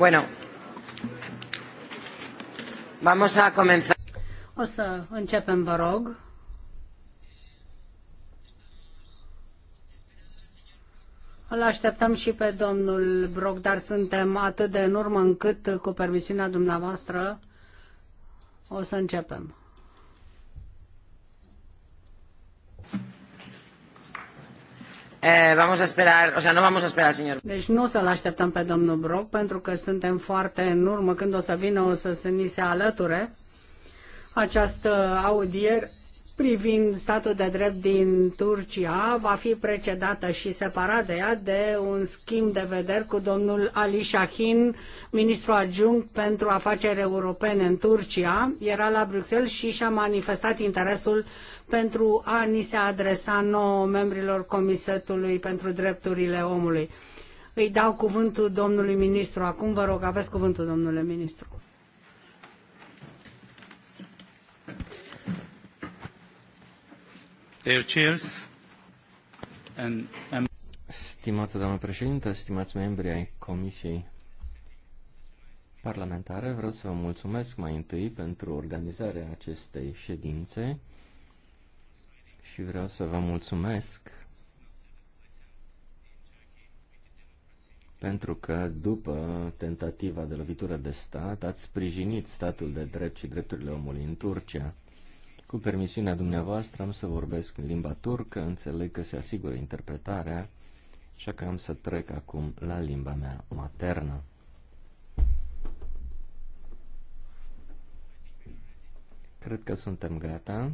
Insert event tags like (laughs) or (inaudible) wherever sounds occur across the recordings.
Bueno, vamos O să începem, vă rog. Îl așteptăm și pe domnul Broc, dar suntem atât de în urmă încât, cu permisiunea dumneavoastră, o să începem. Eh, vamos a esperar, o sea, no vamos a esperar, señor. Deci nu să-l așteptăm pe domnul Brock, pentru că suntem foarte în urmă. Când o să vină, o să se ni se alăture această audiere privind statul de drept din Turcia va fi precedată și separată de ea de un schimb de vederi cu domnul Ali Shahin, ministru adjunct pentru afaceri europene în Turcia. Era la Bruxelles și și-a manifestat interesul pentru a ni se adresa nouă membrilor Comisetului pentru Drepturile Omului. Îi dau cuvântul domnului ministru. Acum vă rog, aveți cuvântul, domnule ministru. Stimată doamnă președintă, stimați membri ai Comisiei Parlamentare, vreau să vă mulțumesc mai întâi pentru organizarea acestei ședințe și vreau să vă mulțumesc pentru că după tentativa de lovitură de stat ați sprijinit statul de drept și drepturile omului în Turcia. Cu permisiunea dumneavoastră am să vorbesc în limba turcă, înțeleg că se asigură interpretarea, așa că am să trec acum la limba mea maternă. Cred că suntem gata.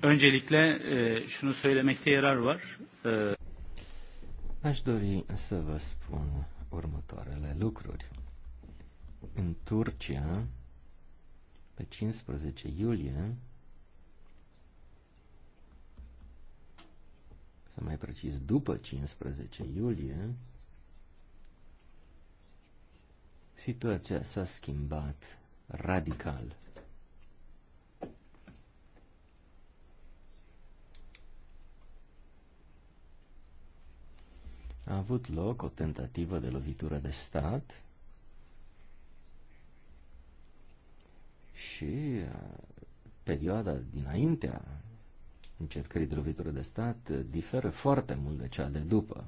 Öncelikle șunu söylemekte yarar var. Aș dori să vă spun următoarele lucruri. În Turcia, pe 15 iulie, să mai precis, după 15 iulie, situația s-a schimbat radical. A avut loc o tentativă de lovitură de stat și uh, perioada dinaintea încercării de lovitură de stat uh, diferă foarte mult de cea de după.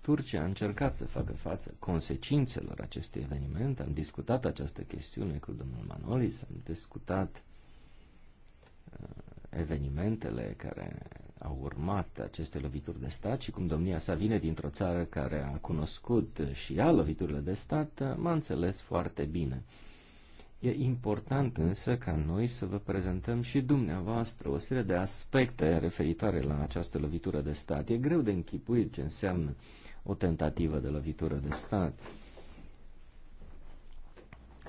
Turcia a încercat să facă față consecințelor acestui eveniment. Am discutat această chestiune cu domnul Manolis, am discutat uh, evenimentele care au urmat aceste lovituri de stat și cum domnia sa vine dintr-o țară care a cunoscut și ea loviturile de stat, m-a înțeles foarte bine. E important însă ca noi să vă prezentăm și dumneavoastră o serie de aspecte referitoare la această lovitură de stat. E greu de închipuit ce înseamnă o tentativă de lovitură de stat.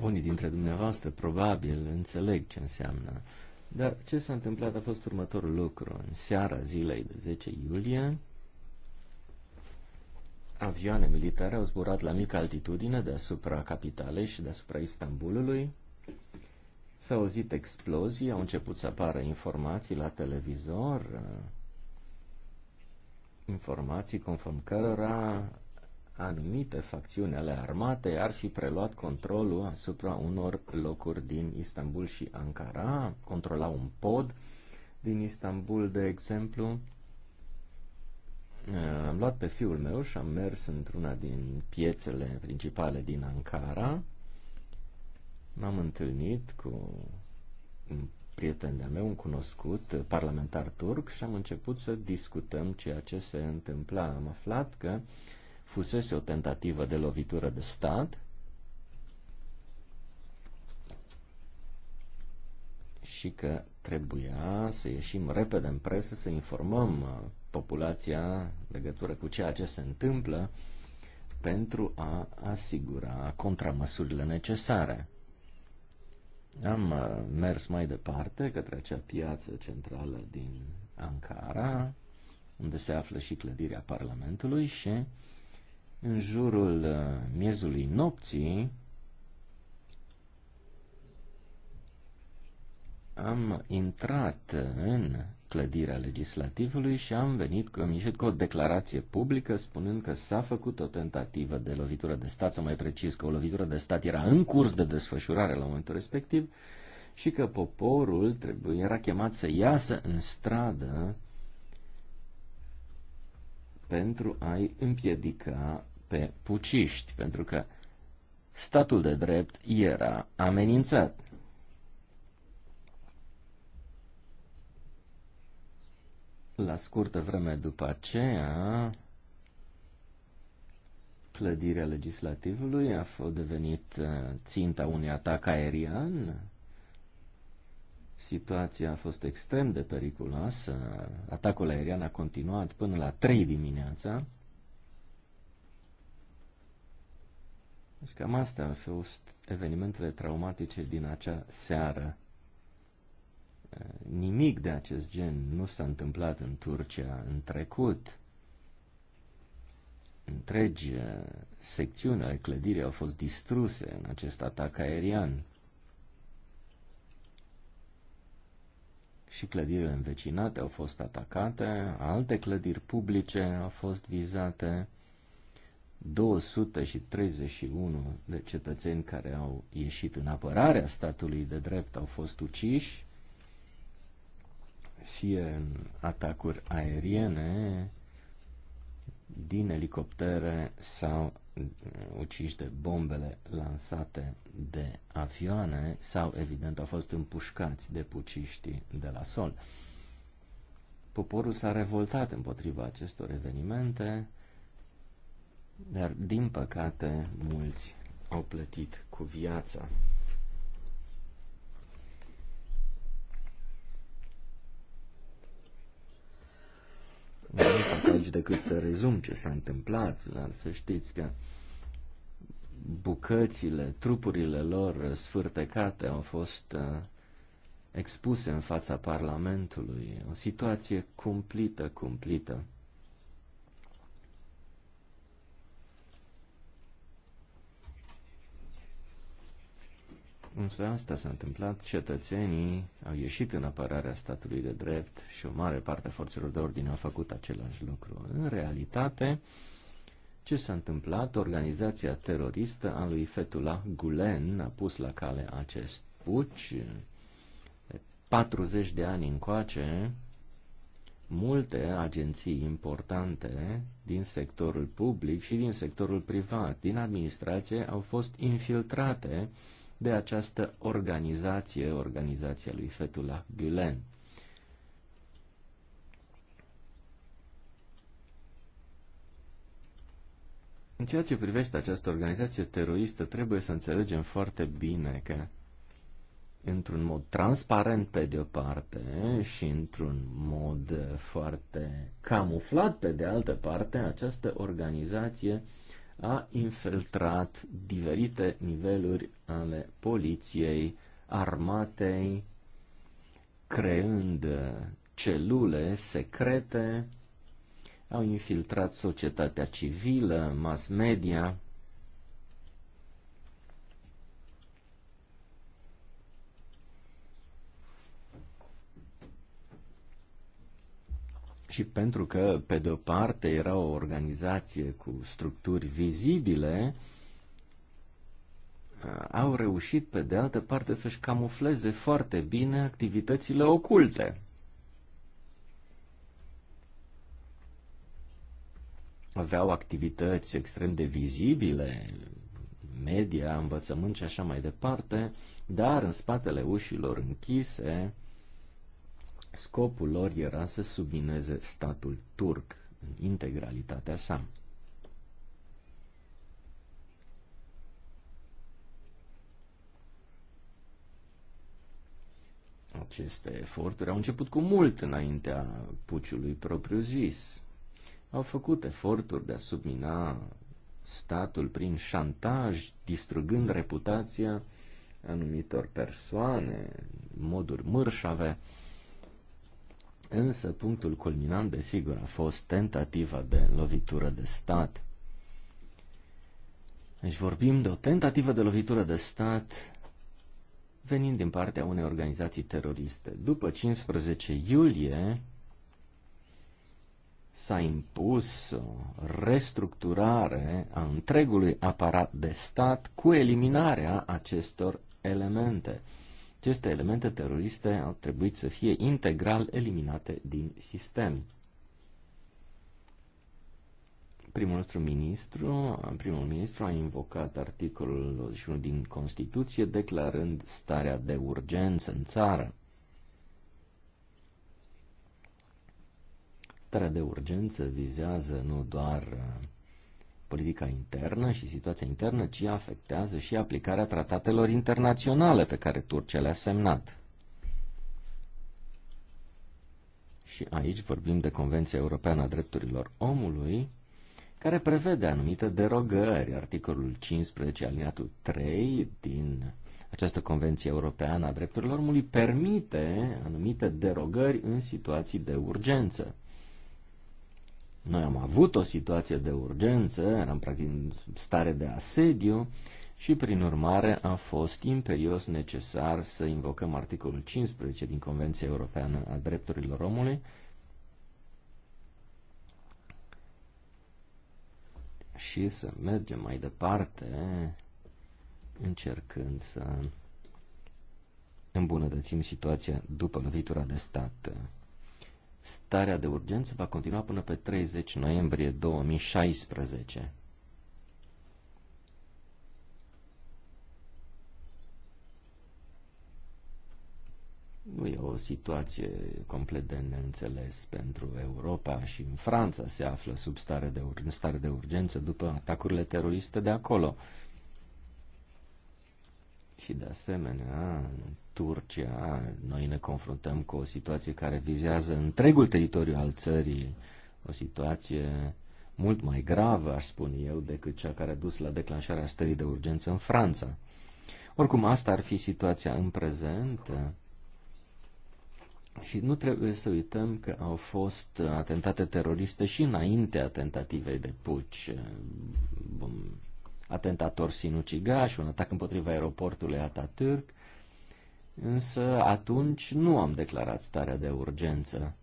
Unii dintre dumneavoastră probabil înțeleg ce înseamnă. Dar ce s-a întâmplat a fost următorul lucru. În seara zilei de 10 iulie, avioane militare au zburat la mică altitudine deasupra capitalei și deasupra Istanbulului. S-au auzit explozii, au început să apară informații la televizor, informații conform cărora anumite facțiuni ale armatei ar fi preluat controlul asupra unor locuri din Istanbul și Ankara, controlau un pod din Istanbul, de exemplu, Eh, am luat pe fiul meu și am mers într-una din piețele principale din Ankara. M-am întâlnit cu un prieten de-al meu, un cunoscut eh, parlamentar turc și am început să discutăm ceea ce se întâmpla. Am aflat că fusese o tentativă de lovitură de stat și că trebuia să ieșim repede în presă, să informăm eh, populația în legătură cu ceea ce se întâmplă pentru a asigura contramăsurile necesare. Am uh, mers mai departe către acea piață centrală din Ankara, unde se află și clădirea Parlamentului și în jurul uh, miezului nopții am intrat în clădirea legislativului și am venit, am cu o declarație publică spunând că s-a făcut o tentativă de lovitură de stat, sau mai precis că o lovitură de stat era în curs de desfășurare la momentul respectiv și că poporul trebuie, era chemat să iasă în stradă pentru a-i împiedica pe puciști, pentru că statul de drept era amenințat. La scurtă vreme după aceea, clădirea legislativului a fost devenit uh, ținta unui atac aerian. Situația a fost extrem de periculoasă. Atacul aerian a continuat până la 3 dimineața. Deci cam astea au fost evenimentele traumatice din acea seară. Nimic de acest gen nu s-a întâmplat în Turcia în trecut. Întregi eh, secțiuni ale clădirii au fost distruse în acest atac aerian. Și clădirile învecinate au fost atacate, alte clădiri publice au fost vizate, 231 de cetățeni care au ieșit în apărarea statului de drept au fost uciși, fie în atacuri aeriene, din elicoptere sau uciși de bombele lansate de avioane sau, evident, au fost împușcați de puciștii de la sol. Poporul s-a revoltat împotriva acestor evenimente, dar, din păcate, mulți au plătit cu viața. Nu fac aici decât să rezum ce s-a întâmplat, dar să știți că bucățile, trupurile lor sfârtecate au fost uh, expuse în fața Parlamentului. O situație cumplită, cumplită. Însă asta s-a întâmplat, cetățenii au ieșit în apărarea statului de drept și o mare parte a forțelor de ordine au făcut același lucru. În realitate, ce s-a întâmplat? Organizația teroristă a lui Fetullah Gulen a pus la cale acest puci. 40 de ani încoace, multe agenții importante din sectorul public și din sectorul privat, din administrație, au fost infiltrate uh, de această organizație, organizația lui Fetula Gülen. În ceea ce privește această organizație teroristă, trebuie să înțelegem foarte bine că într-un mod transparent pe de-o parte și într-un mod foarte camuflat pe de altă parte, această organizație a infiltrat diferite niveluri ale poliției, armatei, creând celule secrete, au infiltrat societatea civilă, mass media, și pentru că, pe de-o parte, era o organizație cu structuri vizibile, au reușit, pe de altă parte, să-și camufleze foarte bine activitățile oculte. Aveau activități extrem de vizibile, media, învățământ și așa mai departe, dar în spatele ușilor închise, Scopul lor era să submineze statul turc în integralitatea sa. Aceste eforturi au început cu mult înaintea puciului propriu-zis. Au făcut eforturi de a submina statul prin șantaj, distrugând reputația anumitor persoane, moduri mărșave, Însă punctul culminant, desigur, a fost tentativa de lovitură de stat. Deci vorbim de o tentativă de lovitură de stat venind din partea unei organizații teroriste. După 15 iulie s-a impus o restructurare a întregului aparat de stat cu eliminarea acestor elemente aceste elemente teroriste au trebuit să fie integral eliminate din sistem. Primul nostru ministru, primul ministru a invocat articolul 21 din Constituție declarând starea de urgență în țară. Starea de urgență vizează nu doar politica internă și situația internă, ci afectează și aplicarea tratatelor internaționale pe care Turcia le-a semnat. Și aici vorbim de Convenția Europeană a Drepturilor Omului, care prevede anumite derogări. Articolul 15, aliniatul 3 din această Convenție Europeană a Drepturilor Omului permite anumite derogări în situații de urgență. Noi am avut o situație de urgență, eram practic în stare de asediu și, prin urmare, a fost imperios necesar să invocăm articolul 15 din Convenția Europeană a Drepturilor Omului și să mergem mai departe încercând să îmbunătățim situația după lovitura de stat. Starea de urgență va continua până pe 30 noiembrie 2016. Nu e o situație complet de neînțeles pentru Europa și în Franța se află sub stare de, ur- stare de urgență după atacurile teroriste de acolo. Și de asemenea, în Turcia, noi ne confruntăm cu o situație care vizează întregul teritoriu al țării, o situație mult mai gravă, aș spune eu, decât cea care a dus la declanșarea stării de urgență în Franța. Oricum, asta ar fi situația în prezent. Și nu trebuie să uităm că au fost atentate teroriste și înainte atentativei de puci, atentator sinucigaș, un atac împotriva aeroportului Atatürk, însă atunci nu am declarat starea de urgență.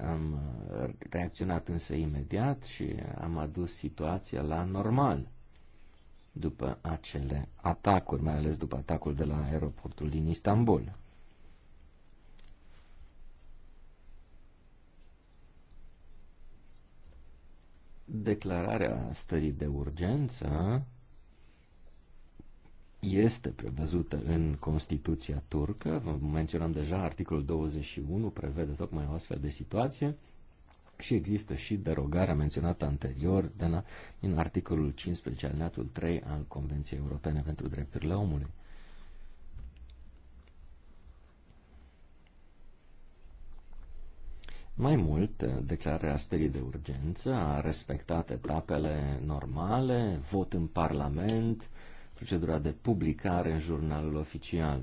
Am reacționat însă imediat și am adus situația la normal după acele atacuri, mai ales după atacul de la aeroportul din Istanbul. declararea stării de urgență este prevăzută în Constituția turcă, vă menționam deja, articolul 21 prevede tocmai o astfel de situație și există și derogarea menționată anterior din articolul 15 al 3 al Convenției Europene pentru Drepturile Omului. Mai mult, declararea stării de urgență a respectat etapele normale, vot în Parlament, procedura de publicare în jurnalul oficial.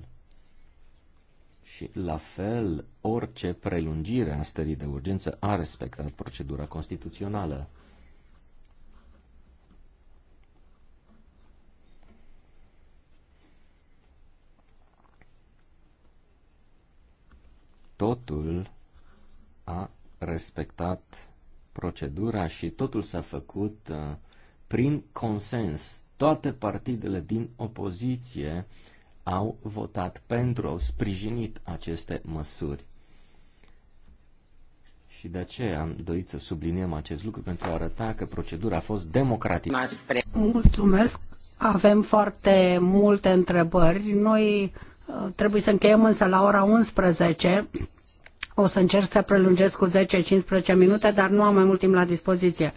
Și, la fel, orice prelungire a stării de urgență a respectat procedura constituțională. Totul a respectat procedura și totul s-a făcut uh, prin consens. Toate partidele din opoziție au votat pentru, au sprijinit aceste măsuri. Și de aceea am dorit să subliniem acest lucru pentru a arăta că procedura a fost democratică. Mulțumesc! Avem foarte multe întrebări. Noi uh, trebuie să încheiem însă la ora 11. O să încerc să prelungesc cu 10-15 minute, dar nu am mai mult timp la dispoziție.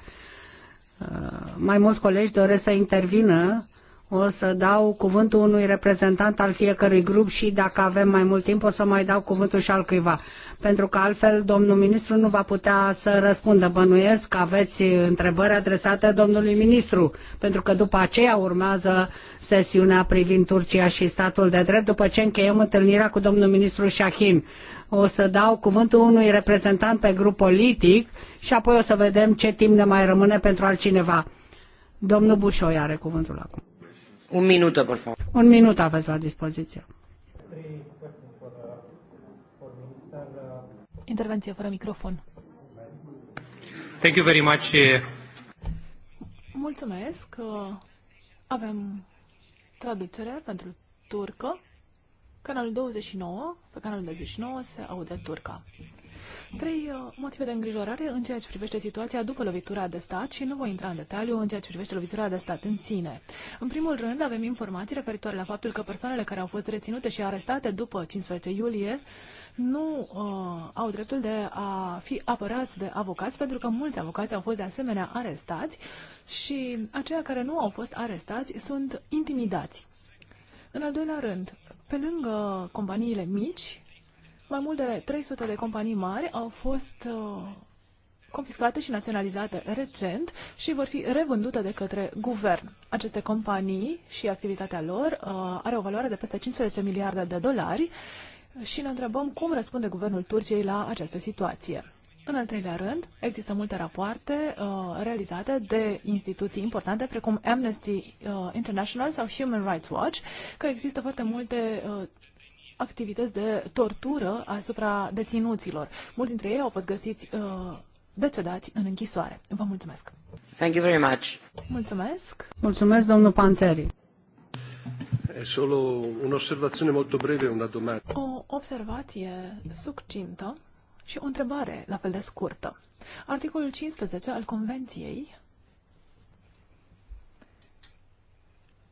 Uh, mai mulți colegi doresc să intervină o să dau cuvântul unui reprezentant al fiecărui grup și dacă avem mai mult timp o să mai dau cuvântul și al cuiva. Pentru că altfel domnul ministru nu va putea să răspundă. Bănuiesc că aveți întrebări adresate domnului ministru, pentru că după aceea urmează sesiunea privind Turcia și statul de drept, după ce încheiem întâlnirea cu domnul ministru Shahim. O să dau cuvântul unui reprezentant pe grup politic și apoi o să vedem ce timp ne mai rămâne pentru altcineva. Domnul Bușoi are cuvântul acum. Un minut, por favor. Un minut aveți la dispoziție. Intervenție fără microfon. Thank you very much. Eh. Mulțumesc. Avem traducere pentru turcă. Canalul 29, pe canalul 29 se aude turca. Trei uh, motive de îngrijorare în ceea ce privește situația după lovitura de stat și nu voi intra în detaliu în ceea ce privește lovitura de stat în sine. În primul rând avem informații referitoare la faptul că persoanele care au fost reținute și arestate după 15 iulie nu uh, au dreptul de a fi apărați de avocați, pentru că mulți avocați au fost de asemenea arestați și aceia care nu au fost arestați sunt intimidați. În al doilea rând, pe lângă companiile mici, mai mult de 300 de companii mari au fost uh, confiscate și naționalizate recent și vor fi revândute de către guvern. Aceste companii și activitatea lor uh, are o valoare de peste 15 miliarde de dolari și ne întrebăm cum răspunde guvernul Turciei la această situație. În al treilea rând, există multe rapoarte uh, realizate de instituții importante precum Amnesty uh, International sau Human Rights Watch că există foarte multe uh, activități de tortură asupra deținuților. Mulți dintre ei au fost găsiți uh, decedați în închisoare. Vă mulțumesc! Thank you very much! Mulțumesc! Mulțumesc, domnul Panțeri! E solo un'osservazione molto breve, una domanda. O observație succintă și o întrebare la fel de scurtă. Articolul 15 al Convenției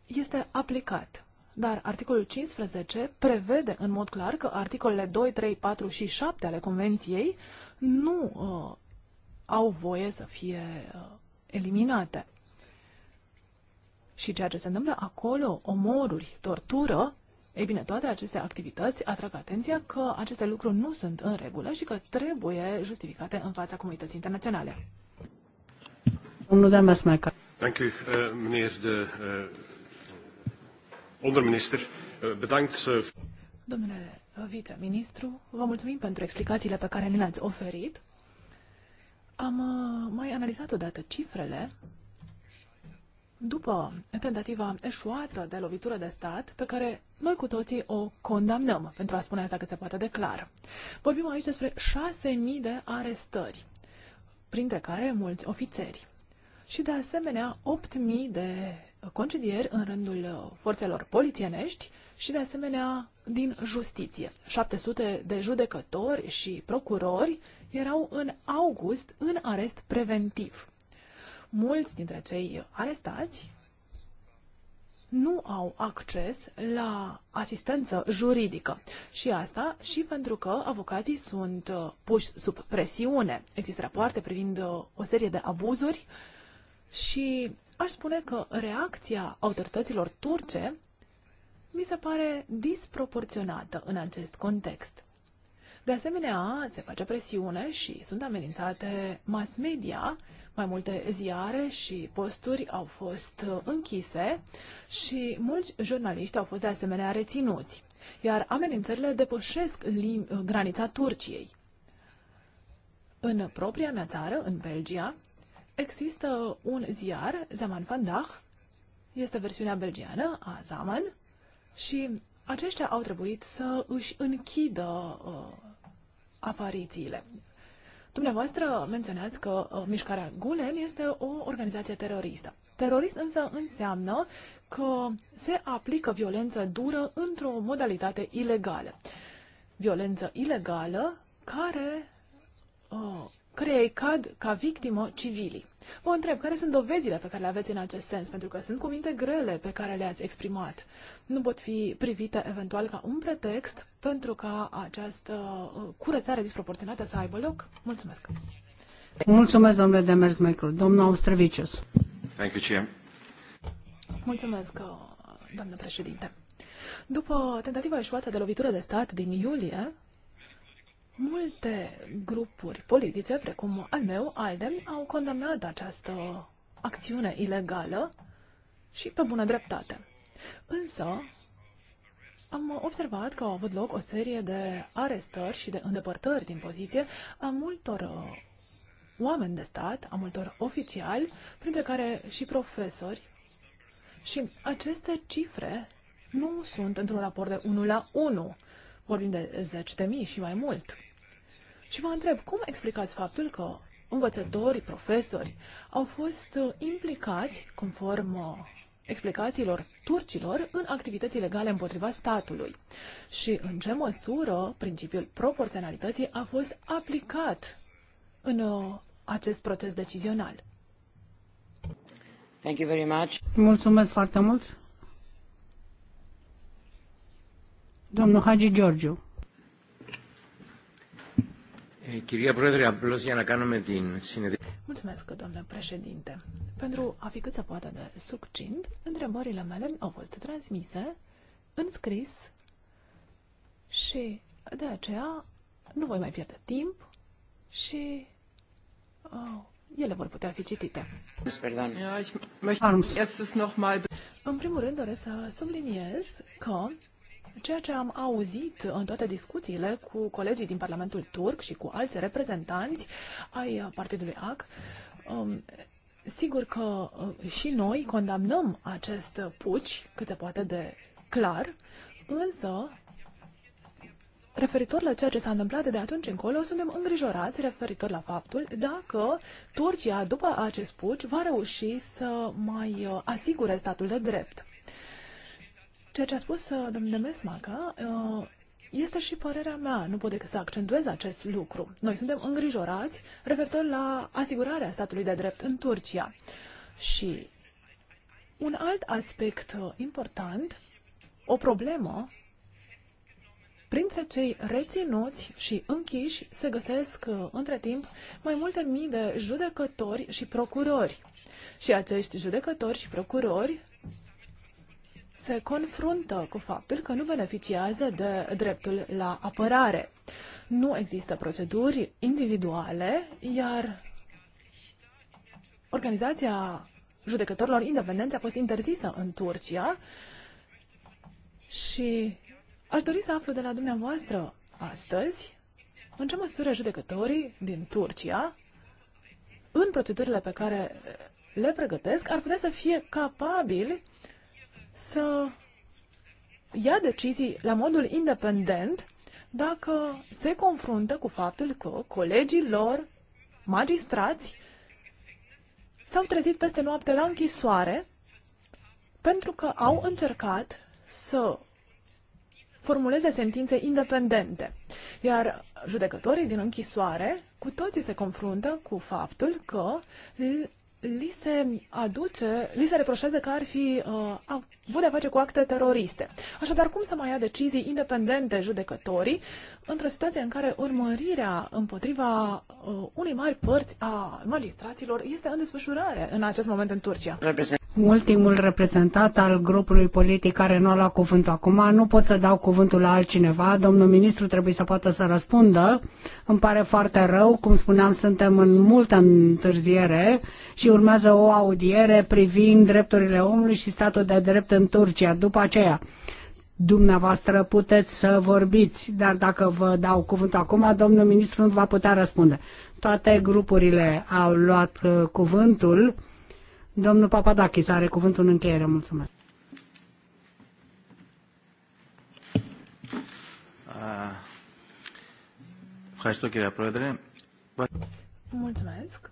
este aplicat dar articolul 15 prevede în mod clar că articolele 2, 3, 4 și 7 ale Convenției nu uh, au voie să fie uh, eliminate. Și ceea ce se întâmplă acolo, omoruri, tortură, ei bine, toate aceste activități atrag atenția că aceste lucruri nu sunt în regulă și că trebuie justificate în fața comunității internaționale. Domnul Damasmaca. Thank you, uh, eh, meneer de uh, Eh, bedankt. Eh, Domnule eh, viceministru, vă mulțumim pentru explicațiile pe care ni le-ați oferit. Am mai analizat odată cifrele după tentativa eșuată de lovitură de stat, pe care noi cu toții o condamnăm, pentru a spune asta cât se poate de clar. Vorbim aici despre 6.000 de arestări, printre care mulți ofițeri. Și de asemenea 8.000 de concedieri în rândul uh, forțelor polițienești și, de asemenea, din justiție. 700 de judecători și procurori erau în august în arest preventiv. Mulți dintre cei arestați nu au acces la asistență juridică. Și asta și pentru că avocații sunt uh, puși sub presiune. Există rapoarte privind uh, o serie de abuzuri și aș spune că reacția autorităților turce mi se pare disproporționată în acest context. De asemenea, se face presiune și sunt amenințate mass media, mai multe ziare și posturi au fost uh, închise și mulți jurnaliști au fost de asemenea reținuți, iar amenințările depășesc uh, granița Turciei. În propria mea țară, în Belgia, există un ziar, Zaman van Dach, este versiunea belgiană a Zaman, și aceștia au trebuit să își închidă uh, aparițiile. Dumneavoastră menționați că uh, mișcarea Gulen este o organizație teroristă. Terorist însă înseamnă că se aplică violență dură într-o modalitate ilegală. Violență ilegală care uh, căreia îi cad ca victimă civilii. Vă întreb, care sunt dovezile pe care le aveți în acest sens? Pentru că sunt cuvinte grele pe care le-ați exprimat. Nu pot fi privite eventual ca un pretext pentru ca această uh, curățare disproporționată să aibă loc? Mulțumesc! Mulțumesc, domnule Michael. Domnul Austrevicius. Thank you, Chair. Mulțumesc, uh, doamnă președinte. După tentativa eșuată de lovitură de stat din iulie, Multe grupuri politice, precum al meu, ALDE, au condamnat această acțiune ilegală și pe bună dreptate. Însă, am observat că au avut loc o serie de arestări și de îndepărtări din poziție a multor uh, oameni de stat, a multor oficiali, printre care și profesori. Și aceste cifre nu sunt într-un raport de 1 la 1. Vorbim de zeci de mii și mai mult. Și vă întreb, cum explicați faptul că învățătorii, profesori au fost uh, implicați, conform uh, explicațiilor turcilor, în activități ilegale împotriva statului? Și în ce măsură principiul proporționalității a fost aplicat în uh, acest proces decizional? Thank you very much. Mulțumesc foarte mult. Domnul Hagi Georgiu. Eh, Mulțumesc, domnule președinte. Pentru a fi cât se poate de succint, întrebările mele au fost transmise în scris și de aceea nu voi mai pierde timp și oh, ele vor putea fi citite. În primul rând doresc să subliniez că Ceea ce am auzit în toate discuțiile cu colegii din Parlamentul turc și cu alți reprezentanți ai Partidului AC, um, sigur că uh, și noi condamnăm acest puci cât se poate de clar, însă Referitor la ceea ce s-a întâmplat de atunci încolo, suntem îngrijorați referitor la faptul dacă Turcia, după acest puci, va reuși să mai uh, asigure statul de drept. Ceea ce a spus uh, domnul Demesmaca uh, este și părerea mea, nu pot decât să accentuez acest lucru. Noi suntem îngrijorați referitor la asigurarea statului de drept în Turcia. Și un alt aspect uh, important, o problemă, printre cei reținuți și închiși se găsesc între timp mai multe mii de judecători și procurori. Și acești judecători și procurori se confruntă cu faptul că nu beneficiază de dreptul la apărare. Nu există proceduri individuale, iar organizația judecătorilor independenți a fost interzisă în Turcia și aș dori să aflu de la dumneavoastră astăzi în ce măsură judecătorii din Turcia, în procedurile pe care le pregătesc, ar putea să fie capabili să ia decizii la modul independent dacă se confruntă cu faptul că colegii lor, magistrați, s-au trezit peste noapte la închisoare pentru că au încercat să formuleze sentințe independente. Iar judecătorii din închisoare cu toții se confruntă cu faptul că li se aduce, li se reproșează că ar fi uh, avut de-a face cu acte teroriste. Așadar, cum să mai ia decizii independente judecătorii într-o situație în care urmărirea împotriva uh, unei mari părți a magistraților este în desfășurare în acest moment în Turcia? Ultimul reprezentant al grupului politic care nu a luat cuvântul acum, nu pot să dau cuvântul la altcineva. Domnul ministru trebuie să poată să răspundă. Îmi pare foarte rău, cum spuneam, suntem în multă întârziere și urmează o audiere privind drepturile omului și statul de drept în Turcia. După aceea, dumneavoastră puteți să vorbiți, dar dacă vă dau cuvântul acum, domnul ministru nu va putea răspunde. Toate grupurile au luat uh, cuvântul. Domnul Papadakis are cuvântul în încheiere. Mulțumesc. Uh, Mulțumesc.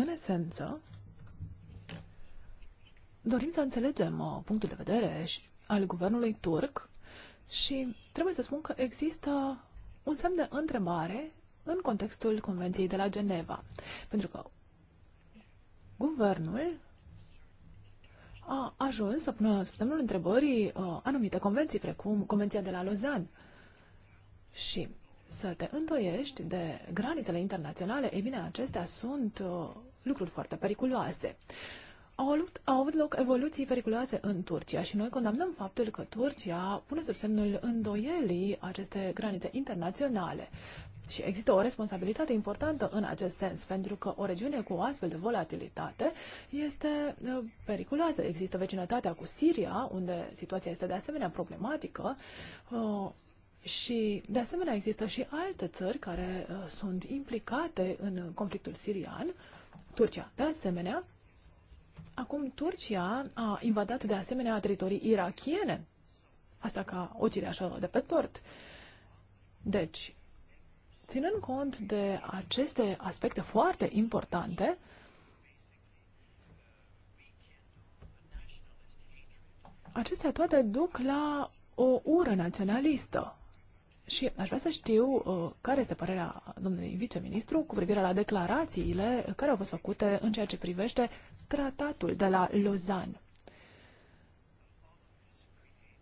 În esență, dorim să înțelegem uh, punctul de vedere al guvernului turc și trebuie să spun că există un semn de întrebare în contextul Convenției de la Geneva. Pentru că guvernul a ajuns să pună sub semnul întrebării uh, anumite convenții, precum Convenția de la Lausanne. Și să te întoiești de granițele internaționale, ei bine, acestea sunt uh, lucruri foarte periculoase. Au avut, au avut loc evoluții periculoase în Turcia și noi condamnăm faptul că Turcia pune sub semnul îndoielii aceste granițe internaționale. Și există o responsabilitate importantă în acest sens, pentru că o regiune cu o astfel de volatilitate este uh, periculoasă. Există vecinătatea cu Siria, unde situația este de asemenea problematică. Uh, și, de asemenea, există și alte țări care uh, sunt implicate în conflictul sirian Turcia. De asemenea, acum Turcia a invadat de asemenea teritorii irachiene. Asta ca o cireașă de pe tort. Deci, ținând cont de aceste aspecte foarte importante, acestea toate duc la o ură naționalistă. Și aș vrea să știu uh, care este părerea domnului viceministru cu privire la declarațiile care au fost făcute în ceea ce privește tratatul de la Lausanne.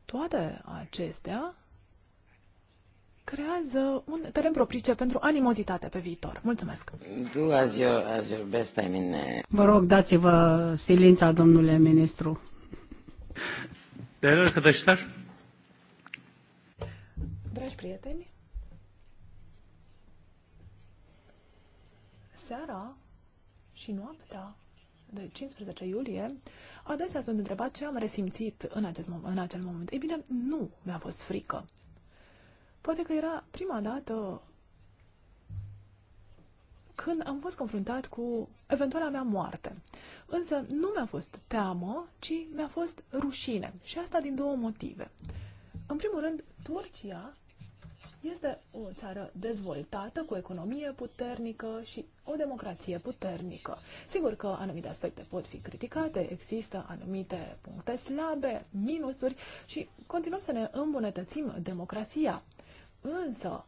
Toate acestea creează un teren propice pentru animozitate pe viitor. Mulțumesc! Do as your, as your best, I mean... Uh, Vă rog, dați-vă silința, domnule ministru. Değerli dragi prieteni, seara și noaptea de 15 iulie, adesea sunt întrebat ce am resimțit în, acest moment, în acel moment. Ei bine, nu mi-a fost frică. Poate că era prima dată când am fost confruntat cu eventuala mea moarte. Însă nu mi-a fost teamă, ci mi-a fost rușine. Și asta din două motive. În primul rând, Turcia este o țară dezvoltată, cu economie puternică și o democrație puternică. Sigur că anumite aspecte pot fi criticate, există anumite puncte slabe, minusuri și continuăm să ne îmbunătățim democrația. Însă,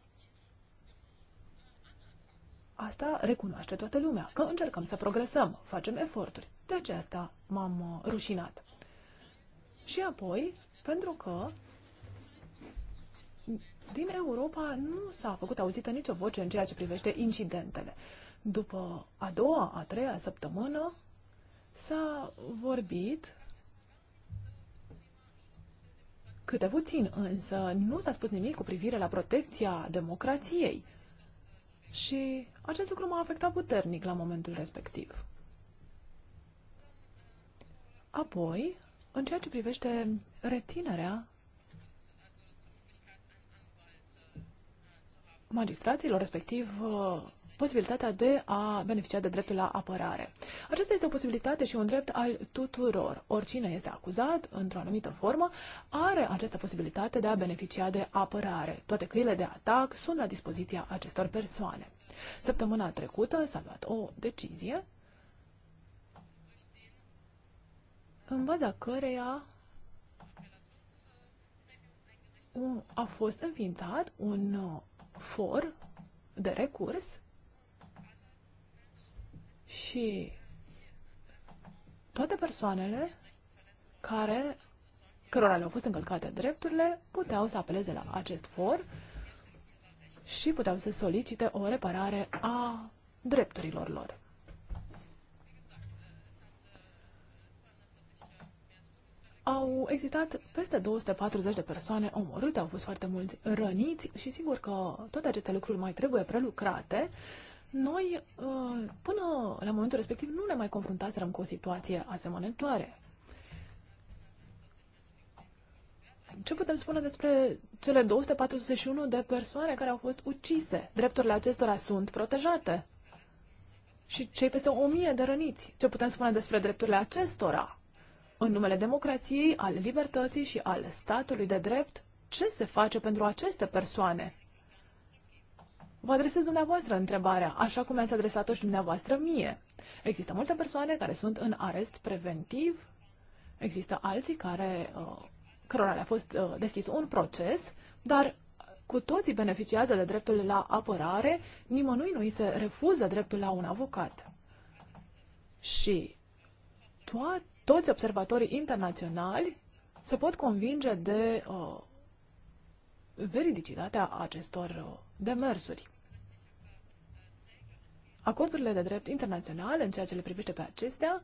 asta recunoaște toată lumea, că încercăm să progresăm, facem eforturi. De aceasta m-am uh, rușinat. Și apoi, pentru că din Europa nu s-a făcut auzită nicio voce în ceea ce privește incidentele. După a doua, a treia săptămână s-a vorbit câte puțin, însă nu s-a spus nimic cu privire la protecția democrației. Și acest lucru m-a afectat puternic la momentul respectiv. Apoi, în ceea ce privește reținerea magistraților, respectiv uh, posibilitatea de a beneficia de dreptul la apărare. Aceasta este o posibilitate și un drept al tuturor. Oricine este acuzat, într-o anumită formă, are această posibilitate de a beneficia de apărare. Toate căile de atac sunt la dispoziția acestor persoane. Săptămâna trecută s-a luat o decizie în baza căreia a fost înființat un uh, for de recurs și toate persoanele care, cărora le-au fost încălcate drepturile puteau să apeleze la acest for și puteau să solicite o reparare a drepturilor lor. au existat peste 240 de persoane omorâte, au fost foarte mulți răniți și sigur că toate aceste lucruri mai trebuie prelucrate. Noi, uh, până la momentul respectiv, nu ne mai confruntaserăm cu o situație asemănătoare. Ce putem spune despre cele 241 de persoane care au fost ucise? Drepturile acestora sunt protejate. Și cei peste 1000 de răniți. Ce putem spune despre drepturile acestora? în numele democrației, al libertății și al statului de drept, ce se face pentru aceste persoane? Vă adresez dumneavoastră întrebarea, așa cum ați adresat-o și dumneavoastră mie. Există multe persoane care sunt în arest preventiv, există alții care, uh, cărora le-a fost uh, deschis un proces, dar cu toții beneficiază de dreptul la apărare, nimănui nu îi se refuză dreptul la un avocat. Și toate toți observatorii internaționali se pot convinge de uh, veridicitatea acestor uh, demersuri. Acordurile de drept internațional, în ceea ce le privește pe acestea,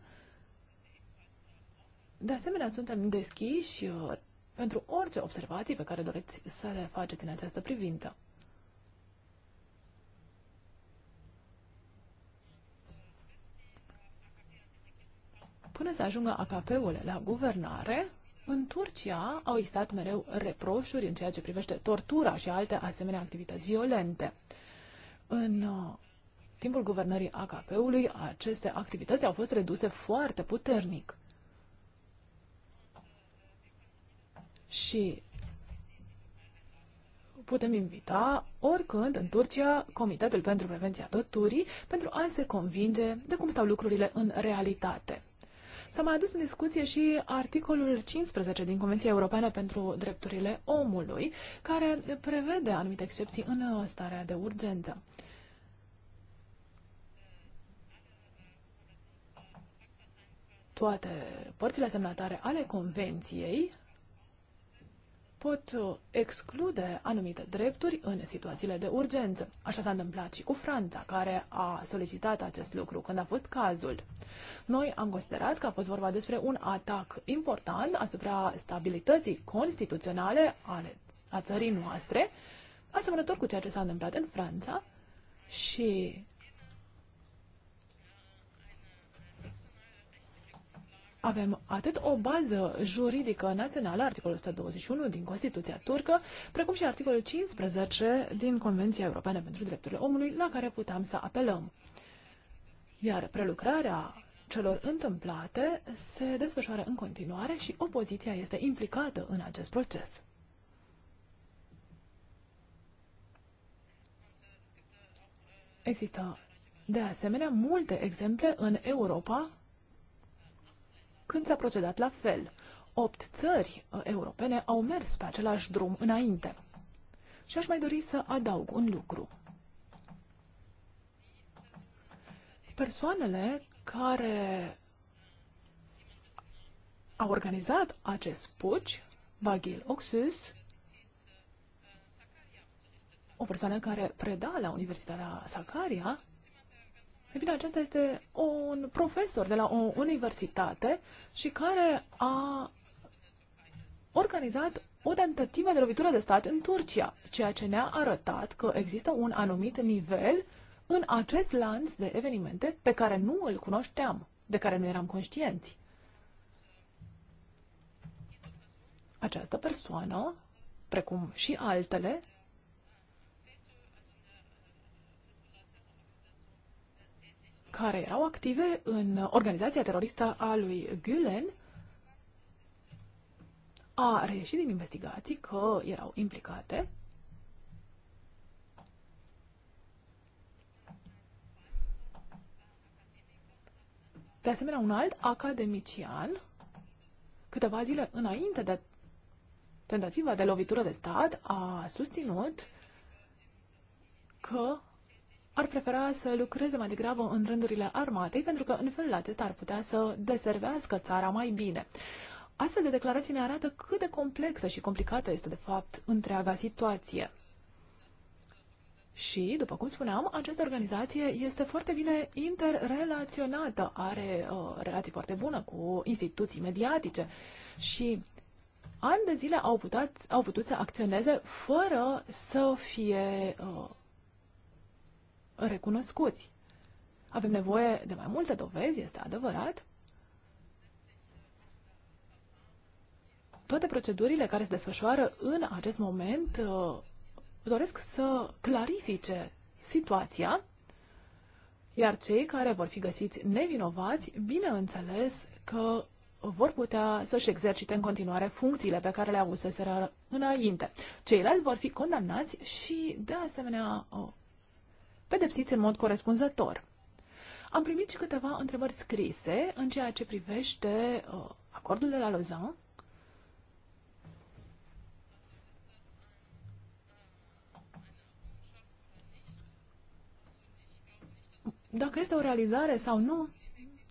de asemenea, suntem deschiși uh, pentru orice observații pe care doriți să le faceți în această privință. Până să ajungă AKP-ul la guvernare, în Turcia au existat mereu reproșuri în ceea ce privește tortura și alte asemenea activități violente. În uh, timpul guvernării AKP-ului, aceste activități au fost reduse foarte puternic. Și putem invita oricând în Turcia Comitetul pentru Prevenția Torturii pentru a se convinge de cum stau lucrurile în realitate. S-a mai adus în discuție și articolul 15 din Convenția Europeană pentru Drepturile Omului, care prevede anumite excepții în uh, starea de urgență. Toate părțile semnatare ale Convenției pot uh, exclude anumite drepturi în situațiile de urgență. Așa s-a întâmplat și cu Franța, care a solicitat acest lucru când a fost cazul. Noi am considerat că a fost vorba despre un atac important asupra stabilității constituționale ale a țării noastre, asemănător cu ceea ce s-a întâmplat în Franța și avem atât o bază juridică națională, articolul 121 din Constituția turcă, precum și articolul 15 din Convenția Europeană pentru Drepturile Omului, la care puteam să apelăm. Iar prelucrarea celor întâmplate se desfășoară în continuare și opoziția este implicată în acest proces. Există de asemenea multe exemple în Europa când s-a procedat la fel. Opt țări uh, europene au mers pe același drum înainte. Și aș mai dori să adaug un lucru. Persoanele care au organizat acest puci, Vagil Oxus, o persoană care preda la Universitatea Sacaria, E bine, acesta este un profesor de la o universitate și care a organizat o tentativă de lovitură de stat în Turcia, ceea ce ne-a arătat că există un anumit nivel în acest lanț de evenimente pe care nu îl cunoșteam, de care nu eram conștienți. Această persoană, precum și altele, care erau active în organizația teroristă a lui Gülen a reieșit din investigații că erau implicate De asemenea, un alt academician, câteva zile înainte de tentativa de lovitură de stat, a susținut că ar prefera să lucreze mai degrabă în rândurile armatei, pentru că în felul acesta ar putea să deservească țara mai bine. Astfel de declarații ne arată cât de complexă și complicată este, de fapt, întreaga situație. Și, după cum spuneam, această organizație este foarte bine interrelaționată, are uh, relații foarte bune cu instituții mediatice și ani de zile au, putat, au putut să acționeze fără să fie uh, recunoscuți. Avem nevoie de mai multe dovezi, este adevărat. Toate procedurile care se desfășoară în acest moment uh, doresc să clarifice situația, iar cei care vor fi găsiți nevinovați, bineînțeles că vor putea să-și exercite în continuare funcțiile pe care le au înainte. Ceilalți vor fi condamnați și, de asemenea, uh, pedepsiți în mod corespunzător. Am primit și câteva întrebări scrise în ceea ce privește uh, acordul de la Lausanne. Dacă este o realizare sau nu,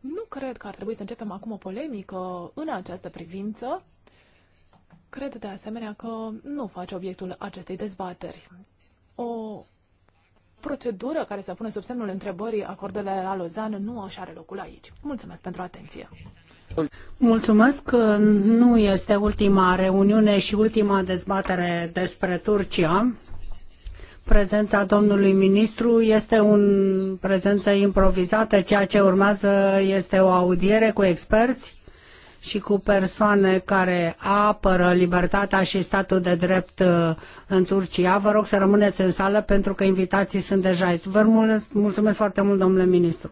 nu cred că ar trebui să începem acum o polemică în această privință. Cred de asemenea că nu face obiectul acestei dezbateri. O procedură care să pune sub semnul întrebării acordele la Lozan nu așa are locul aici. Mulțumesc pentru atenție! Mulțumesc. Nu este ultima reuniune și ultima dezbatere despre Turcia. Prezența domnului ministru este o prezență improvizată. Ceea ce urmează este o audiere cu experți și cu persoane care apără libertatea și statul de drept uh, în Turcia. Vă rog să rămâneți în sală pentru că invitații sunt deja aici. Vă mulțumesc foarte mult, domnule ministru.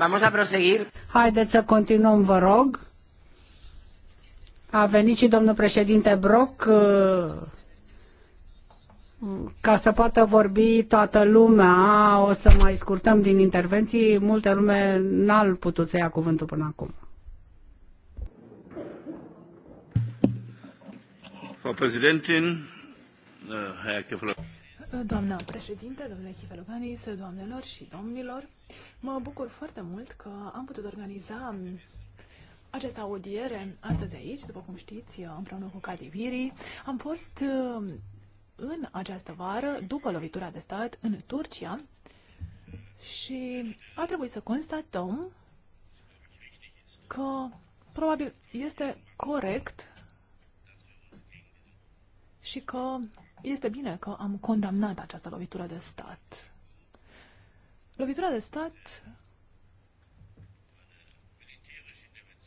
Vamos a proseguir. Haideți să continuăm, vă rog. A venit și domnul președinte Broc uh, ca să poată vorbi toată lumea, o să mai scurtăm din intervenții, Multe lume n-a putut să ia cuvântul până acum. Frau Präsidentin, äh, Herr Kefler. Doamna președinte, domnule Chifeloganis, doamnelor și domnilor, mă bucur foarte mult că am putut organiza această audiere astăzi aici, după cum știți, împreună cu Cati Viri. Am fost uh, în această vară, după lovitura de stat, în Turcia și a trebuit să constatăm că probabil este corect și că este bine că am condamnat această lovitură de stat. Lovitura de stat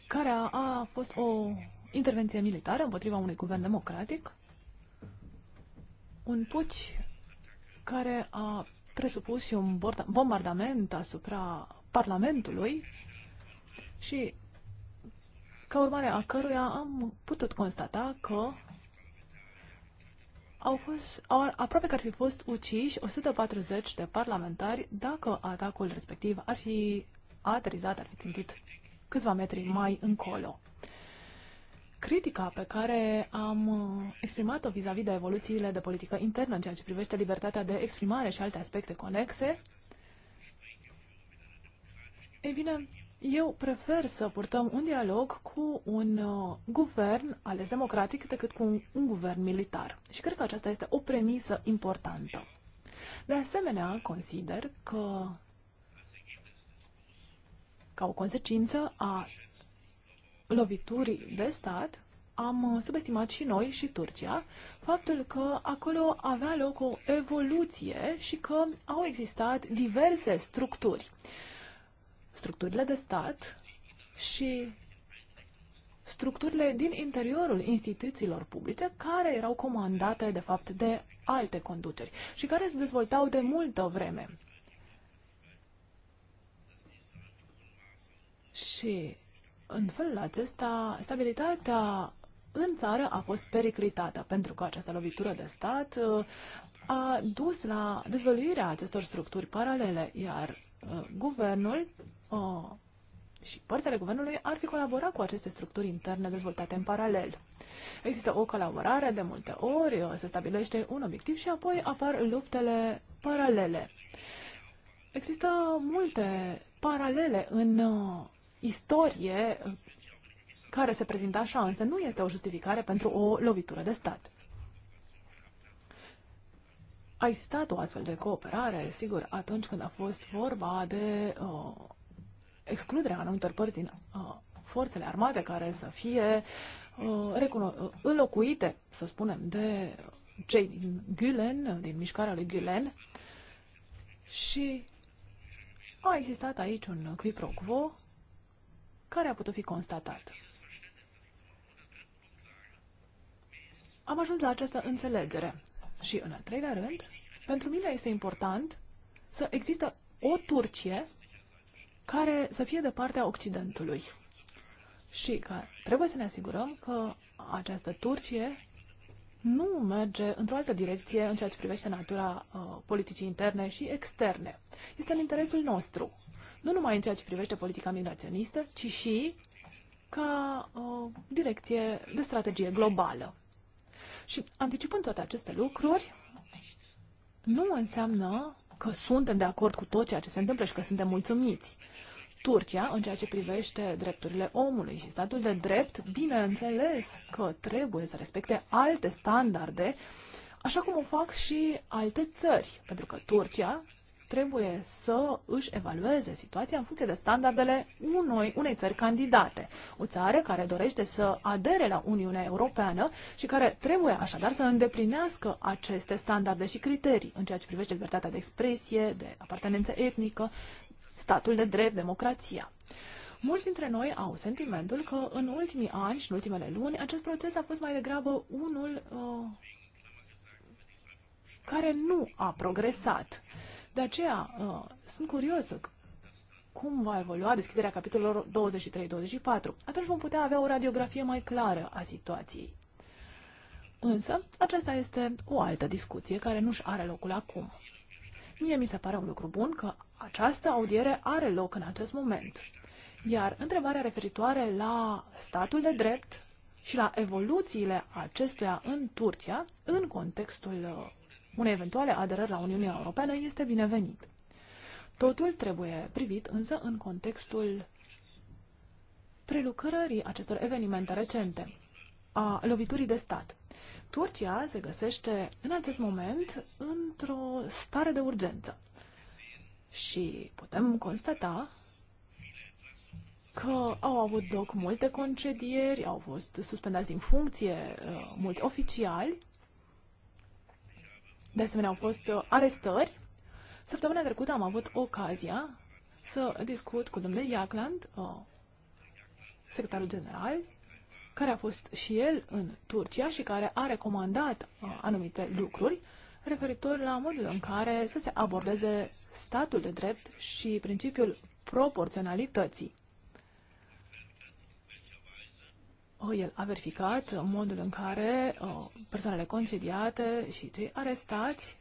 care a, a fost o intervenție militară împotriva unui guvern democratic, un puci care a presupus și un bombardament asupra Parlamentului și ca urmare a căruia am putut constata că au fost, au, aproape că ar fi fost uciși 140 de parlamentari dacă atacul respectiv ar fi aterizat, ar fi țintit câțiva metri mai încolo. Critica pe care am uh, exprimat-o vis-a-vis de evoluțiile de politică internă în ceea ce privește libertatea de exprimare și alte aspecte conexe, ei bine, eu prefer să purtăm un dialog cu un uh, guvern ales democratic decât cu un, un guvern militar. Și cred că aceasta este o premisă importantă. De asemenea, consider că ca o consecință a loviturii de stat, am uh, subestimat și noi și Turcia faptul că acolo avea loc o evoluție și că au existat diverse structuri. Uh, structurile de stat și structurile din interiorul instituțiilor publice care erau comandate, de fapt, de alte conduceri și care se dezvoltau de multă vreme. Și în felul acesta, stabilitatea în țară a fost periclitată, pentru că această lovitură de stat uh, a dus la dezvăluirea acestor structuri paralele, iar Uh, guvernul uh, și părțile guvernului ar fi colaborat cu aceste structuri interne dezvoltate în paralel. Există o colaborare de multe ori, uh, se stabilește un obiectiv și apoi apar luptele paralele. Există multe paralele în uh, istorie care se prezintă așa, însă nu este o justificare pentru o lovitură de stat a existat o astfel de cooperare, sigur, atunci când a fost vorba de uh, excluderea anumitor părți din uh, forțele armate care să fie uh, uh înlocuite, să spunem, de cei din Gülen, din mișcarea lui Gülen și a existat aici un qui care a putut fi constatat. Am ajuns la această înțelegere. Și în al treilea rând, pentru mine este important să există o Turcie care să fie de partea Occidentului. Și că trebuie să ne asigurăm că această Turcie nu merge într-o altă direcție în ceea ce privește natura uh, politicii interne și externe. Este în interesul nostru, nu numai în ceea ce privește politica migraționistă, ci și ca uh, direcție de strategie globală. Și anticipând toate aceste lucruri, nu înseamnă că suntem de acord cu tot ceea ce se întâmplă și că suntem mulțumiți. Turcia, în ceea ce privește drepturile omului și statul de drept, bineînțeles că trebuie să respecte alte standarde, așa cum o fac și alte țări, pentru că Turcia trebuie să își evalueze situația în funcție de standardele unui, unei țări candidate. O țară care dorește să adere la Uniunea Europeană și care trebuie așadar să îndeplinească aceste standarde și criterii în ceea ce privește libertatea de expresie, de apartenență etnică, statul de drept, democrația. Mulți dintre noi au sentimentul că în ultimii ani și în ultimele luni acest proces a fost mai degrabă unul uh, care nu a progresat. De aceea uh, sunt curios cum va evolua deschiderea capitolelor 23-24. Atunci vom putea avea o radiografie mai clară a situației. Însă, aceasta este o altă discuție care nu-și are locul acum. Mie mi se pare un lucru bun că această audiere are loc în acest moment. Iar întrebarea referitoare la statul de drept și la evoluțiile acestuia în Turcia, în contextul uh, unei eventuale aderări la Uniunea Europeană este binevenit. Totul trebuie privit însă în contextul prelucrării acestor evenimente recente, a loviturii de stat. Turcia se găsește în acest moment într-o stare de urgență și putem constata că au avut loc multe concedieri, au fost suspendați din funcție uh, mulți oficiali de asemenea, au fost uh, arestări. Săptămâna trecută am avut ocazia să discut cu domnul Iacland, uh, secretarul general, care a fost și el în Turcia și care a recomandat uh, anumite lucruri referitor la modul în care să se abordeze statul de drept și principiul proporționalității. Oh, el a verificat modul în care uh, persoanele concediate și cei arestați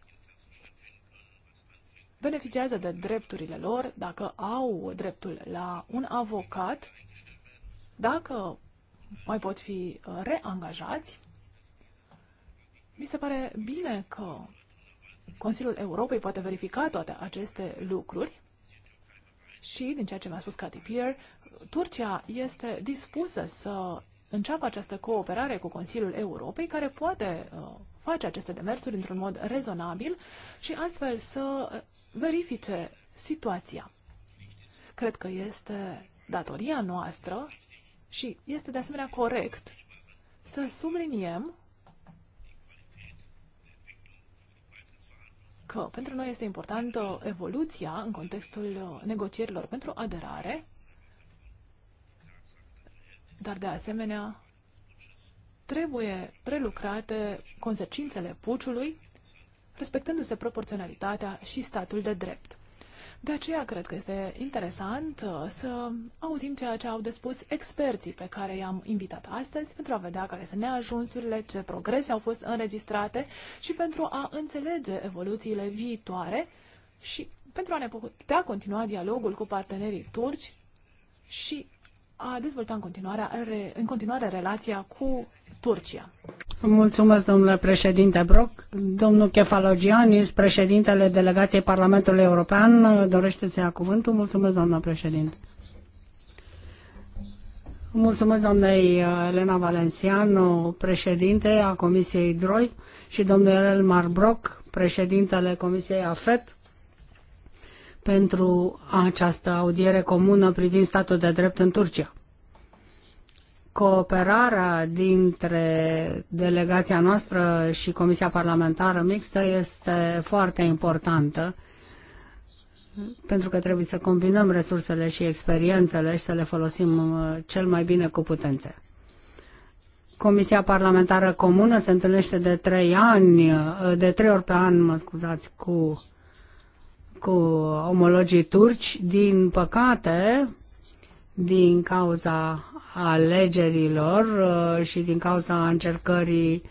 beneficiază de drepturile lor, dacă au dreptul la un avocat, dacă mai pot fi uh, reangajați. Mi se pare bine că Consiliul Europei poate verifica toate aceste lucruri și, din ceea ce mi-a spus Cathy Pierre, Turcia este dispusă să înceapă această cooperare cu Consiliul Europei, care poate uh, face aceste demersuri într-un mod rezonabil și astfel să uh, verifice situația. Cred că este datoria noastră și este de asemenea corect să subliniem că pentru noi este importantă evoluția în contextul uh, negocierilor pentru aderare dar de asemenea, trebuie prelucrate consecințele puciului, respectându-se proporționalitatea și statul de drept. De aceea cred că este interesant uh, să auzim ceea ce au de spus experții pe care i-am invitat astăzi pentru a vedea care sunt neajunsurile, ce progrese au fost înregistrate și pentru a înțelege evoluțiile viitoare și pentru a ne putea continua dialogul cu partenerii turci și a dezvolta în continuare, în continuare relația cu Turcia. Mulțumesc, domnule președinte Broc. Domnul Kefalogianis, președintele Delegației Parlamentului European, dorește să ia cuvântul. Mulțumesc, doamna președinte. Mulțumesc doamnei uh, Elena Valenciano, președinte a Comisiei DROI și domnul Elmar Broc, președintele Comisiei AFET, pentru această audiere comună privind statul de drept în Turcia. Cooperarea dintre delegația noastră și Comisia Parlamentară Mixtă este foarte importantă pentru că trebuie să combinăm resursele și experiențele și să le folosim uh, cel mai bine cu putențe. Comisia Parlamentară Comună se întâlnește de trei ani, uh, de trei ori pe an, mă scuzați, cu cu omologii turci. Din păcate, din cauza alegerilor uh, și din cauza încercării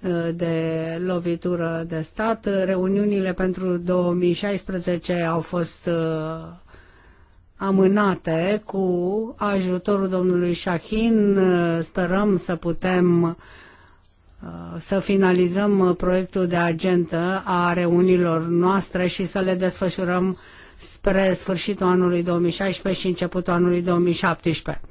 uh, de lovitură de stat, reuniunile pentru 2016 au fost uh, amânate cu ajutorul domnului Shahin. Sperăm să putem Uh, să finalizăm uh, proiectul de agentă a reunilor noastre și să le desfășurăm spre sfârșitul anului 2016 și începutul anului 2017.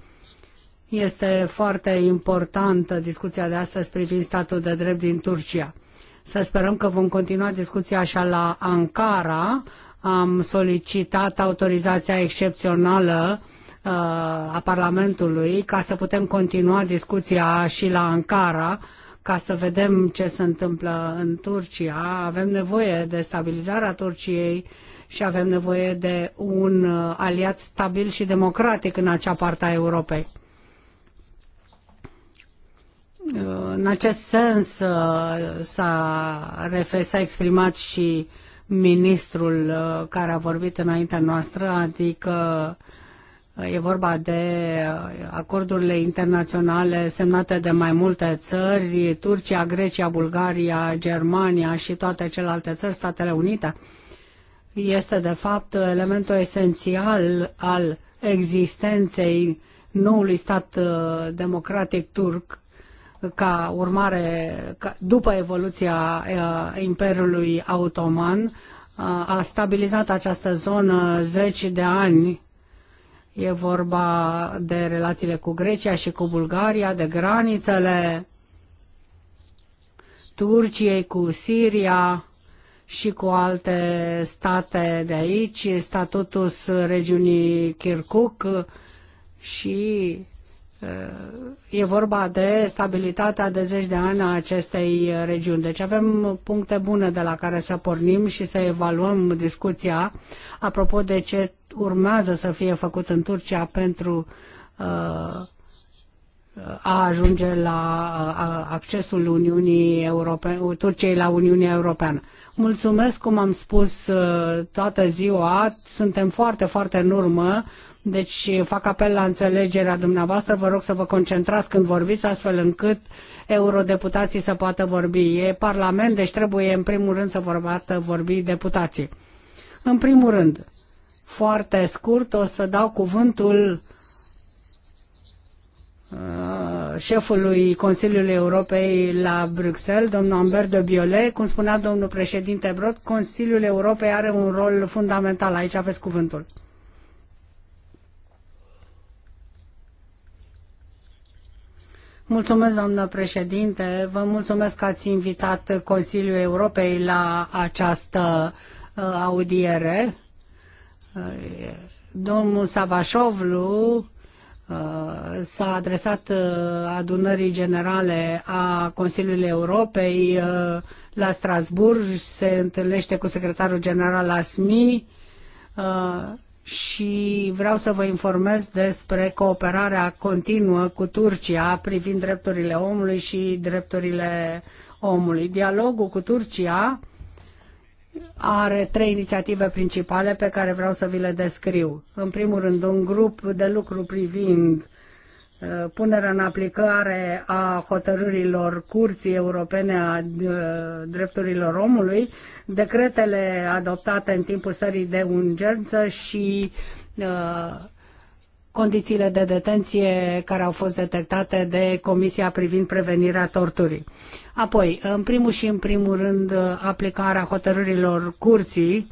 Este foarte importantă discuția de astăzi privind statul de drept din Turcia. Să sperăm că vom continua discuția așa la Ankara. Am solicitat autorizația excepțională uh, a Parlamentului ca să putem continua discuția și la Ankara ca să vedem ce se întâmplă în Turcia. Avem nevoie de stabilizarea Turciei și avem nevoie de un uh, aliat stabil și democratic în acea parte a Europei. Uh, în acest sens uh, s-a, s-a exprimat și ministrul care a vorbit înaintea noastră, adică uh, E vorba de uh, acordurile internaționale semnate de mai multe țări, Turcia, Grecia, Bulgaria, Germania și toate celelalte țări, Statele Unite. Este, de fapt, elementul esențial al existenței noului stat uh, democratic turc ca urmare, ca, după evoluția uh, Imperiului Otoman, a stabilizat această zonă zeci de ani E vorba de relațiile cu Grecia și cu Bulgaria, de granițele Turciei cu Siria și cu alte state de aici, statutul regiunii Kirkuk și E vorba de stabilitatea de zeci de ani a acestei regiuni. Deci avem puncte bune de la care să pornim și să evaluăm discuția apropo de ce urmează să fie făcut în Turcia pentru uh, a ajunge la uh, accesul Uniunii Europene, Turciei la Uniunea Europeană. Mulțumesc, cum am spus uh, toată ziua, suntem foarte, foarte în urmă deci fac apel la înțelegerea dumneavoastră, vă rog să vă concentrați când vorbiți, astfel încât eurodeputații să poată vorbi. E Parlament, deci trebuie în primul rând să vorbată vorbi deputații. În primul rând, foarte scurt, o să dau cuvântul uh, șefului Consiliului Europei la Bruxelles, domnul Ambert de Biolet. Cum spunea domnul președinte Brod, Consiliul Europei are un rol fundamental. Aici aveți cuvântul. Mulțumesc, doamnă președinte. Vă mulțumesc că ați invitat Consiliul Europei la această uh, audiere. Uh, domnul Savașovlu uh, s-a adresat adunării generale a Consiliului Europei la Strasbourg, se întâlnește cu secretarul general Asmi. SMI, și vreau să vă informez despre cooperarea continuă cu Turcia privind drepturile omului și drepturile omului. Dialogul cu Turcia are trei inițiative principale pe care vreau să vi le descriu. În primul rând, un grup de lucru privind Uh, punerea în aplicare a hotărârilor Curții Europene a uh, Drepturilor Omului, decretele adoptate în timpul sării de urgență și uh, condițiile de detenție care au fost detectate de Comisia privind prevenirea torturii. Apoi, în primul și în primul rând, aplicarea hotărârilor curții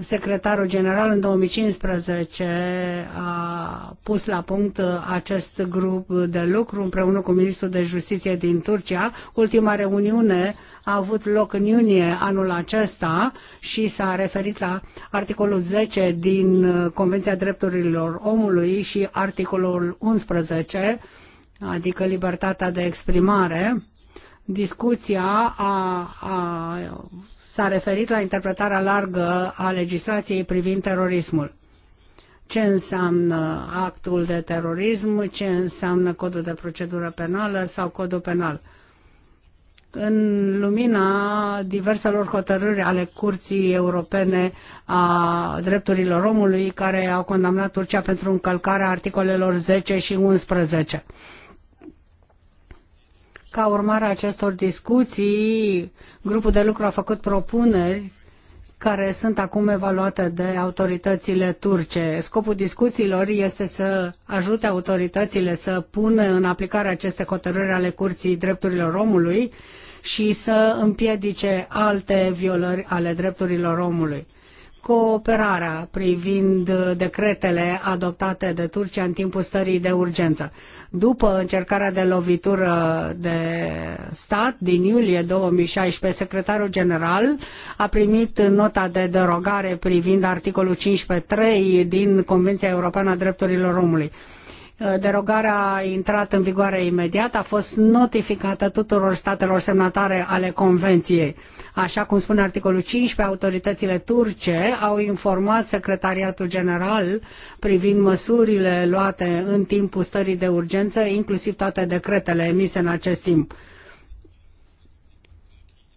Secretarul general în 2015 a pus la punct acest grup de lucru împreună cu ministrul de justiție din Turcia. Ultima reuniune a avut loc în iunie anul acesta și s-a referit la articolul 10 din Convenția Drepturilor Omului și articolul 11, adică libertatea de exprimare discuția a, a, s-a referit la interpretarea largă a legislației privind terorismul. Ce înseamnă actul de terorism, ce înseamnă codul de procedură penală sau codul penal. În lumina diverselor hotărâri ale Curții Europene a Drepturilor Omului, care au condamnat Turcia pentru încălcarea articolelor 10 și 11 ca urmare a acestor discuții, grupul de lucru a făcut propuneri care sunt acum evaluate de autoritățile turce. Scopul discuțiilor este să ajute autoritățile să pună în aplicare aceste hotărâri ale Curții Drepturilor Omului și să împiedice alte violări ale drepturilor omului cooperarea privind decretele adoptate de Turcia în timpul stării de urgență. După încercarea de lovitură de stat din iulie 2016, secretarul general a primit nota de derogare privind articolul 15.3 din Convenția Europeană a Drepturilor Omului. Uh, derogarea a intrat în vigoare imediat, a fost notificată tuturor statelor semnatare ale Convenției. Așa cum spune articolul 15, autoritățile turce au informat Secretariatul General privind măsurile luate în timpul stării de urgență, inclusiv toate decretele emise în acest timp.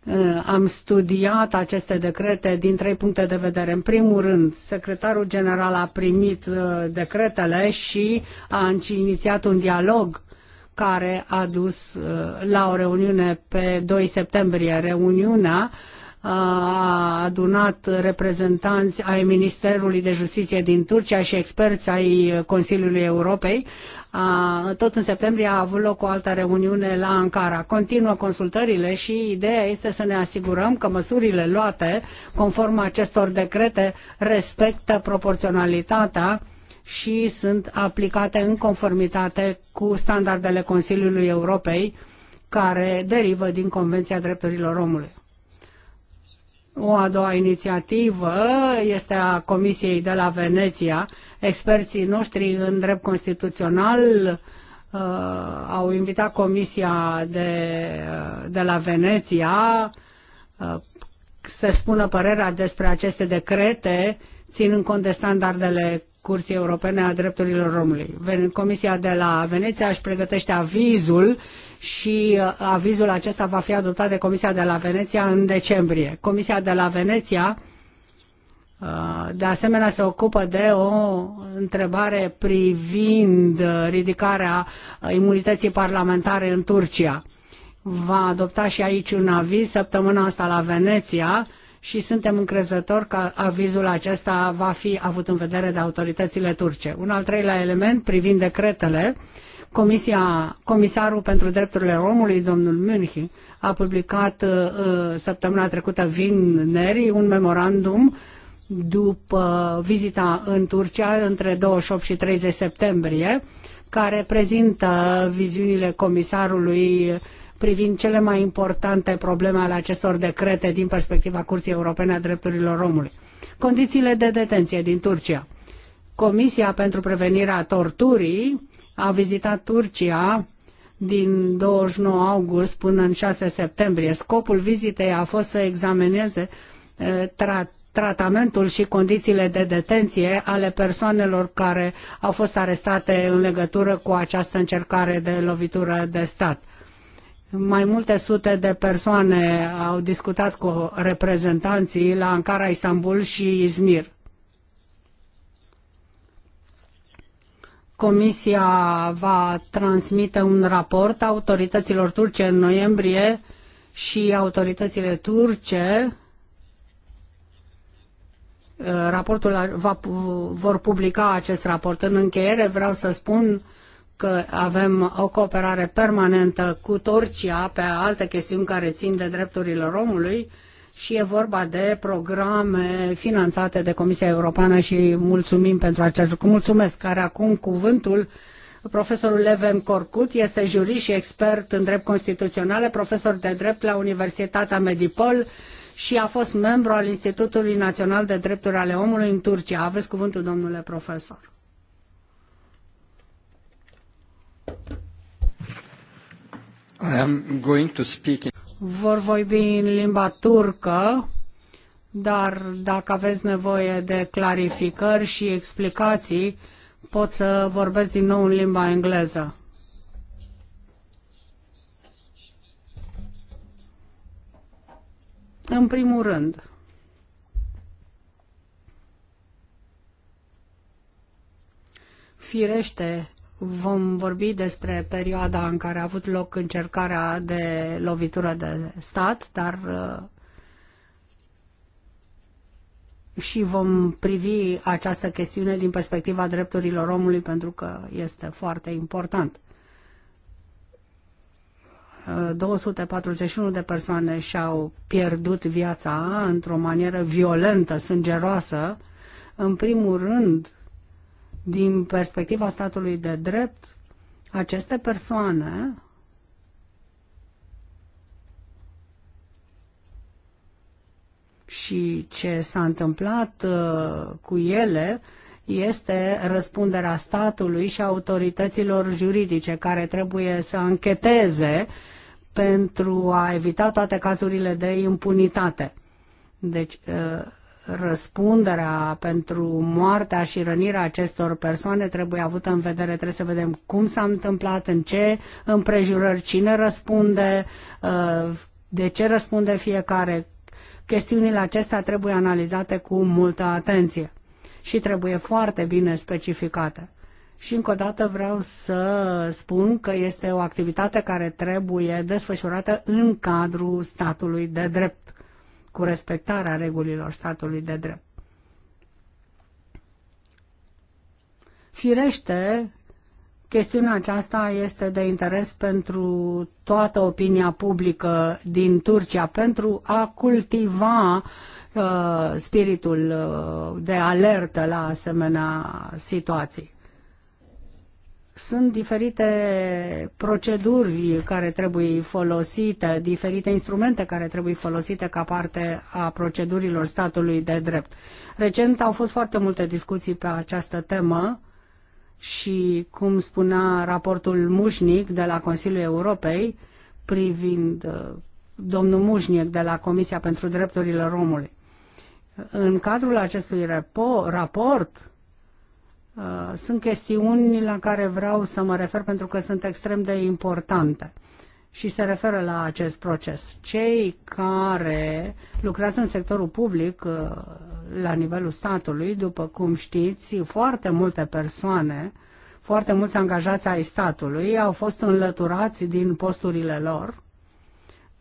Eh, am studiat aceste decrete din trei puncte de vedere. În primul rând, secretarul general a primit eh, decretele și a inițiat un dialog care a dus eh, la o reuniune pe 2 septembrie. Reuniunea uh, a adunat reprezentanți ai Ministerului de Justiție din Turcia și experți ai Consiliului Europei. A, tot în septembrie a avut loc o altă reuniune la Ankara. Continuă consultările și ideea este să ne asigurăm că măsurile luate conform acestor decrete respectă proporționalitatea și sunt aplicate în conformitate cu standardele Consiliului Europei care derivă din Convenția Drepturilor Omului. O a doua inițiativă este a Comisiei de la Veneția. Experții noștri în drept constituțional uh, au invitat Comisia de, de la Veneția uh, să spună părerea despre aceste decrete, ținând cont de standardele Curții Europene a Drepturilor Romului. Comisia de la Veneția își pregătește avizul și uh, avizul acesta va fi adoptat de Comisia de la Veneția în decembrie. Comisia de la Veneția uh, de asemenea, se ocupă de o întrebare privind uh, ridicarea imunității parlamentare în Turcia. Va adopta și aici un aviz săptămâna asta la Veneția și suntem încrezători că avizul acesta va fi avut în vedere de autoritățile turce. Un al treilea element privind decretele, Comisia, Comisarul pentru Drepturile Omului, domnul Münchi, a publicat uh, uh, săptămâna trecută, vineri, un memorandum după vizita în Turcia între 28 și 30 septembrie, care prezintă viziunile comisarului privind cele mai importante probleme ale acestor decrete din perspectiva Curții Europene a Drepturilor Omului. Condițiile de detenție din Turcia. Comisia pentru prevenirea torturii a vizitat Turcia din 29 august până în 6 septembrie. Scopul vizitei a fost să examineze tra tratamentul și condițiile de detenție ale persoanelor care au fost arestate în legătură cu această încercare de lovitură de stat. Mai multe sute de persoane au discutat cu reprezentanții la Ankara, Istanbul și Izmir. Comisia va transmite un raport autorităților turce în noiembrie și autoritățile turce raportul va, vor publica acest raport. În încheiere vreau să spun uh, că avem o cooperare permanentă cu Turcia pe alte chestiuni care țin de drepturile omului și e vorba de programe finanțate de Comisia Europeană și mulțumim pentru acest lucru. Mulțumesc, care acum cuvântul Profesorul Leven Corcut este jurist și expert în drept constituțional, profesor de drept la Universitatea Medipol și a fost membru al Institutului Național de Drepturi ale Omului în Turcia. Aveți cuvântul, domnule profesor. I am going to speak in... Vor vorbi în limba turcă, dar dacă aveți nevoie de clarificări și explicații, pot să vorbesc din nou în limba engleză. În primul rând, firește vom vorbi despre perioada în care a avut loc încercarea de lovitură de stat, dar uh, și vom privi această chestiune din perspectiva drepturilor omului pentru că este foarte important. 241 uh, de persoane și-au pierdut viața într-o manieră violentă, sângeroasă, în primul rând din perspectiva statului de drept, aceste persoane și ce s-a întâmplat uh, cu ele este răspunderea statului și autorităților juridice care trebuie să încheteze pentru a evita toate cazurile de impunitate. Deci uh, răspunderea pentru moartea și rănirea acestor persoane trebuie avută în vedere. Trebuie să vedem cum s-a întâmplat, în ce împrejurări, cine răspunde, uh, de ce răspunde fiecare. Chestiunile acestea trebuie analizate cu multă atenție și trebuie foarte bine specificate. Și încă o dată vreau să spun că este o activitate care trebuie desfășurată în cadrul statului de drept cu respectarea regulilor statului de drept. Firește, chestiunea aceasta este de interes pentru toată opinia publică din Turcia, pentru a cultiva uh, spiritul uh, de alertă la asemenea situații. Sunt diferite proceduri care trebuie folosite, diferite instrumente care trebuie folosite ca parte a procedurilor statului de drept. Recent au fost foarte multe discuții pe această temă și, cum spunea raportul Mușnic de la Consiliul Europei, privind uh, domnul Mușnic de la Comisia pentru Drepturile Romului. În cadrul acestui raport, Uh, sunt chestiuni la care vreau să mă refer pentru că sunt extrem de importante și se referă la acest proces. Cei care lucrează în sectorul public uh, la nivelul statului, după cum știți, foarte multe persoane, foarte mulți angajați ai statului au fost înlăturați din posturile lor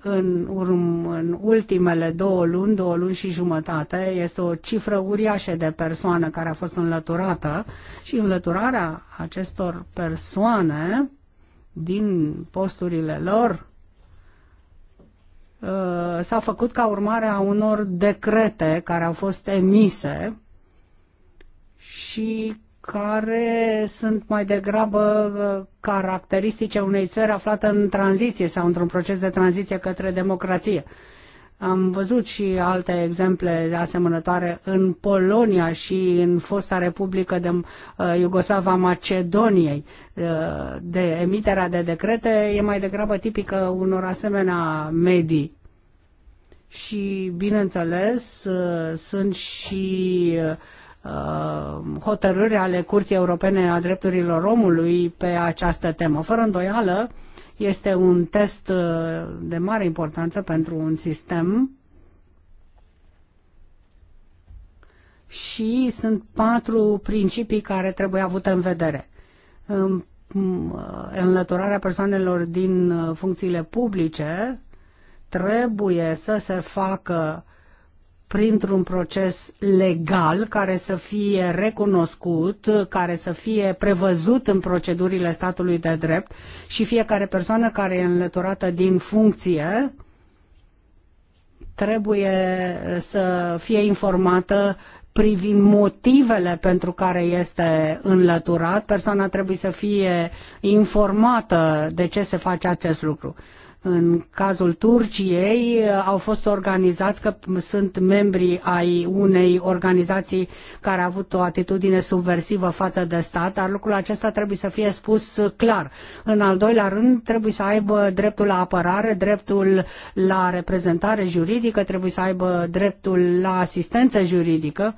în, urm, în ultimele două luni, două luni și jumătate, este o cifră uriașă de persoane care a fost înlăturată și înlăturarea acestor persoane din posturile lor uh, s-a făcut ca urmare a unor decrete care au fost emise și care sunt mai degrabă uh, caracteristice unei țări aflate în tranziție sau într-un proces de tranziție către democrație. Am văzut și alte exemple asemănătoare în Polonia și în fosta Republică de uh, Iugoslava Macedoniei. Uh, de emiterea de decrete e mai degrabă tipică unor asemenea medii. Și, bineînțeles, sunt și uh, Uh, hotărâri ale Curții Europene a Drepturilor Omului pe această temă. Fără îndoială, este un test uh, de mare importanță pentru un sistem și sunt patru principii care trebuie avute în vedere. Uh, înlăturarea persoanelor din funcțiile publice trebuie să se facă printr-un proces legal care să fie recunoscut, care să fie prevăzut în procedurile statului de drept și fiecare persoană care e înlăturată din funcție trebuie să fie informată privind motivele pentru care este înlăturat, persoana trebuie să fie informată de ce se face acest lucru. În cazul Turciei uh, au fost organizați că sunt membri ai unei organizații care a avut o atitudine subversivă față de stat, dar lucrul acesta trebuie să fie spus clar. În al doilea rând, trebuie să aibă dreptul la apărare, dreptul la reprezentare juridică, trebuie să aibă dreptul la asistență juridică.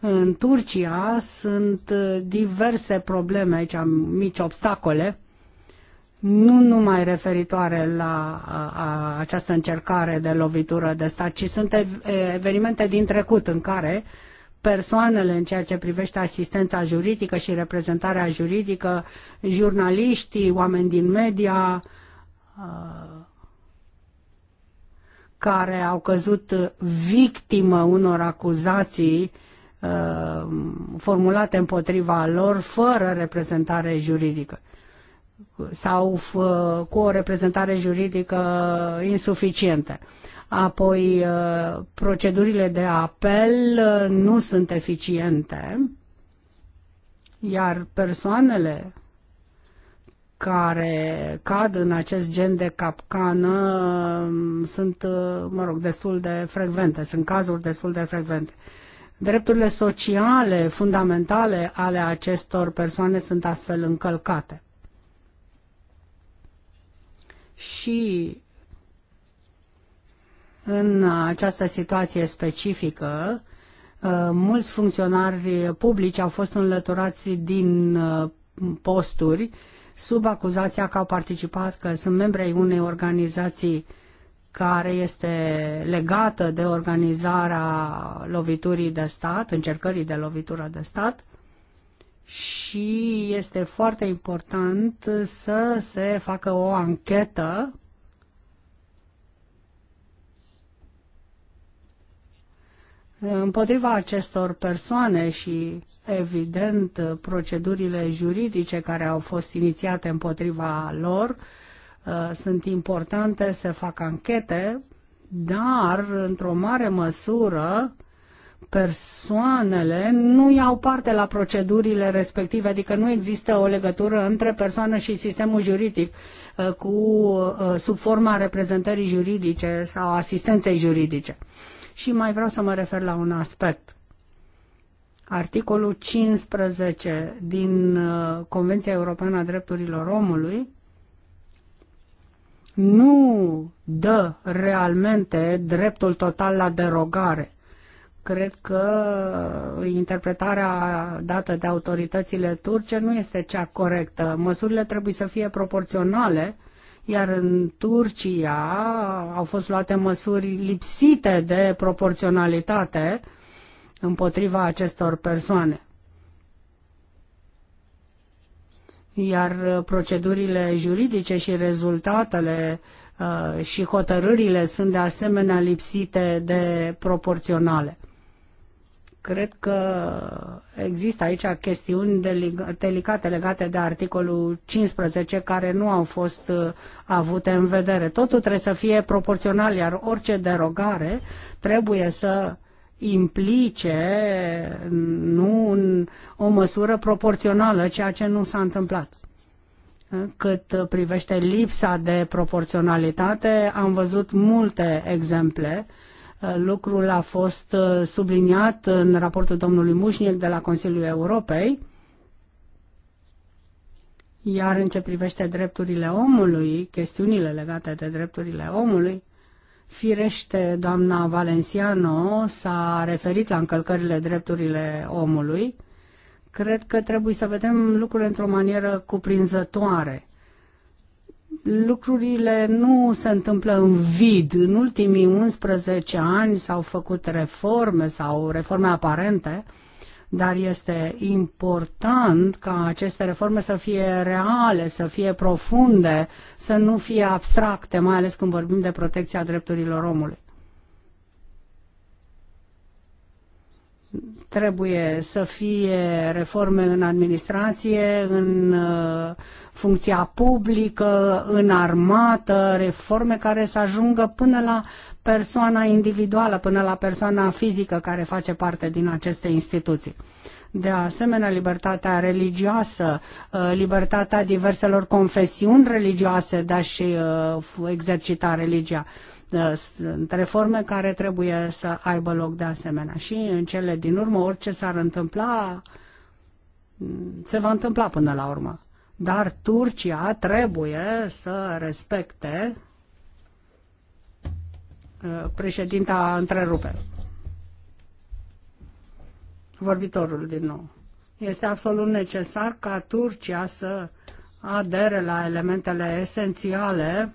În Turcia sunt uh, diverse probleme aici, mici obstacole nu numai referitoare la a, a, această încercare de lovitură de stat, ci sunt evenimente din trecut în care persoanele în ceea ce privește asistența juridică și reprezentarea juridică, jurnaliștii, oameni din media, a, care au căzut victimă unor acuzații formulate împotriva lor fără reprezentare juridică sau cu o reprezentare juridică insuficientă. Apoi, uh, procedurile de apel uh, nu sunt eficiente, iar persoanele care cad în acest gen de capcană um, sunt, uh, mă rog, destul de frecvente, sunt cazuri destul de frecvente. Drepturile sociale fundamentale ale acestor persoane sunt astfel încălcate și în această situație specifică, uh, mulți funcționari publici au fost înlăturați din uh, posturi sub acuzația că au participat, că sunt membri ai unei organizații care este legată de organizarea loviturii de stat, încercării de lovitură de stat, și este foarte important să se facă o anchetă împotriva acestor persoane și, evident, procedurile juridice care au fost inițiate împotriva lor uh, sunt importante, se fac anchete, dar, într-o mare măsură, persoanele nu iau parte la procedurile respective, adică nu există o legătură între persoană și sistemul juridic uh, cu, uh, sub forma reprezentării juridice sau asistenței juridice. Și mai vreau să mă refer la un aspect. Articolul 15 din uh, Convenția Europeană a Drepturilor Omului nu dă realmente dreptul total la derogare cred că interpretarea dată de autoritățile turce nu este cea corectă. Măsurile trebuie să fie proporționale, iar în Turcia au fost luate măsuri lipsite de proporționalitate împotriva acestor persoane. Iar procedurile juridice și rezultatele uh, și hotărârile sunt de asemenea lipsite de proporționale cred că există aici chestiuni delicate legate de articolul 15 care nu au fost uh, avute în vedere. Totul trebuie să fie proporțional, iar orice derogare trebuie să implice nu un, o măsură proporțională, ceea ce nu s-a întâmplat. Cât privește lipsa de proporționalitate, am văzut multe exemple uh, Lucrul a fost uh, subliniat în raportul domnului Mușnic de la Consiliul Europei. Iar în ce privește drepturile omului, chestiunile legate de drepturile omului, firește doamna Valenciano s-a referit la încălcările drepturile omului. Cred că trebuie să vedem lucrurile într-o manieră cuprinzătoare lucrurile nu se întâmplă în vid. În ultimii 11 ani s-au făcut reforme sau reforme aparente, dar este important ca aceste reforme să fie reale, să fie profunde, să nu fie abstracte, mai ales când vorbim de protecția drepturilor omului. Trebuie să fie reforme în administrație, în uh, funcția publică, în armată, reforme care să ajungă până la persoana individuală, până la persoana fizică care face parte din aceste instituții. De asemenea, libertatea religioasă, uh, libertatea diverselor confesiuni religioase, dar și uh, exercita religia. Ă, sunt reforme care trebuie să aibă loc de asemenea. Și în cele din urmă, orice s-ar întâmpla, se va întâmpla până la urmă. Dar Turcia trebuie să respecte ă, președinta întrerupe. Vorbitorul din nou. Este absolut necesar ca Turcia să adere la elementele esențiale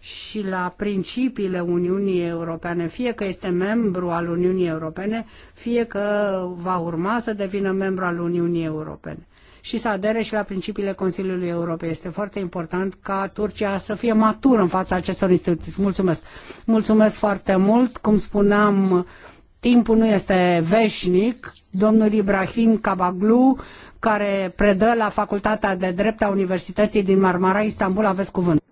și la principiile Uniunii Europene, fie că este membru al Uniunii Europene, fie că va urma să devină membru al Uniunii Europene și să adere și la principiile Consiliului Europei. Este foarte important ca Turcia să fie matură în fața acestor instituții. Mulțumesc! Mulțumesc foarte mult! Cum spuneam, timpul nu este veșnic. Domnul Ibrahim Kabaglu, care predă la Facultatea de Drept a Universității din Marmara, Istanbul, aveți cuvânt.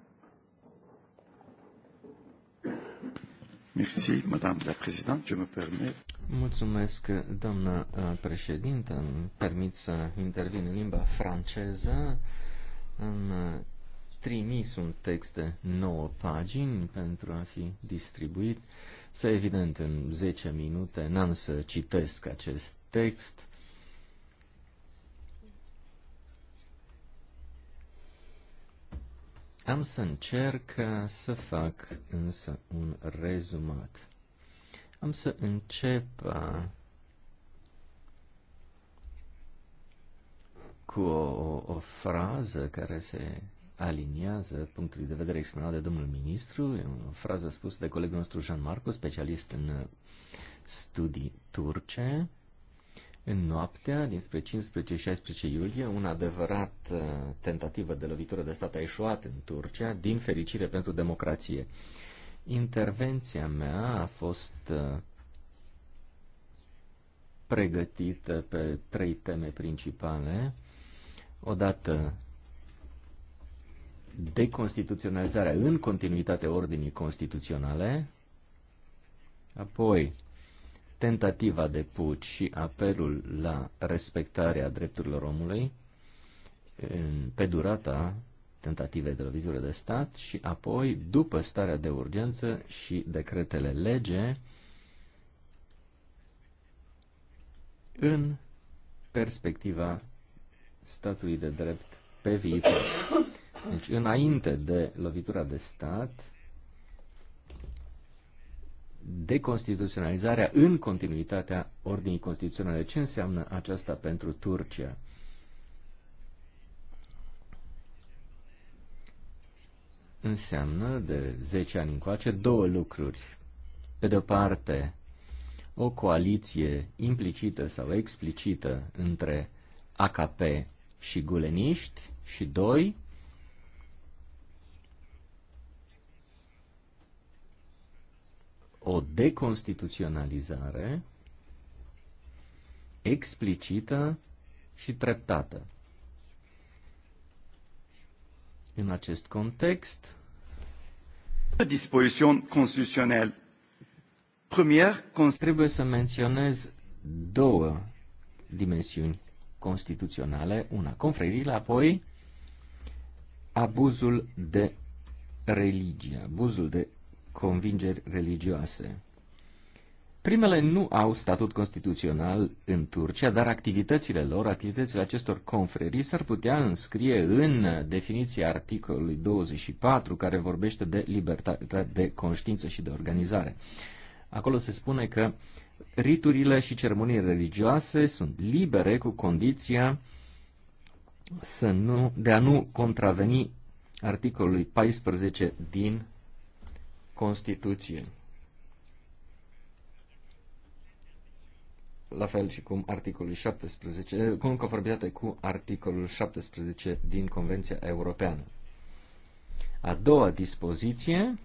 Merci, Madame la Présidente. Je me permets. Mulțumesc, doamnă uh, președintă. Îmi permit să intervin în limba franceză. Am uh, trimis un text de 9 pagini pentru a fi distribuit. Să evident, în 10 minute n-am să citesc acest text. Am să încerc uh, să fac însă un rezumat. Am să încep uh, cu o, o frază care se aliniază punctului de vedere exprimat de domnul ministru, e o frază spusă de colegul nostru Jean Marco, specialist în uh, studii turce. În noaptea dinspre 15-16 iulie, un adevărat uh, tentativă de lovitură de stat a ieșuat în Turcia, din fericire pentru democrație. Intervenția mea a fost uh, pregătită pe trei teme principale. Odată, deconstituționalizarea în continuitate ordinii constituționale, apoi tentativa de put și apelul la respectarea drepturilor omului pe durata tentative de lovitură de stat și apoi, după starea de urgență și decretele lege, în perspectiva statului de drept pe viitor. Deci, înainte de lovitura de stat, deconstituționalizarea în continuitatea ordinii constituționale. Ce înseamnă aceasta pentru Turcia? Înseamnă de 10 ani încoace două lucruri. Pe de o parte, o coaliție implicită sau explicită între AKP și guleniști și doi, o deconstituționalizare explicită și treptată. În acest context, dispozițiuni constituționale. trebuie să menționez două dimensiuni constituționale, una confrerile, apoi abuzul de religie, abuzul de convingeri religioase. Primele nu au statut constituțional în Turcia, dar activitățile lor, activitățile acestor confrerii s-ar putea înscrie în definiția articolului 24 care vorbește de libertate de conștiință și de organizare. Acolo se spune că riturile și ceremonii religioase sunt libere cu condiția să nu, de a nu contraveni articolului 14 din Constituție, La fel și cum articolul 17, cum conformitate cu articolul 17 din Convenția Europeană. A doua dispoziție,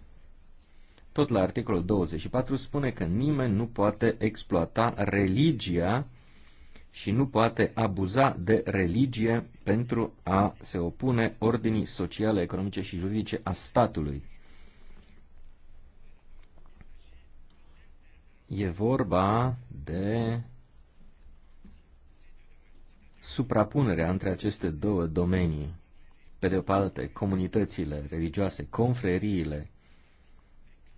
tot la articolul 24, spune că nimeni nu poate exploata religia și nu poate abuza de religie pentru a se opune ordinii sociale, economice și juridice a statului. E vorba de suprapunerea între aceste două domenii. Pe de o parte, comunitățile religioase, confreriile,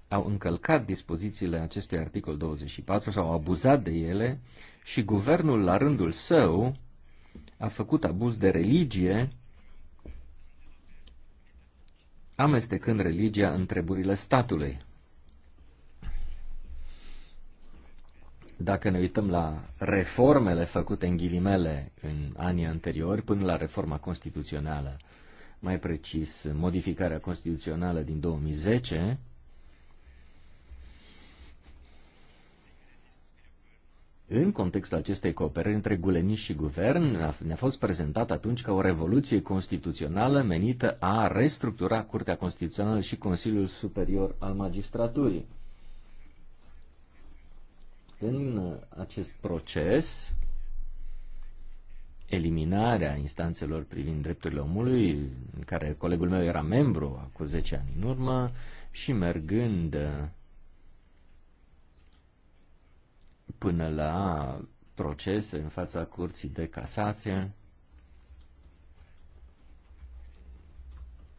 au încălcat dispozițiile acestui articol 24 sau au abuzat de ele și guvernul, la rândul său, a făcut abuz de religie, amestecând religia în treburile statului. Dacă ne uităm la reformele făcute în ghilimele în anii anteriori, până la reforma constituțională, mai precis modificarea constituțională din 2010, În contextul acestei cooperări între guleniști și guvern, ne-a fost prezentat atunci ca o revoluție constituțională menită a restructura Curtea Constituțională și Consiliul Superior al Magistraturii în acest proces eliminarea instanțelor privind drepturile omului, în care colegul meu era membru acum 10 ani în urmă, și mergând uh, până la procese în fața curții de casație,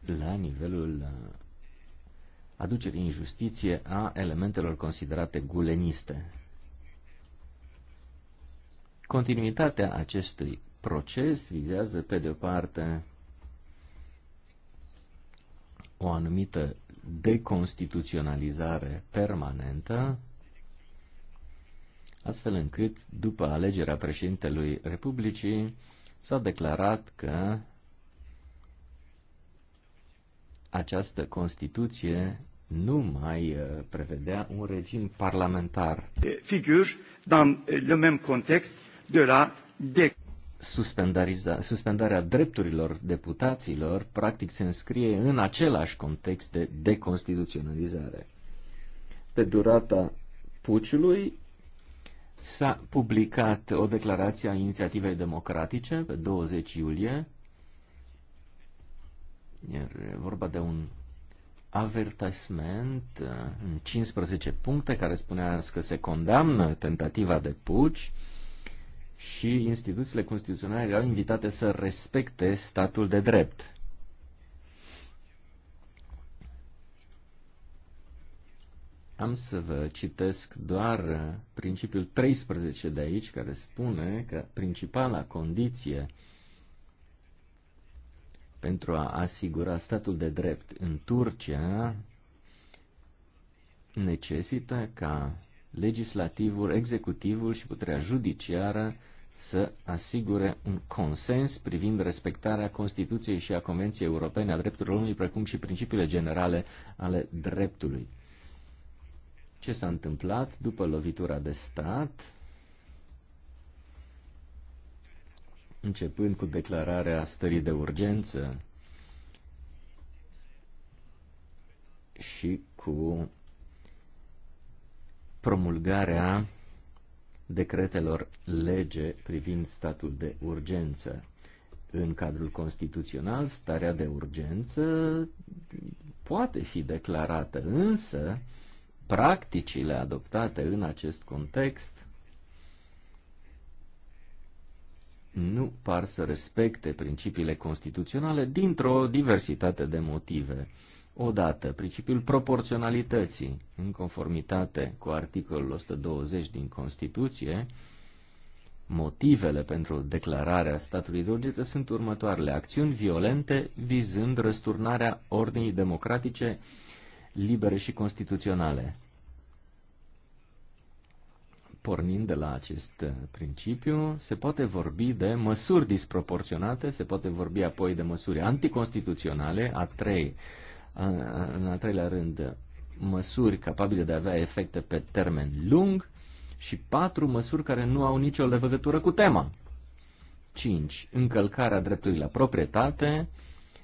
la nivelul uh, aducerii în justiție a elementelor considerate guleniste. Continuitatea acestui proces vizează, pe de o parte, o anumită deconstituționalizare permanentă, astfel încât, după alegerea președintelui Republicii, s-a declarat că această Constituție nu mai uh, prevedea un regim parlamentar. Figur, dans uh, le même context de la de Suspendarea drepturilor deputaților practic se înscrie în același context de deconstituționalizare. Pe durata puciului s-a publicat o declarație a inițiativei democratice pe 20 iulie, iar e vorba de un avertisment uh, în 15 puncte care spunea că se condamnă tentativa de puci, și instituțiile constituționale erau invitate să respecte statul de drept. Am să vă citesc doar principiul 13 de aici, care spune că principala condiție pentru a asigura statul de drept în Turcia necesită ca legislativul, executivul și puterea judiciară să asigure un consens privind respectarea Constituției și a Convenției Europene a Drepturilor Omului, precum și principiile generale ale dreptului. Ce s-a întâmplat după lovitura de stat? Începând cu declararea stării de urgență și cu promulgarea decretelor lege privind statul de urgență. În cadrul constituțional, starea de urgență poate fi declarată, însă practicile adoptate în acest context nu par să respecte principiile constituționale dintr-o diversitate de motive. Odată, principiul proporționalității, în conformitate cu articolul 120 din Constituție, motivele pentru declararea statului de urgență sunt următoarele. Acțiuni violente vizând răsturnarea ordinii democratice libere și constituționale. Pornind de la acest principiu, se poate vorbi de măsuri disproporționate, se poate vorbi apoi de măsuri anticonstituționale, a trei în al treilea rând, măsuri capabile de a avea efecte pe termen lung și patru măsuri care nu au nicio legătură cu tema. 5. Încălcarea dreptului la proprietate,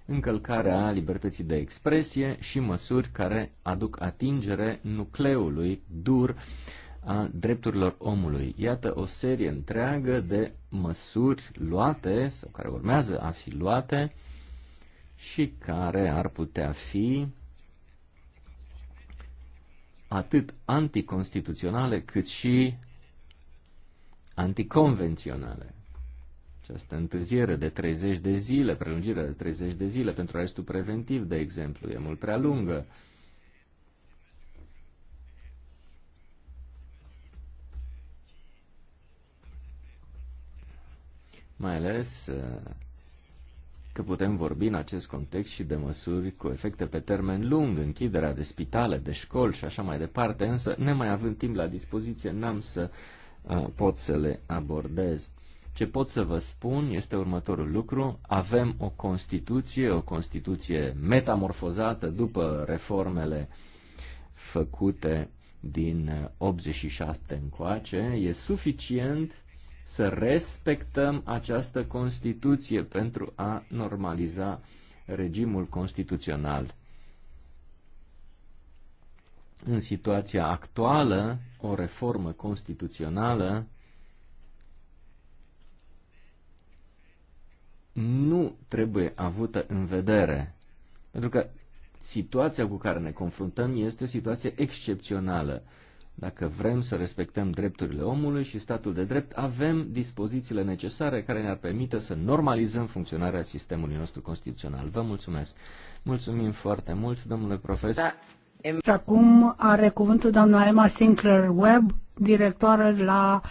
încălcarea libertății de expresie și măsuri care aduc atingere nucleului dur a drepturilor omului. Iată o serie întreagă de măsuri luate sau care urmează a fi luate și care ar putea fi atât anticonstituționale cât și anticonvenționale. Această întârziere de 30 de zile, prelungirea de 30 de zile pentru arestul preventiv, de exemplu, e mult prea lungă. Mai ales uh, că putem vorbi în acest context și de măsuri cu efecte pe termen lung, închiderea de spitale, de școli și așa mai departe, însă ne mai având timp la dispoziție, n-am să uh, pot să le abordez. Ce pot să vă spun este următorul lucru. Avem o Constituție, o Constituție metamorfozată după reformele făcute din 87 încoace. E suficient să respectăm această Constituție pentru a normaliza regimul constituțional. În situația actuală, o reformă constituțională nu trebuie avută în vedere. Pentru că situația cu care ne confruntăm este o situație excepțională. Dacă vrem să respectăm drepturile omului și statul de drept, avem dispozițiile necesare care ne-ar permite să normalizăm funcționarea sistemului nostru constituțional. Vă mulțumesc. Mulțumim foarte mult, domnule profesor. Da. Și acum are cuvântul doamna Emma Sinclair Webb, directoare la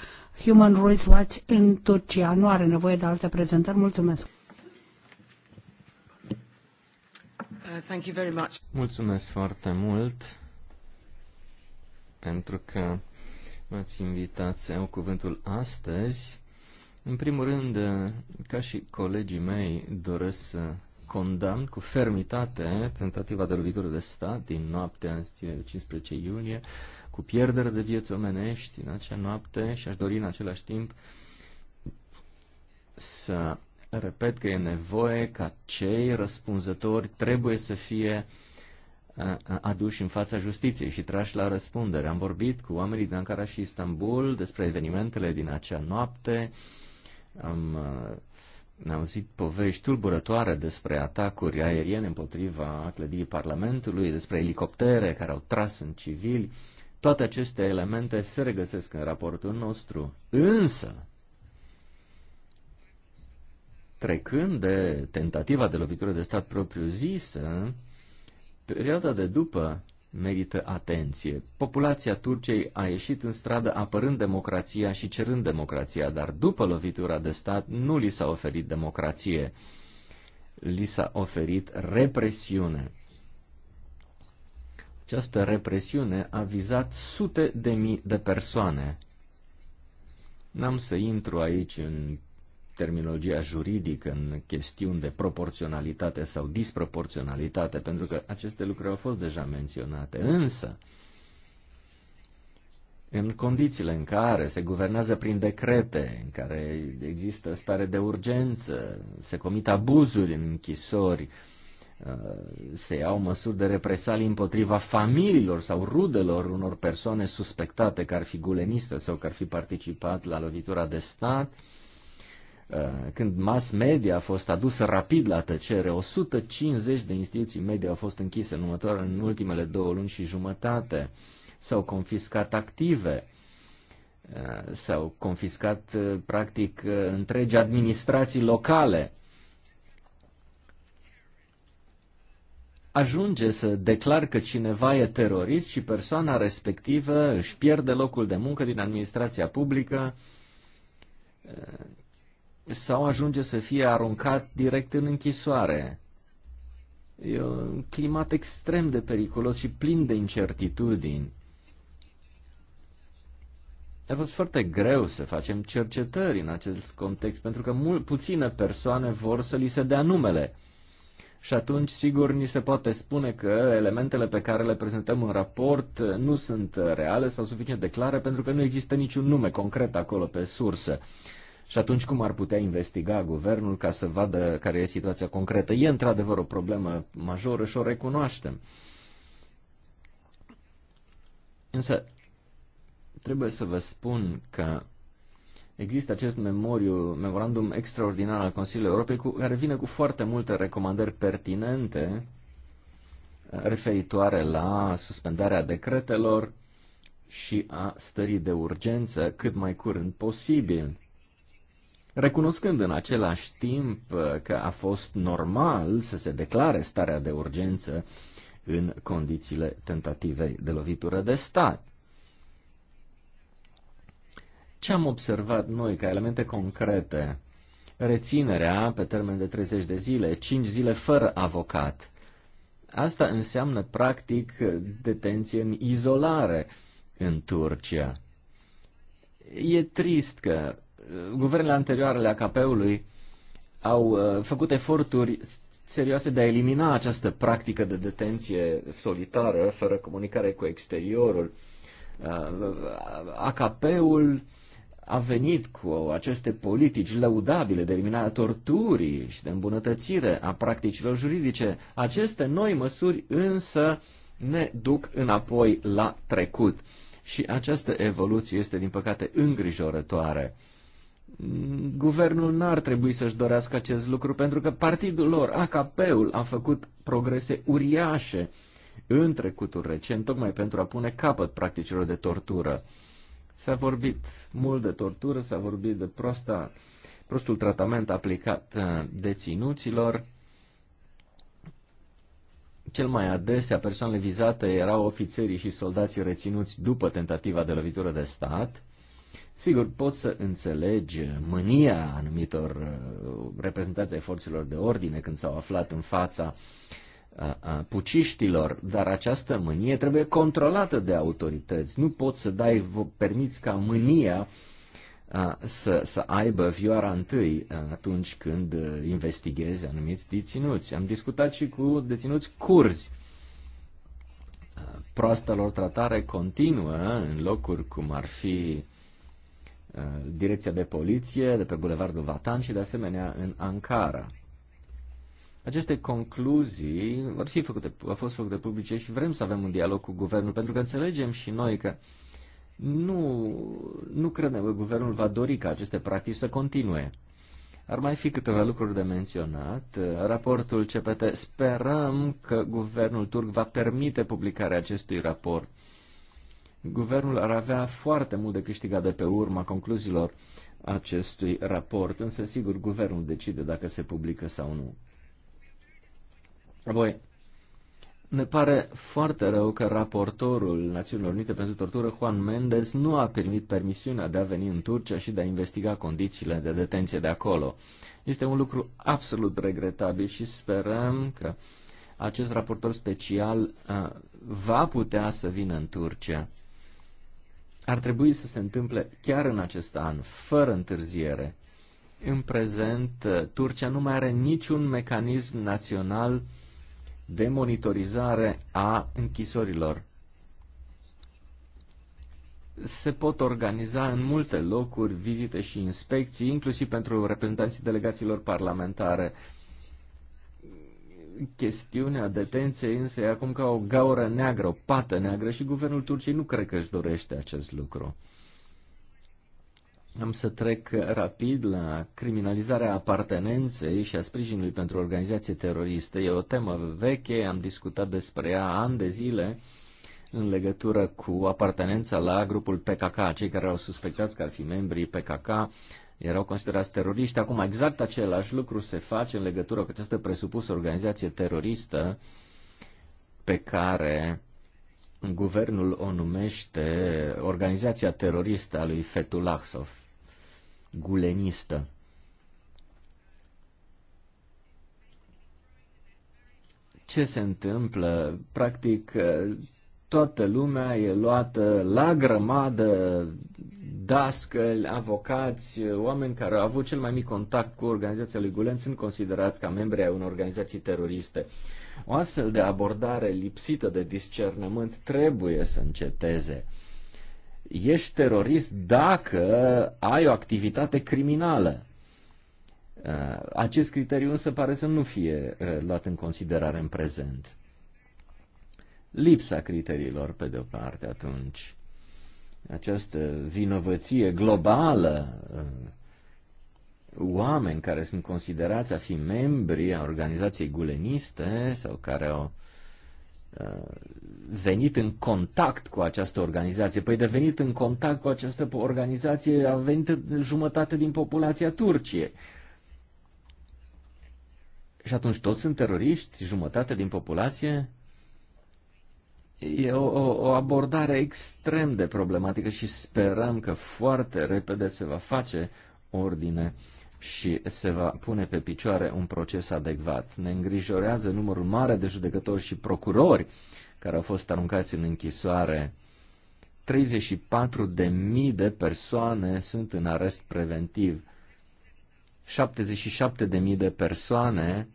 Human Rights Watch în Turcia. Nu are nevoie de alte prezentări. Mulțumesc. Uh, mulțumesc foarte mult pentru că m-ați invitat să iau cuvântul astăzi. În primul rând, ca și colegii mei, doresc să condamn cu fermitate tentativa de lovitură de stat din noaptea zilei 15 iulie, cu pierdere de vieți omenești în acea noapte și aș dori în același timp să repet că e nevoie ca cei răspunzători trebuie să fie uh, aduși în fața justiției și trași la răspundere. Am vorbit cu oamenii din Ankara și Istanbul despre evenimentele din acea noapte, am ne auzit povești tulburătoare despre atacuri aeriene împotriva clădirii Parlamentului, despre elicoptere care au tras în civili. Toate aceste elemente se regăsesc în raportul nostru. Însă, trecând de tentativa de lovitură de stat propriu-zisă, Perioada de după merită atenție. Populația Turciei a ieșit în stradă apărând democrația și cerând democrația, dar după lovitura de stat nu li s-a oferit democrație, li s-a oferit represiune. Această represiune a vizat sute de mii de persoane. N-am să intru aici în terminologia juridică, în chestiuni de proporționalitate sau disproporționalitate, pentru că aceste lucruri au fost deja menționate. Însă, în condițiile în care se guvernează prin decrete, în care există stare de urgență, se comit abuzuri în închisori, uh, se iau măsuri de represalii împotriva familiilor sau rudelor unor persoane suspectate că ar fi guleniste sau că ar fi participat la lovitura de stat, Eh, când mass media a fost adusă rapid la tăcere, 150 de instituții media au fost închise în, următoare, în ultimele două luni și jumătate, s-au confiscat active, eh, s-au confiscat eh, practic întregi administrații locale. Ajunge să declar că cineva e terorist și persoana respectivă își pierde locul de muncă din administrația publică, sau ajunge să fie aruncat direct în închisoare. E un climat extrem de periculos și plin de incertitudini. A fost foarte greu să facem cercetări în acest context, pentru că mult, puține persoane vor să li se dea numele. Și atunci, sigur, ni se poate spune că elementele pe care le prezentăm în raport nu sunt reale sau suficient de clare pentru că nu există niciun nume concret acolo pe sursă. Și atunci cum ar putea investiga guvernul ca să vadă care e situația concretă? E într-adevăr o problemă majoră și o recunoaștem. Însă, trebuie să vă spun că există acest memoriu, memorandum extraordinar al Consiliului Europei, cu, care vine cu foarte multe recomandări pertinente uh, referitoare la suspendarea decretelor și a stării de urgență cât mai curând posibil recunoscând în același timp uh, că a fost normal să se declare starea de urgență în condițiile tentativei de lovitură de stat. Ce am observat noi ca elemente concrete? Reținerea pe termen de 30 de zile, 5 zile fără avocat. Asta înseamnă practic detenție în izolare în Turcia. E trist că guvernele anterioare ale AKP-ului au uh, făcut eforturi serioase de a elimina această practică de detenție solitară, fără comunicare cu exteriorul. Uh, AKP-ul a venit cu aceste politici lăudabile de eliminare torturii și de îmbunătățire a practicilor juridice. Aceste noi măsuri însă ne duc înapoi la trecut. Și această evoluție este, din păcate, îngrijorătoare guvernul n-ar trebui să-și dorească acest lucru, pentru că partidul lor, AKP-ul, a făcut progrese uriașe în trecutul recent, tocmai pentru a pune capăt practicilor de tortură. S-a vorbit mult de tortură, s-a vorbit de prosta, prostul tratament aplicat uh, deținuților. Cel mai adesea persoanele vizate erau ofițerii și soldații reținuți după tentativa de lovitură de stat Sigur, pot să înțelegi mânia anumitor uh, reprezentanți ai forțelor de ordine când s-au aflat în fața puciștilor, dar această mânie trebuie controlată de autorități. Nu poți să dai, vă permiți ca mânia să, să aibă vioara întâi atunci când uh, investighezi anumiți deținuți. Am discutat și cu deținuți curzi. Proasta lor tratare continuă în locuri cum ar fi uh, Eh, direcția de poliție de pe Bulevardul Vatan și de asemenea în Ankara. Aceste concluzii vor fi făcute, au fost făcute publice și vrem să avem un dialog cu guvernul, pentru că înțelegem și noi că nu, nu credem că guvernul va dori ca aceste practici să continue. Ar mai fi câteva lucruri de menționat. Eh, raportul CPT. Sperăm că guvernul turc va permite publicarea acestui raport Guvernul ar avea foarte mult de câștigat de pe urma concluziilor acestui raport, însă sigur guvernul decide dacă se publică sau nu. Apoi, ne pare foarte rău că raportorul Națiunilor Unite pentru Tortură, Juan Mendes, nu a primit permisiunea de a veni în Turcia și de a investiga condițiile de detenție de acolo. Este un lucru absolut regretabil și sperăm că acest raportor special uh, va putea să vină în Turcia ar trebui să se întâmple chiar în acest an, fără întârziere. În prezent, uh, Turcia nu mai are niciun mecanism național de monitorizare a închisorilor. Se pot organiza în multe locuri vizite și inspecții, inclusiv pentru reprezentanții delegațiilor parlamentare. Chestiunea detenției însă e acum ca o gaură neagră, o pată neagră și guvernul Turciei nu cred că își dorește acest lucru. Am să trec rapid la criminalizarea apartenenței și a sprijinului pentru organizații teroriste. E o temă veche, am discutat despre ea ani de zile în legătură cu apartenența la grupul PKK, cei care au suspectat că ar fi membrii PKK erau considerați teroriști. Acum exact același lucru se face în legătură cu această presupusă organizație teroristă pe care guvernul o numește organizația teroristă a lui Fetullah sau gulenistă. Ce se întâmplă? Practic, toată lumea e luată la grămadă dascăli, avocați, oameni care au avut cel mai mic contact cu organizația lui Gulen sunt considerați ca membri ai unor organizații teroriste. O astfel de abordare lipsită de discernământ trebuie să înceteze. Ești terorist dacă ai o activitate criminală. Uh, acest criteriu însă pare să nu fie uh, luat în considerare în prezent. Lipsa criteriilor, pe de o parte, atunci această vinovăție globală, uh, oameni care sunt considerați a fi membri a organizației guleniste sau care au uh, venit în contact cu această organizație. Păi de venit în contact cu această organizație a venit jumătate din populația Turciei. Și atunci toți sunt teroriști, jumătate din populație? E o, o, o abordare extrem de problematică și sperăm că foarte repede se va face ordine și se va pune pe picioare un proces adecvat. Ne îngrijorează numărul mare de judecători și procurori care au fost aruncați în închisoare. 34.000 de persoane sunt în arest preventiv. 77.000 de persoane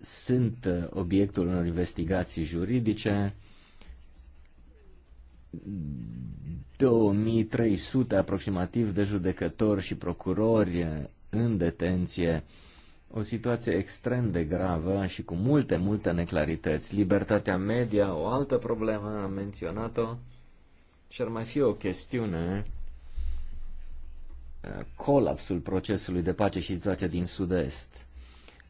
sunt uh, obiectul unor investigații juridice. 2300 aproximativ de judecători și procurori uh, în detenție, o situație extrem de gravă și cu multe, multe neclarități. Libertatea media, o altă problemă, am menționat-o, și ar mai fi o chestiune, uh, colapsul procesului de pace și situația din sud-est.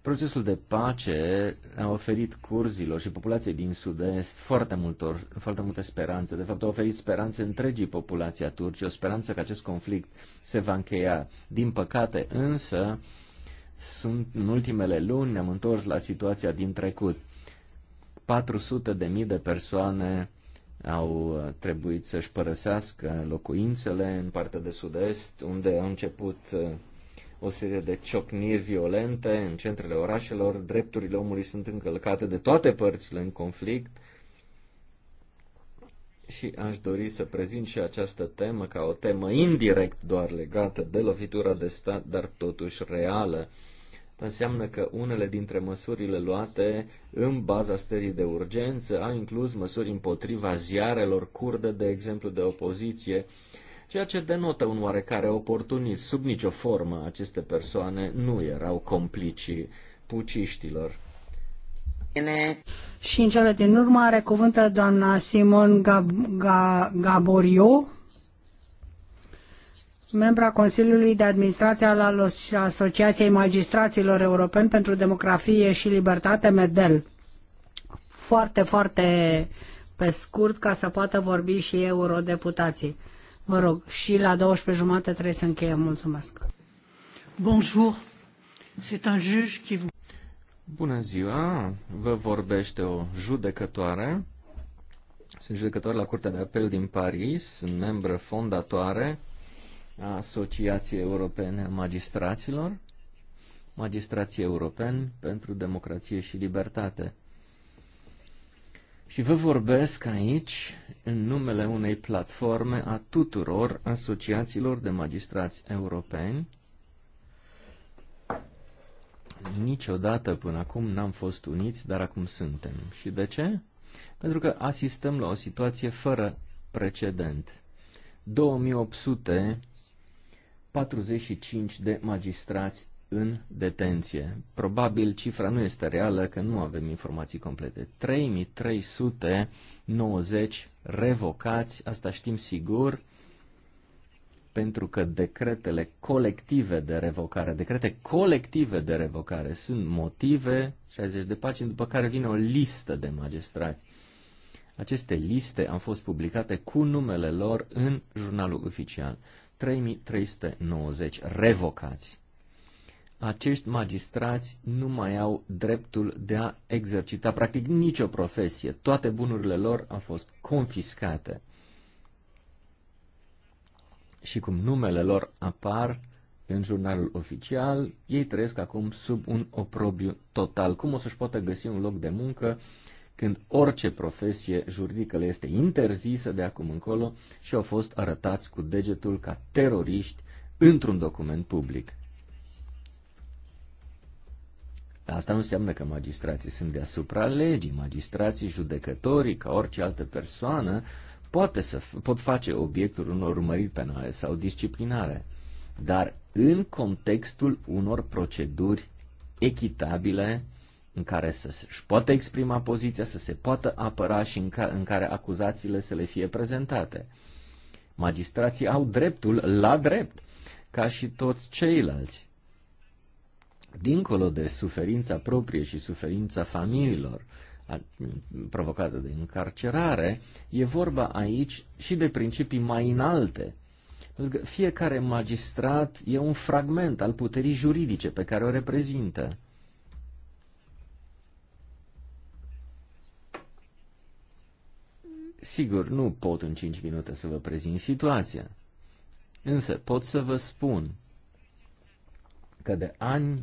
Procesul de pace a oferit curzilor și populației din sud-est foarte, multor, foarte multe speranțe. De fapt, a oferit speranțe întregii populații a turcii, o speranță că acest conflict se va încheia. Din păcate, însă, sunt în ultimele luni ne-am întors la situația din trecut. 400 de mii de persoane au uh, trebuit să-și părăsească locuințele în partea de sud-est, unde au început uh, o serie de ciocniri violente în centrele orașelor, drepturile omului sunt încălcate de toate părțile în conflict și aș dori să prezint și această temă ca o temă indirect doar legată de lovitura de stat, dar totuși reală. Înseamnă că unele dintre măsurile luate în baza stării de urgență au inclus măsuri împotriva ziarelor curde, de exemplu, de opoziție, ceea ce denotă un oarecare oportunism. Sub nicio formă aceste persoane nu erau complicii puciștilor. Bine. Și în cele din urmă are cuvântă doamna Simon Gab- Ga- Gaborio, membra Consiliului de Administrație al Asociației Magistraților Europeni pentru Demografie și Libertate, MEDEL. Foarte, foarte pe scurt, ca să poată vorbi și eurodeputații. Vă rog, și la 12 jumate trebuie să încheiem. Mulțumesc. Bonjour. C'est un juge qui vous... Bună ziua, vă vorbește o judecătoare. Sunt judecător la Curtea de Apel din Paris, sunt membră fondatoare a Asociației Europene a Magistraților, magistrații europeni pentru democrație și libertate. Și vă vorbesc aici în numele unei platforme a tuturor asociațiilor de magistrați europeni. Niciodată până acum n-am fost uniți, dar acum suntem. Și de ce? Pentru că asistăm la o situație fără precedent. 2845 de magistrați în detenție. Probabil cifra nu este reală, că nu avem informații complete. 3390 revocați, asta știm sigur, pentru că decretele colective de revocare, decrete colective de revocare sunt motive, 60 de pagini, după care vine o listă de magistrați. Aceste liste au fost publicate cu numele lor în jurnalul oficial. 3390 revocați acești magistrați nu mai au dreptul de a exercita practic nicio profesie. Toate bunurile lor au fost confiscate. Și cum numele lor apar în jurnalul oficial, ei trăiesc acum sub un oprobiu total. Cum o să-și poată găsi un loc de muncă când orice profesie juridică le este interzisă de acum încolo și au fost arătați cu degetul ca teroriști într-un document public? Asta nu înseamnă că magistrații sunt deasupra legii. Magistrații, judecătorii, ca orice altă persoană, poate să, pot face obiectul unor urmăriri penale sau disciplinare, dar în contextul unor proceduri echitabile în care să își poată exprima poziția, să se poată apăra și în, ca, în care acuzațiile să le fie prezentate. Magistrații au dreptul la drept, ca și toți ceilalți dincolo de suferința proprie și suferința familiilor provocată de încarcerare, e vorba aici și de principii mai înalte. Pentru că fiecare magistrat e un fragment al puterii juridice pe care o reprezintă. Sigur, nu pot în 5 minute să vă prezint situația, însă pot să vă spun că de ani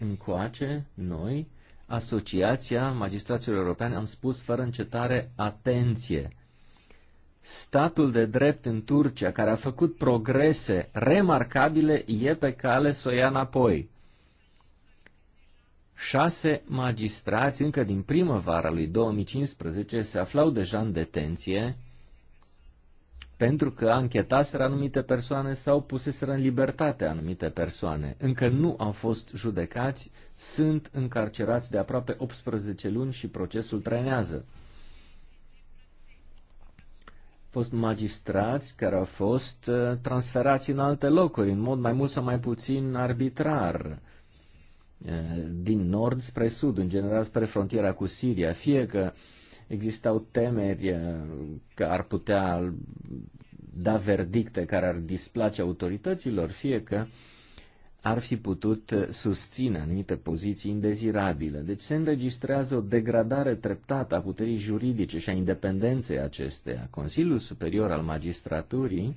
încoace, noi, Asociația Magistraților Europeni, am spus fără încetare, atenție! Statul de drept în Turcia, care a făcut progrese remarcabile, e pe cale să o ia înapoi. Șase magistrați, încă din primăvara lui 2015, se aflau deja în detenție, pentru că anchetaseră anumite persoane sau puseseră în libertate anumite persoane. Încă nu au fost judecați, sunt încarcerați de aproape 18 luni și procesul trenează. Fost magistrați care au fost uh, transferați în alte locuri, în mod mai mult sau mai puțin arbitrar, uh, din nord spre sud, în general spre frontiera cu Siria, fie că uh, existau temeri uh, că ar putea da verdicte care ar displace autorităților, fie că ar fi putut uh, susține anumite poziții indezirabile. Deci se înregistrează o degradare treptată a puterii juridice și a independenței acesteia. Consiliul Superior al Magistraturii,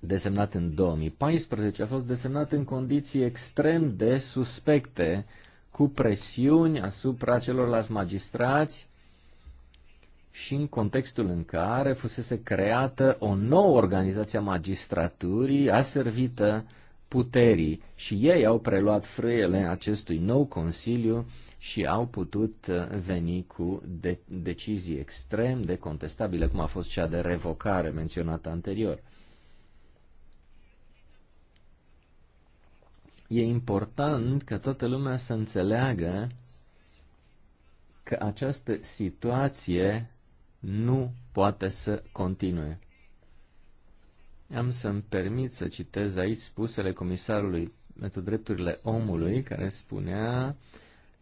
desemnat în 2014, a fost desemnat în condiții extrem de suspecte uh, cu presiuni asupra celorlalți magistrați și în contextul în care fusese creată o nouă organizație a magistraturii aservită puterii și ei au preluat frâiele acestui nou consiliu și au putut uh, veni cu de- decizii extrem de contestabile, cum a fost cea de revocare menționată anterior. E important ca toată lumea să înțeleagă că această situație nu poate să continue. Am să-mi permit să citez aici spusele comisarului pentru drepturile omului, care spunea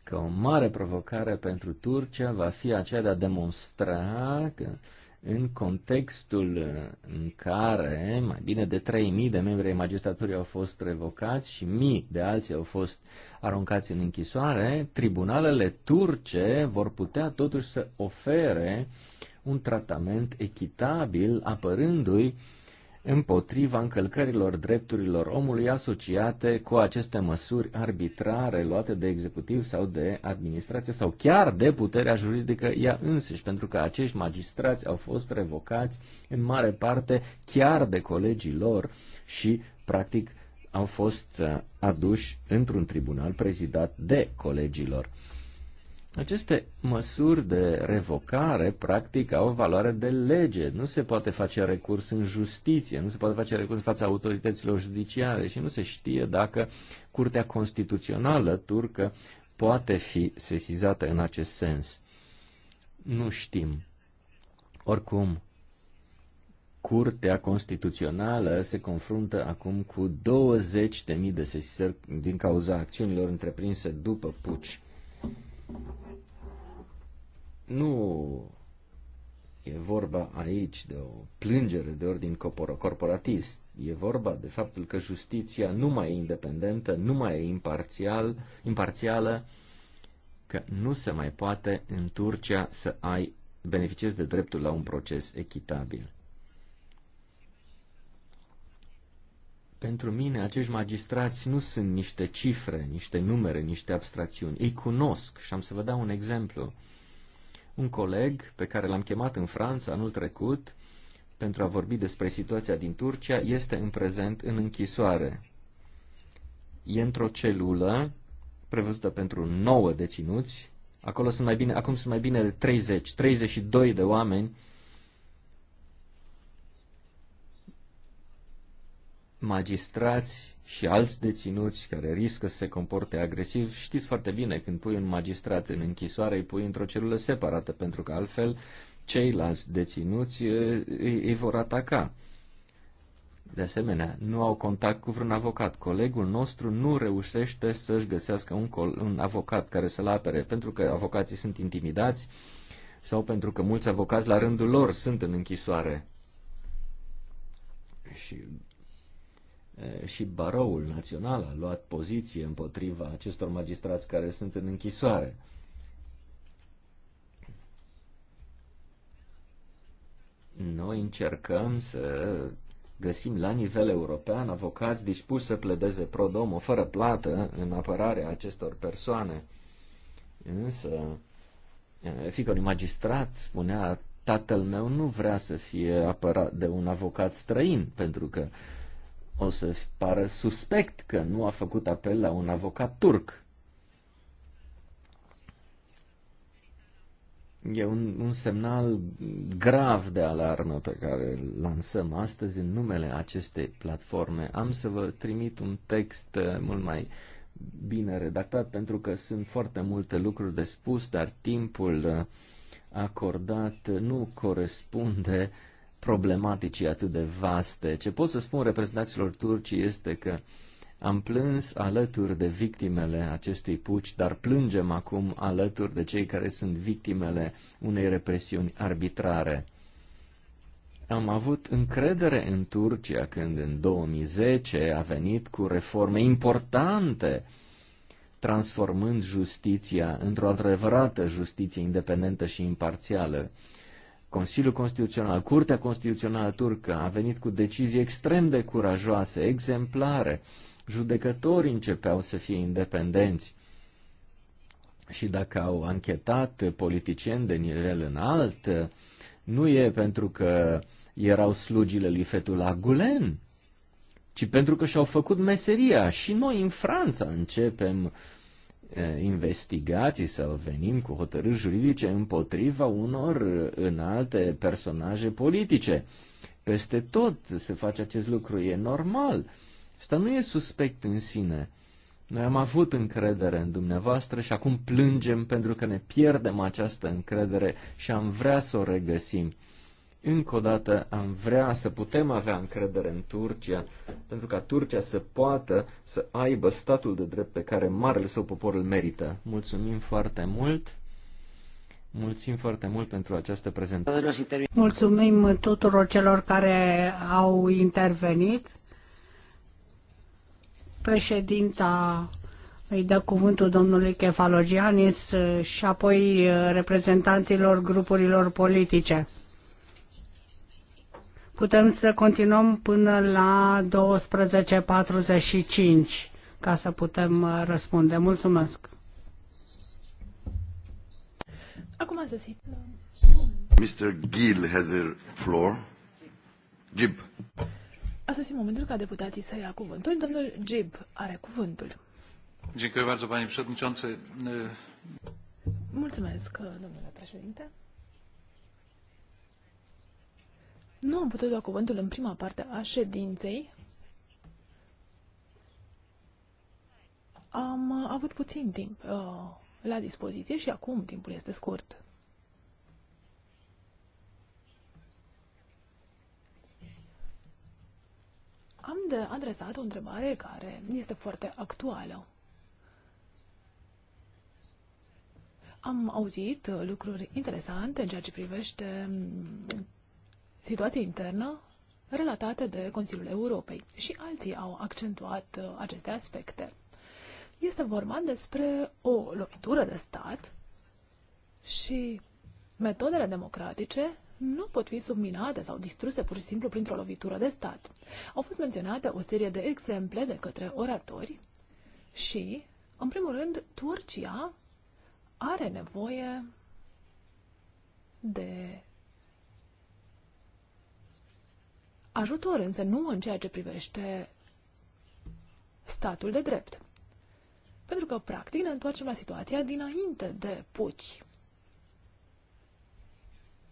că o mare provocare pentru Turcia va fi aceea de a demonstra că în contextul uh, în care mai bine de 3.000 de membri ai magistraturii au fost revocați și mii de alții au fost aruncați în închisoare, tribunalele turce vor putea totuși să ofere un tratament echitabil apărându-i împotriva încălcărilor drepturilor omului asociate cu aceste măsuri arbitrare luate de executiv sau de administrație sau chiar de puterea juridică ea însăși, pentru că acești magistrați au fost revocați în mare parte chiar de colegii lor și, practic, au fost uh, aduși într-un tribunal prezidat de colegii lor. Aceste măsuri de revocare, practic, au o valoare de lege. Nu se poate face recurs în justiție, nu se poate face recurs în fața autorităților judiciare și nu se știe dacă Curtea Constituțională turcă poate fi sesizată în acest sens. Nu știm. Oricum, Curtea Constituțională se confruntă acum cu 20.000 de sesizări din cauza acțiunilor întreprinse după puci. Nu e vorba aici de o plângere de ordin corporatist. E vorba de faptul că justiția nu mai e independentă, nu mai e imparțial, imparțială, că nu se mai poate în Turcia să ai beneficiezi de dreptul la un proces echitabil. Pentru mine, acești magistrați nu sunt niște cifre, niște numere, niște abstracțiuni. Ei cunosc și am să vă dau un exemplu. Un coleg pe care l-am chemat în Franța anul trecut pentru a vorbi despre situația din Turcia este în prezent în închisoare. E într-o celulă prevăzută pentru 9 deținuți. Acolo sunt mai bine, acum sunt mai bine de 30, 32 de oameni magistrați și alți deținuți care riscă să se comporte agresiv, știți foarte bine, când pui un magistrat în închisoare, îi pui într-o celulă separată, pentru că altfel ceilalți deținuți îi, îi vor ataca. De asemenea, nu au contact cu vreun avocat. Colegul nostru nu reușește să-și găsească un, col- un avocat care să-l apere, pentru că avocații sunt intimidați sau pentru că mulți avocați la rândul lor sunt în închisoare. Și Eh, și Baroul Național a luat poziție împotriva acestor magistrați care sunt în închisoare. Noi încercăm să găsim la nivel european avocați dispuși să pledeze pro domo fără plată în apărarea acestor persoane. Însă, eh, fică unui magistrat spunea, tatăl meu nu vrea să fie apărat de un avocat străin, pentru că uh, o să pară suspect că nu a făcut apel la un avocat turc. E un, un semnal grav de alarmă pe care îl lansăm astăzi în numele acestei platforme. Am să vă trimit un text uh, mult mai bine redactat pentru că sunt foarte multe lucruri de spus, dar timpul uh, acordat nu corespunde uh, problematicii atât de vaste. Ce pot să spun reprezentanților turci este că am plâns alături de victimele acestui puci, dar plângem acum alături de cei care sunt victimele unei represiuni arbitrare. Am avut încredere în Turcia când în 2010 a venit cu reforme importante, transformând justiția într-o adevărată justiție independentă și imparțială. Consiliul Constituțional, Curtea Constituțională Turcă a venit cu decizii extrem de curajoase, exemplare. Judecătorii începeau să fie independenți. Și dacă au anchetat politicieni de nivel înalt, nu e pentru că erau slugile lui Fethullah Gulen, ci pentru că și-au făcut meseria. Și noi în Franța începem investigații sau venim cu hotărâri juridice împotriva unor alte personaje politice. Peste tot se face acest lucru, e normal. Asta nu e suspect în sine. Noi am avut încredere în dumneavoastră și acum plângem pentru că ne pierdem această încredere și am vrea să o regăsim. Încă o dată am vrea să putem avea încredere în Turcia, pentru ca Turcia să poată să aibă statul de drept pe care marele său popor îl merită. Mulțumim foarte mult! Mulțumim foarte mult pentru această prezentare. Mulțumim tuturor celor care au intervenit. Președinta îi dă cuvântul domnului Kefalogianis și apoi reprezentanților grupurilor politice. Putem să continuăm până la 12.45 ca să putem uh, răspunde. Mulțumesc! Acum a zis. Mr. Gill has the floor. Gib. A sosit momentul ca deputații să ia cuvântul. Domnul Gib are cuvântul. Dziękuję bardzo, panie przewodniczący. Mulțumesc, domnule președinte. Nu am putut lua cuvântul în prima parte a ședinței. Am avut puțin timp uh, la dispoziție și acum timpul este scurt. Am de adresat o întrebare care este foarte actuală. Am auzit lucruri interesante în ceea ce privește situație internă relatată de Consiliul Europei și alții au accentuat uh, aceste aspecte. Este vorba despre o lovitură de stat și metodele democratice nu pot fi subminate sau distruse pur și simplu printr-o lovitură de stat. Au fost menționate o serie de exemple de către oratori și, în primul rând, Turcia are nevoie de ajutor, însă nu în ceea ce privește statul de drept. Pentru că, practic, ne întoarcem la situația dinainte de puci.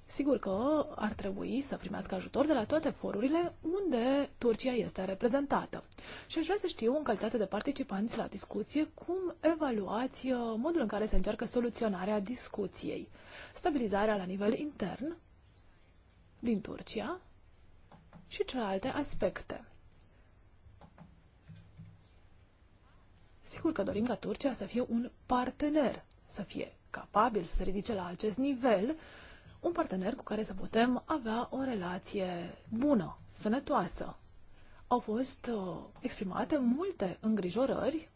Sigur că ar trebui să primească ajutor de la toate forurile unde Turcia este reprezentată. Și aș vrea să știu, în calitate de participanți la discuție, cum evaluați uh, modul în care se încearcă soluționarea discuției. Stabilizarea la nivel intern din Turcia și celelalte aspecte. Sigur că dorim ca Turcia să fie un partener, să fie capabil să se ridice la acest nivel, un partener cu care să putem avea o relație bună, sănătoasă. Au fost uh, exprimate multe îngrijorări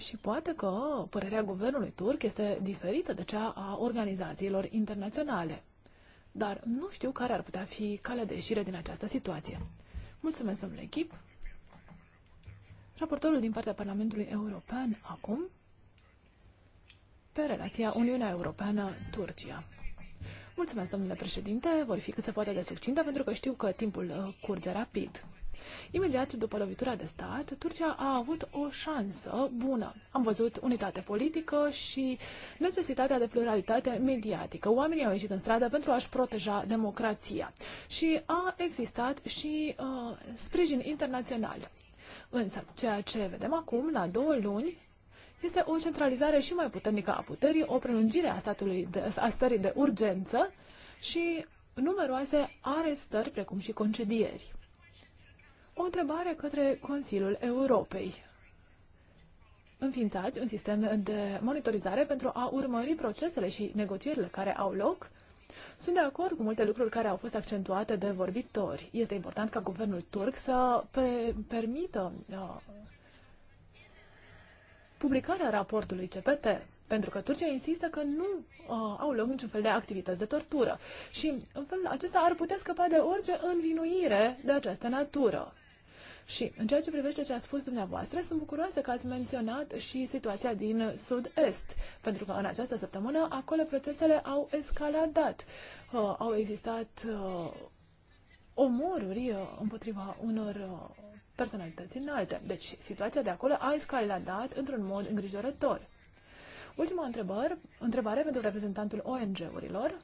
Și poate că părerea guvernului turc este diferită de cea a organizațiilor internaționale. Dar nu știu care ar putea fi calea de ieșire din această situație. Mulțumesc, domnule echip. Raportorul din partea Parlamentului European acum pe relația Uniunea Europeană-Turcia. Mulțumesc, domnule președinte. Vor fi cât se poate de succintă pentru că știu că timpul uh, curge rapid. Imediat după lovitura de stat, Turcia a avut o șansă bună. Am văzut unitate politică și necesitatea de pluralitate mediatică. Oamenii au ieșit în stradă pentru a-și proteja democrația și a existat și uh, sprijin internațional. Însă, ceea ce vedem acum, la două luni, este o centralizare și mai puternică a puterii, o prelungire a, statului de, a stării de urgență și numeroase arestări, precum și concedieri. O întrebare către Consiliul Europei. Înființați un sistem de monitorizare pentru a urmări procesele și negocierile care au loc. Sunt de acord cu multe lucruri care au fost accentuate de vorbitori. Este important ca guvernul turc să pe permită uh, publicarea raportului CPT, pentru că Turcia insistă că nu uh, au loc niciun fel de activități de tortură și în felul acesta ar putea scăpa de orice învinuire de această natură. Și în ceea ce privește ce a spus dumneavoastră, sunt bucuroasă că ați menționat și situația din sud-est, pentru că în această săptămână acolo procesele au escaladat. Uh, au existat uh, omoruri uh, împotriva unor uh, personalități înalte. Deci situația de acolo a escaladat într-un mod îngrijorător. Ultima întrebare, întrebare pentru reprezentantul ONG-urilor.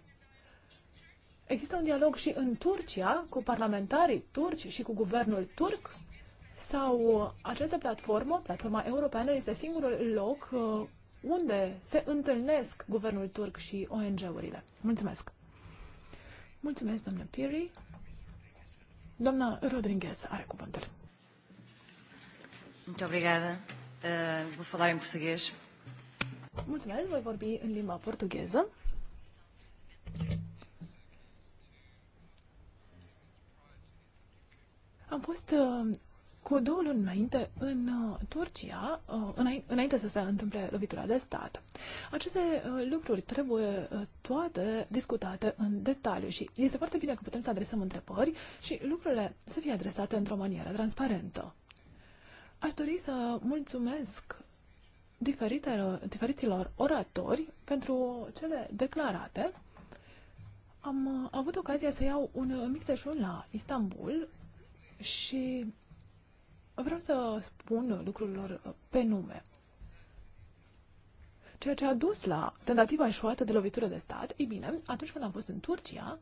Există un dialog și în Turcia cu parlamentarii turci și cu guvernul turc? sau uh, această platformă, platforma europeană, este singurul loc uh, unde se întâlnesc guvernul turc și ONG-urile. Mulțumesc! Mulțumesc, domnule Piri. Doamna Rodriguez are cuvântul. Muito obrigada. Uh, vou falar em português. Mulțumesc, voi vorbi în limba portugheză. Am fost uh, cu două luni înainte, în uh, Turcia, uh, înainte să se întâmple lovitura de stat. Aceste uh, lucruri trebuie toate discutate în detaliu și este foarte bine că putem să adresăm întrebări și lucrurile să fie adresate într-o manieră transparentă. Aș dori să mulțumesc diferiților oratori pentru cele declarate. Am avut ocazia să iau un mic dejun la Istanbul și vreau să spun lucrurilor uh, pe nume. Ceea ce a dus la tentativa eșuată de lovitură de stat, ei bine, atunci când am fost în Turcia,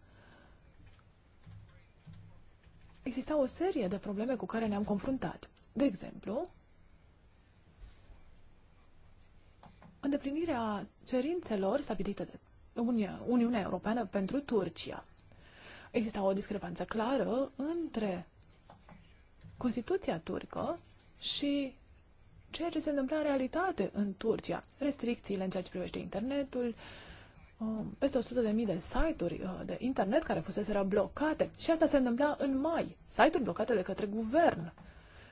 exista o serie de probleme cu care ne-am confruntat. De exemplu, îndeplinirea cerințelor stabilite de Uni Uniunea Europeană pentru Turcia. Exista o discrepanță clară între Constituția turcă și ceea ce se întâmpla în realitate în Turcia. Restricțiile în ceea ce privește internetul, um, peste 100.000 de, de site-uri uh, de internet care fuseseră blocate și asta se întâmpla în mai. Site-uri blocate de către guvern.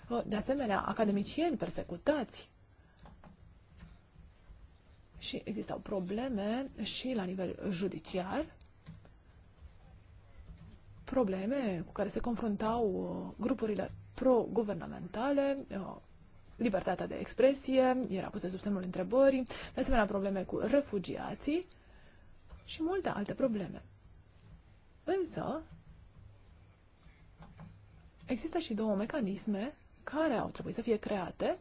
Uh, de asemenea, academicieni persecutați. Și existau probleme și la nivel judiciar, probleme cu care se confruntau uh, grupurile pro-guvernamentale, libertatea de expresie era pusă sub semnul întrebării, de asemenea probleme cu refugiații și multe alte probleme. Însă, există și două mecanisme care au trebuit să fie create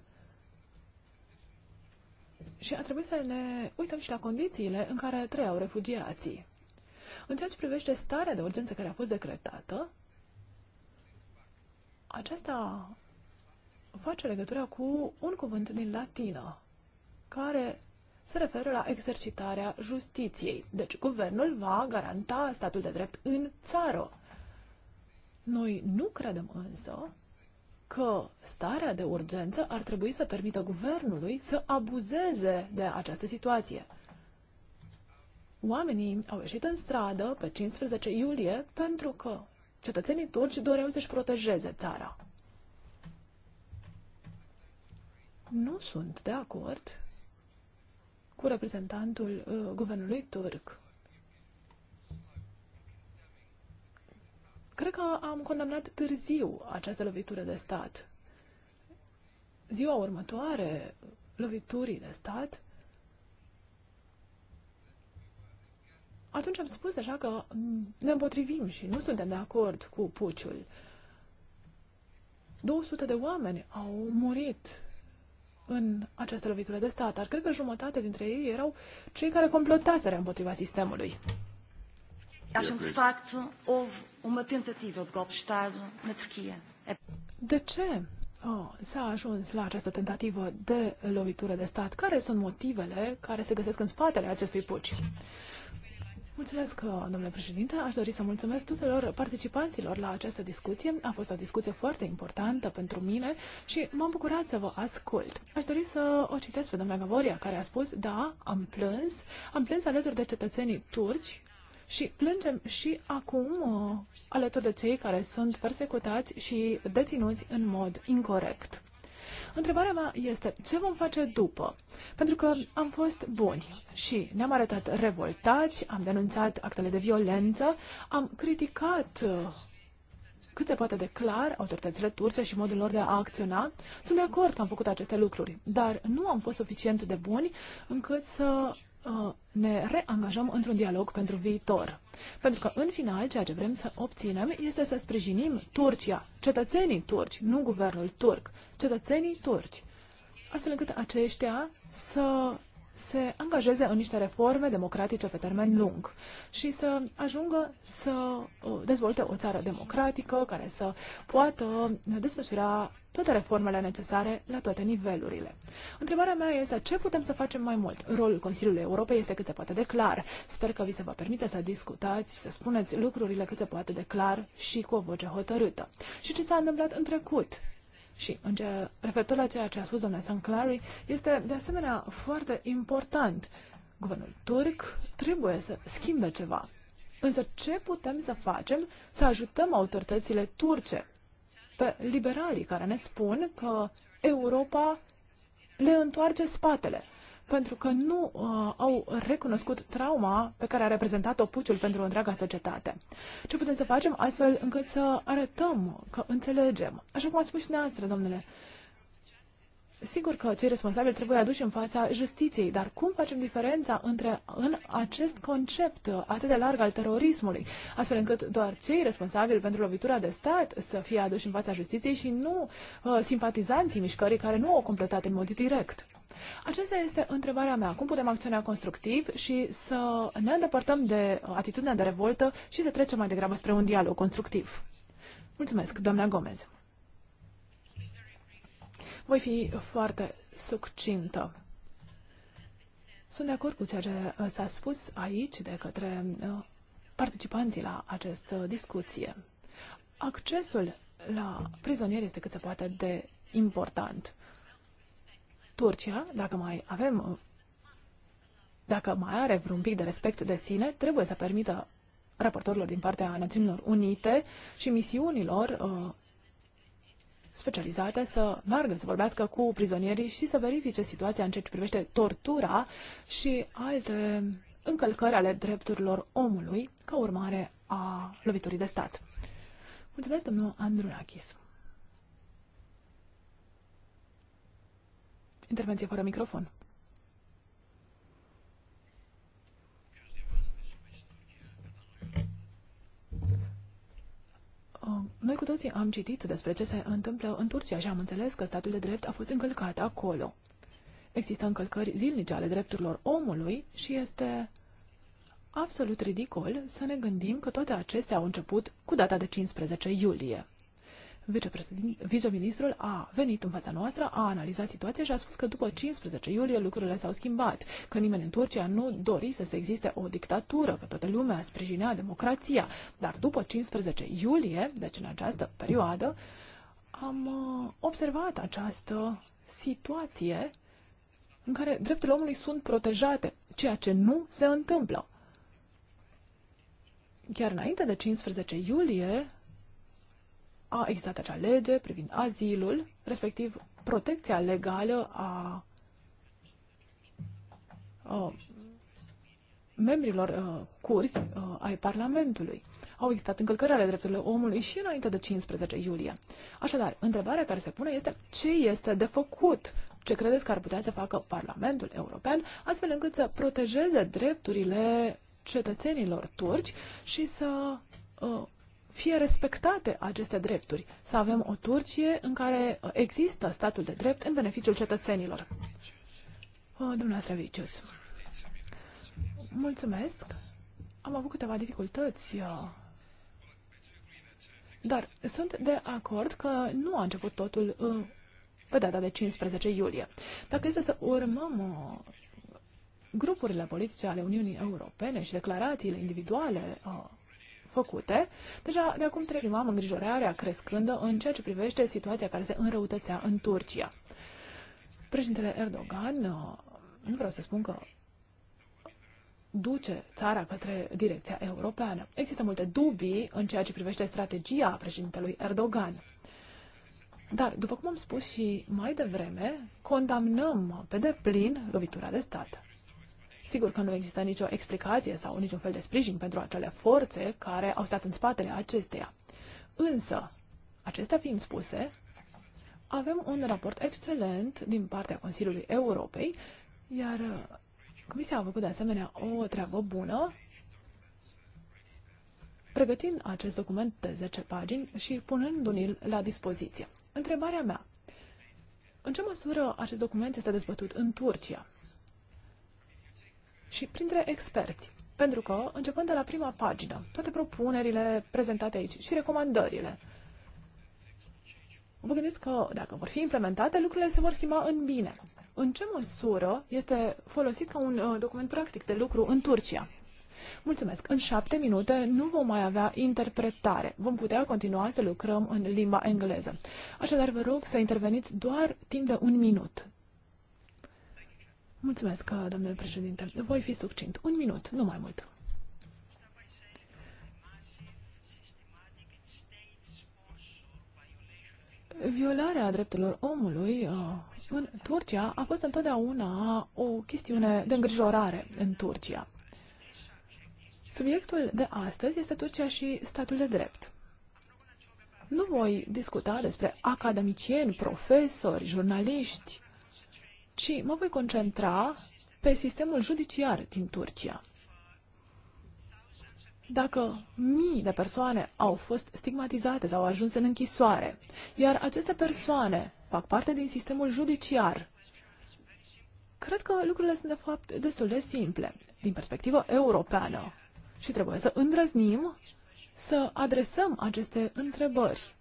și a trebuit să ne uităm și la condițiile în care trăiau refugiații. În ceea ce privește starea de urgență care a fost decretată, aceasta face legătura cu un cuvânt din latină, care se referă la exercitarea justiției. Deci, guvernul va garanta statul de drept în țară. Noi nu credem însă că starea de urgență ar trebui să permită guvernului să abuzeze de această situație. Oamenii au ieșit în stradă pe 15 iulie pentru că Cetățenii turci doreau să-și protejeze țara. Nu sunt de acord cu reprezentantul uh, guvernului turc. Cred că am condamnat târziu această lovitură de stat. Ziua următoare, loviturii de stat, atunci am spus așa, că ne împotrivim și nu suntem de acord cu puciul. 200 de oameni au murit în această lovitură de stat, dar cred că jumătate dintre ei erau cei care complotaseră împotriva sistemului. Așa de fapt, o tentativă de golpe de în Turcia. De ce oh, s-a ajuns la această tentativă de lovitură de stat? Care sunt motivele care se găsesc în spatele acestui puci? Mulțumesc, uh, domnule președinte. Aș dori să mulțumesc tuturor participanților la această discuție. A fost o discuție foarte importantă pentru mine și m-am bucurat să vă ascult. Aș dori să o citesc pe doamna Gavoria, care a spus, da, am plâns, am plâns alături de cetățenii turci și plângem și acum uh, alături de cei care sunt persecutați și deținuți în mod incorrect. Întrebarea mea este ce vom face după? Pentru că am fost buni și ne-am arătat revoltați, am denunțat actele de violență, am criticat uh, cât se poate de clar autoritățile turce și modul lor de a acționa. Sunt de acord că am făcut aceste lucruri, dar nu am fost suficient de buni încât să Uh, ne reangajăm într-un dialog pentru viitor. Pentru că, în final, ceea ce vrem să obținem este să sprijinim Turcia, cetățenii turci, nu guvernul turc, cetățenii turci, astfel încât aceștia să se angajeze în niște reforme democratice pe termen lung și să ajungă să uh, dezvolte o țară democratică care să poată desfășura toate reformele necesare la toate nivelurile. Întrebarea mea este ce putem să facem mai mult. Rolul Consiliului Europei este cât se poate de clar. Sper că vi se va permite să discutați și să spuneți lucrurile cât se poate de clar și cu o voce hotărâtă. Și ce s-a întâmplat în trecut? Și în ce, referitor la ceea ce a spus domnul Sanclari, este de asemenea foarte important. Guvernul turc trebuie să schimbe ceva. Însă ce putem să facem să ajutăm autoritățile turce pe liberalii care ne spun că Europa le întoarce spatele, pentru că nu uh, au recunoscut trauma pe care a reprezentat-o puciul pentru întreaga societate. Ce putem să facem astfel încât să arătăm că înțelegem? Așa cum a spus și noastră, domnule Sigur că cei responsabili trebuie aduși în fața justiției, dar cum facem diferența între în acest concept atât de larg al terorismului, astfel încât doar cei responsabili pentru lovitura de stat să fie aduși în fața justiției și nu uh, simpatizanții mișcării care nu au completat în mod direct? Aceasta este întrebarea mea. Cum putem acționa constructiv și să ne îndepărtăm de uh, atitudinea de revoltă și să trecem mai degrabă spre un dialog constructiv? Mulțumesc, doamna Gomez. Voi fi foarte succintă. Sunt de acord cu ceea ce uh, s-a spus aici de către uh, participanții la această discuție. Accesul la prizonieri este cât se poate de important. Turcia, dacă mai avem, uh, dacă mai are vreun pic de respect de sine, trebuie să permită raportorilor din partea Națiunilor Unite și misiunilor uh, specializate să meargă să vorbească cu prizonierii și să verifice situația în ceea ce privește tortura și alte încălcări ale drepturilor omului ca urmare a loviturii de stat. Mulțumesc, domnul Lachis. Intervenție fără microfon. Noi cu toții am citit despre ce se întâmplă în Turcia și am înțeles că statul de drept a fost încălcat acolo. Există încălcări zilnice ale drepturilor omului și este absolut ridicol să ne gândim că toate acestea au început cu data de 15 iulie viceministrul a venit în fața noastră, a analizat situația și a spus că după 15 iulie lucrurile s-au schimbat, că nimeni în Turcia nu dori să se existe o dictatură, că toată lumea sprijinea democrația. Dar după 15 iulie, deci în această perioadă, am uh, observat această situație în care drepturile omului sunt protejate, ceea ce nu se întâmplă. Chiar înainte de 15 iulie, a existat acea lege privind azilul, respectiv protecția legală a, a membrilor uh, curzi uh, ai Parlamentului. Au existat încălcări ale drepturilor omului și înainte de 15 iulie. Așadar, întrebarea care se pune este ce este de făcut, ce credeți că ar putea să facă Parlamentul European, astfel încât să protejeze drepturile cetățenilor turci și să fie respectate aceste drepturi, să avem o Turcie în care există statul de drept în beneficiul cetățenilor. Dumneavoastră Vicius, mulțumesc. Am avut câteva dificultăți uh, dar sunt de acord că nu a început totul uh, pe data de 15 iulie. Dacă este să urmăm uh, grupurile politice ale Uniunii Europene și declarațiile individuale făcute. Deja de acum trei am îngrijorarea crescândă în ceea ce privește situația care se înrăutățea în Turcia. Președintele Erdogan, uh, nu vreau să spun că duce țara către direcția europeană. Există multe dubii în ceea ce privește strategia președintelui Erdogan. Dar, după cum am spus și mai devreme, condamnăm pe deplin lovitura de stat. Sigur că nu există nicio explicație sau niciun fel de sprijin pentru acele forțe care au stat în spatele acesteia. Însă, acestea fiind spuse, avem un raport excelent din partea Consiliului Europei, iar uh, Comisia a făcut de asemenea o treabă bună, pregătind acest document de 10 pagini și punându-l la dispoziție. Întrebarea mea, în ce măsură acest document este dezbătut în Turcia? și printre experți. Pentru că, începând de la prima pagină, toate propunerile prezentate aici și recomandările, vă gândiți că dacă vor fi implementate, lucrurile se vor schimba în bine. În ce măsură este folosit ca un uh, document practic de lucru în Turcia? Mulțumesc! În șapte minute nu vom mai avea interpretare. Vom putea continua să lucrăm în limba engleză. Așadar, vă rog să interveniți doar timp de un minut. Mulțumesc, domnule președinte. Voi fi succint. Un minut, nu mai mult. Violarea drepturilor omului uh, în Turcia a fost întotdeauna o chestiune de îngrijorare în Turcia. Subiectul de astăzi este Turcia și statul de drept. Nu voi discuta despre academicieni, profesori, jurnaliști, ci mă voi concentra pe sistemul judiciar din Turcia. Dacă mii de persoane au fost stigmatizate sau au ajuns în închisoare, iar aceste persoane fac parte din sistemul judiciar, cred că lucrurile sunt de fapt destul de simple din perspectivă europeană și trebuie să îndrăznim să adresăm aceste întrebări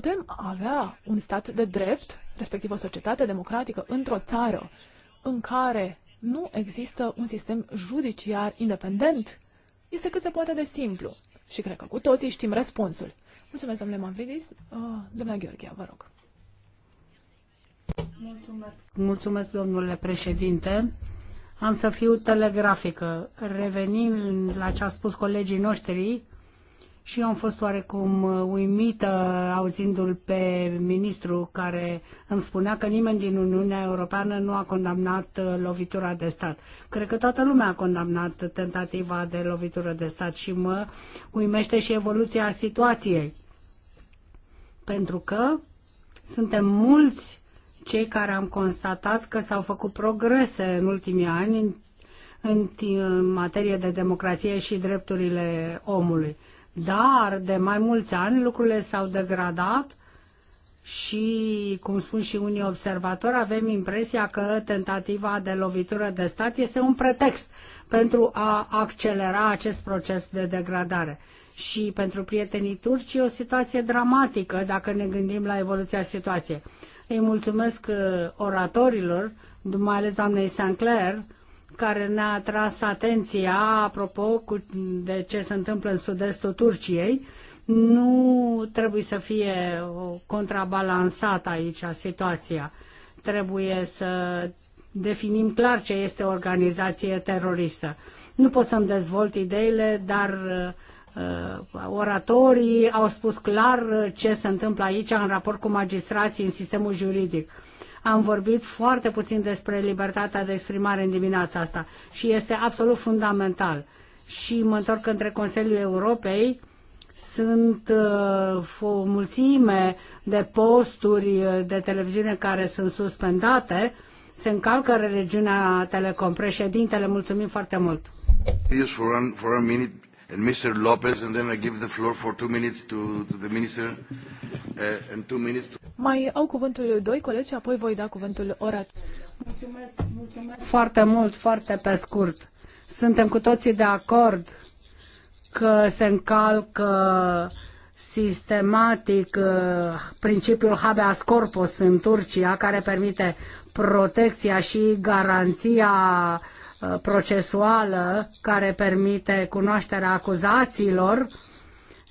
putem avea un stat de drept, respectiv o societate democratică, într-o țară în care nu există un sistem judiciar independent, este cât se poate de simplu. Și cred că cu toții știm răspunsul. Mulțumesc, domnule Mavridis. Uh, domnule Gheorghe, vă rog. Mulțumesc. Mulțumesc, domnule președinte. Am să fiu telegrafică. Revenind la ce a spus colegii noștri, și eu am fost oarecum uh, uimită auzindu-l pe ministru care îmi spunea că nimeni din Uniunea Europeană nu a condamnat uh, lovitura de stat. Cred că toată lumea a condamnat tentativa de lovitură de stat și mă uimește și evoluția situației. Pentru că suntem mulți cei care am constatat că s-au făcut progrese în ultimii ani în, în, în materie de democrație și drepturile omului. Dar de mai mulți ani lucrurile s-au degradat și, cum spun și unii observatori, avem impresia că tentativa de lovitură de stat este un pretext pentru a accelera acest proces de degradare. Și pentru prietenii turci e o situație dramatică dacă ne gândim la evoluția situației. Îi mulțumesc uh, oratorilor, mai ales doamnei Sinclair, care ne-a atras atenția apropo de ce se întâmplă în sud-estul Turciei. Nu trebuie să fie contrabalansată aici situația. Trebuie să definim clar ce este o organizație teroristă. Nu pot să-mi dezvolt ideile, dar uh, uh oratorii au spus clar ce se întâmplă aici în raport cu magistrații în sistemul juridic. Am vorbit foarte puțin despre libertatea de exprimare în dimineața asta și este absolut fundamental. Și mă întorc către Consiliul Europei, sunt uh, o mulțime de posturi uh, de televiziune care sunt suspendate, se încalcă regiunea Telecom. Președintele, mulțumim foarte mult. For for a minute, and Mr. Lopez, and then I give the floor for two minutes to, to the minister uh, and two minutes. To... Mai au cuvântul doi colegi, apoi voi da cuvântul orat. Mulțumesc, mulțumesc foarte mult, foarte pe scurt. Suntem cu toții de acord că se încalcă sistematic uh, principiul habeas corpus în Turcia, care permite protecția și garanția uh, Uh, procesuală care permite cunoașterea acuzațiilor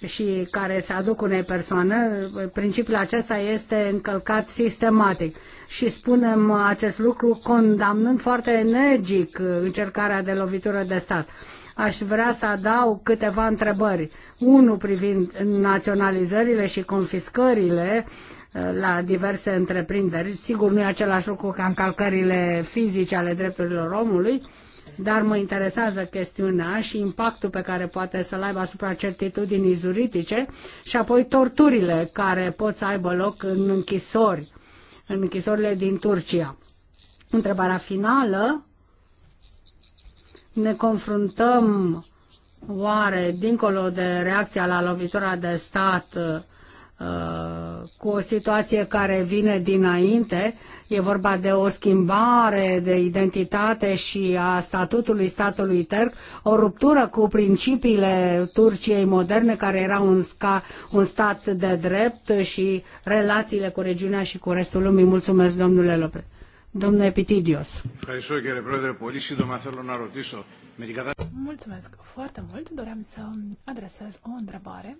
și care se aduc unei persoane, principiul acesta este încălcat sistematic. Și spunem acest lucru condamnând foarte energic încercarea de lovitură de stat. Aș vrea să adaug câteva întrebări. Unu privind naționalizările și confiscările la diverse întreprinderi. Sigur, nu e același lucru ca încalcările fizice ale drepturilor omului, dar mă interesează chestiunea și impactul pe care poate să-l aibă asupra certitudinii juridice și apoi torturile care pot să aibă loc în închisori, în închisorile din Turcia. Întrebarea finală, ne confruntăm oare, dincolo de reacția la lovitura de stat, cu o situație care vine dinainte. E vorba de o schimbare de identitate și a statutului statului terc, o ruptură cu principiile Turciei moderne, care era un, sca, un stat de drept și relațiile cu regiunea și cu restul lumii. Mulțumesc, domnule Lopez. Domnule Epitidios. Mulțumesc foarte mult. Doream să adresez o întrebare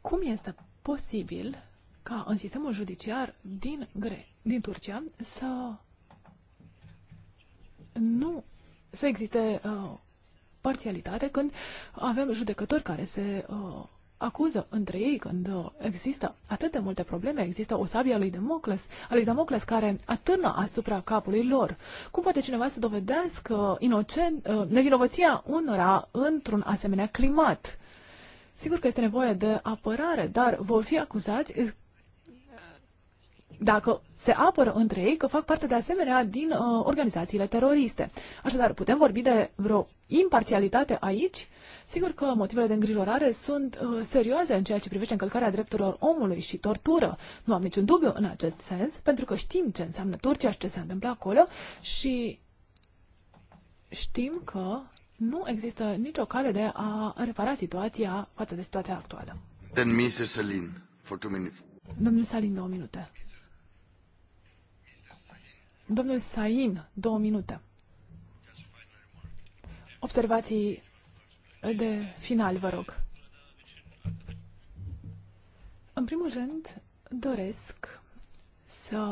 cum este posibil ca în sistemul judiciar din, Gre- din Turcia să nu să existe uh, parțialitate când avem judecători care se uh, acuză între ei când uh, există atât de multe probleme, există o sabie a lui Democles, a lui Democles care atârnă asupra capului lor. Cum poate cineva să dovedească inocent, uh, nevinovăția unora într-un asemenea climat? Sigur că este nevoie de apărare, dar vor fi acuzați eh, dacă se apără între ei că fac parte de asemenea din uh, organizațiile teroriste. Așadar, putem vorbi de vreo imparțialitate aici? Sigur că motivele de îngrijorare sunt uh, serioase în ceea ce privește încălcarea drepturilor omului și tortură. Nu am niciun dubiu în acest sens, pentru că știm ce înseamnă Turcia și ce se întâmplă acolo și știm că nu există nicio cale de a repara situația față de situația actuală. Then Mr. Salin, for two minutes. Domnul Salin, două minute. Domnul Sain, două minute. Observații de final, vă rog. În primul rând, doresc să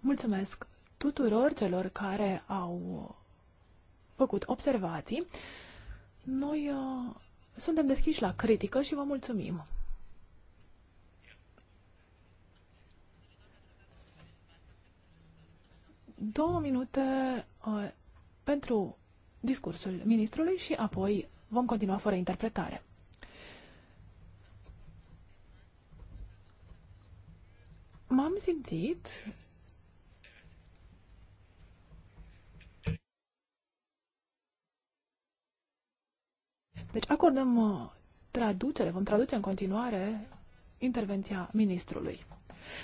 mulțumesc tuturor celor care au făcut observații. Noi uh, suntem deschiși la critică și vă mulțumim. Două minute uh, pentru discursul ministrului și apoi vom continua fără interpretare. M-am simțit Deci acordăm uh, traducere, vom traduce în continuare intervenția ministrului.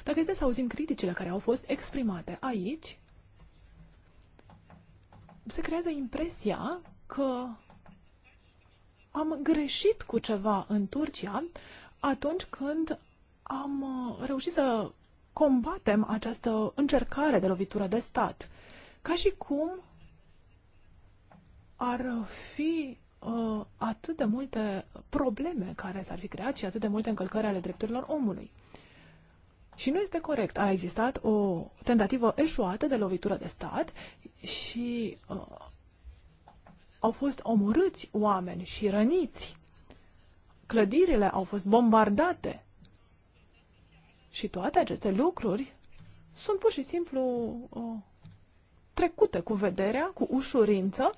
Dacă este să auzim criticile care au fost exprimate aici, se creează impresia că am greșit cu ceva în Turcia atunci când am uh, reușit să combatem această încercare de lovitură de stat. Ca și cum ar fi uh, atât de multe probleme care s-ar fi creat și atât de multe încălcări ale drepturilor omului. Și nu este corect. A existat o tentativă eșuată de lovitură de stat și uh, au fost omorâți oameni și răniți. Clădirile au fost bombardate. Și toate aceste lucruri sunt pur și simplu uh, trecute cu vederea, cu ușurință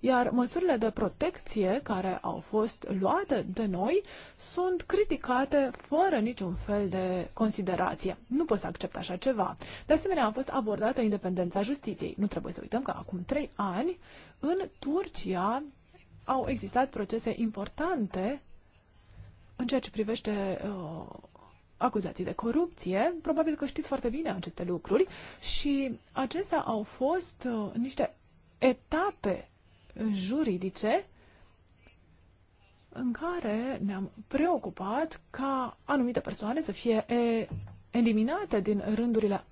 iar măsurile de protecție care au fost luate de noi sunt criticate fără niciun fel de considerație. Nu pot să accept așa ceva. De asemenea, a fost abordată independența justiției. Nu trebuie să uităm că acum trei ani în Turcia au existat procese importante în ceea ce privește uh, acuzații de corupție. Probabil că știți foarte bine aceste lucruri și acestea au fost uh, niște etape juridice în care ne-am preocupat ca anumite persoane să fie eliminate din rândurile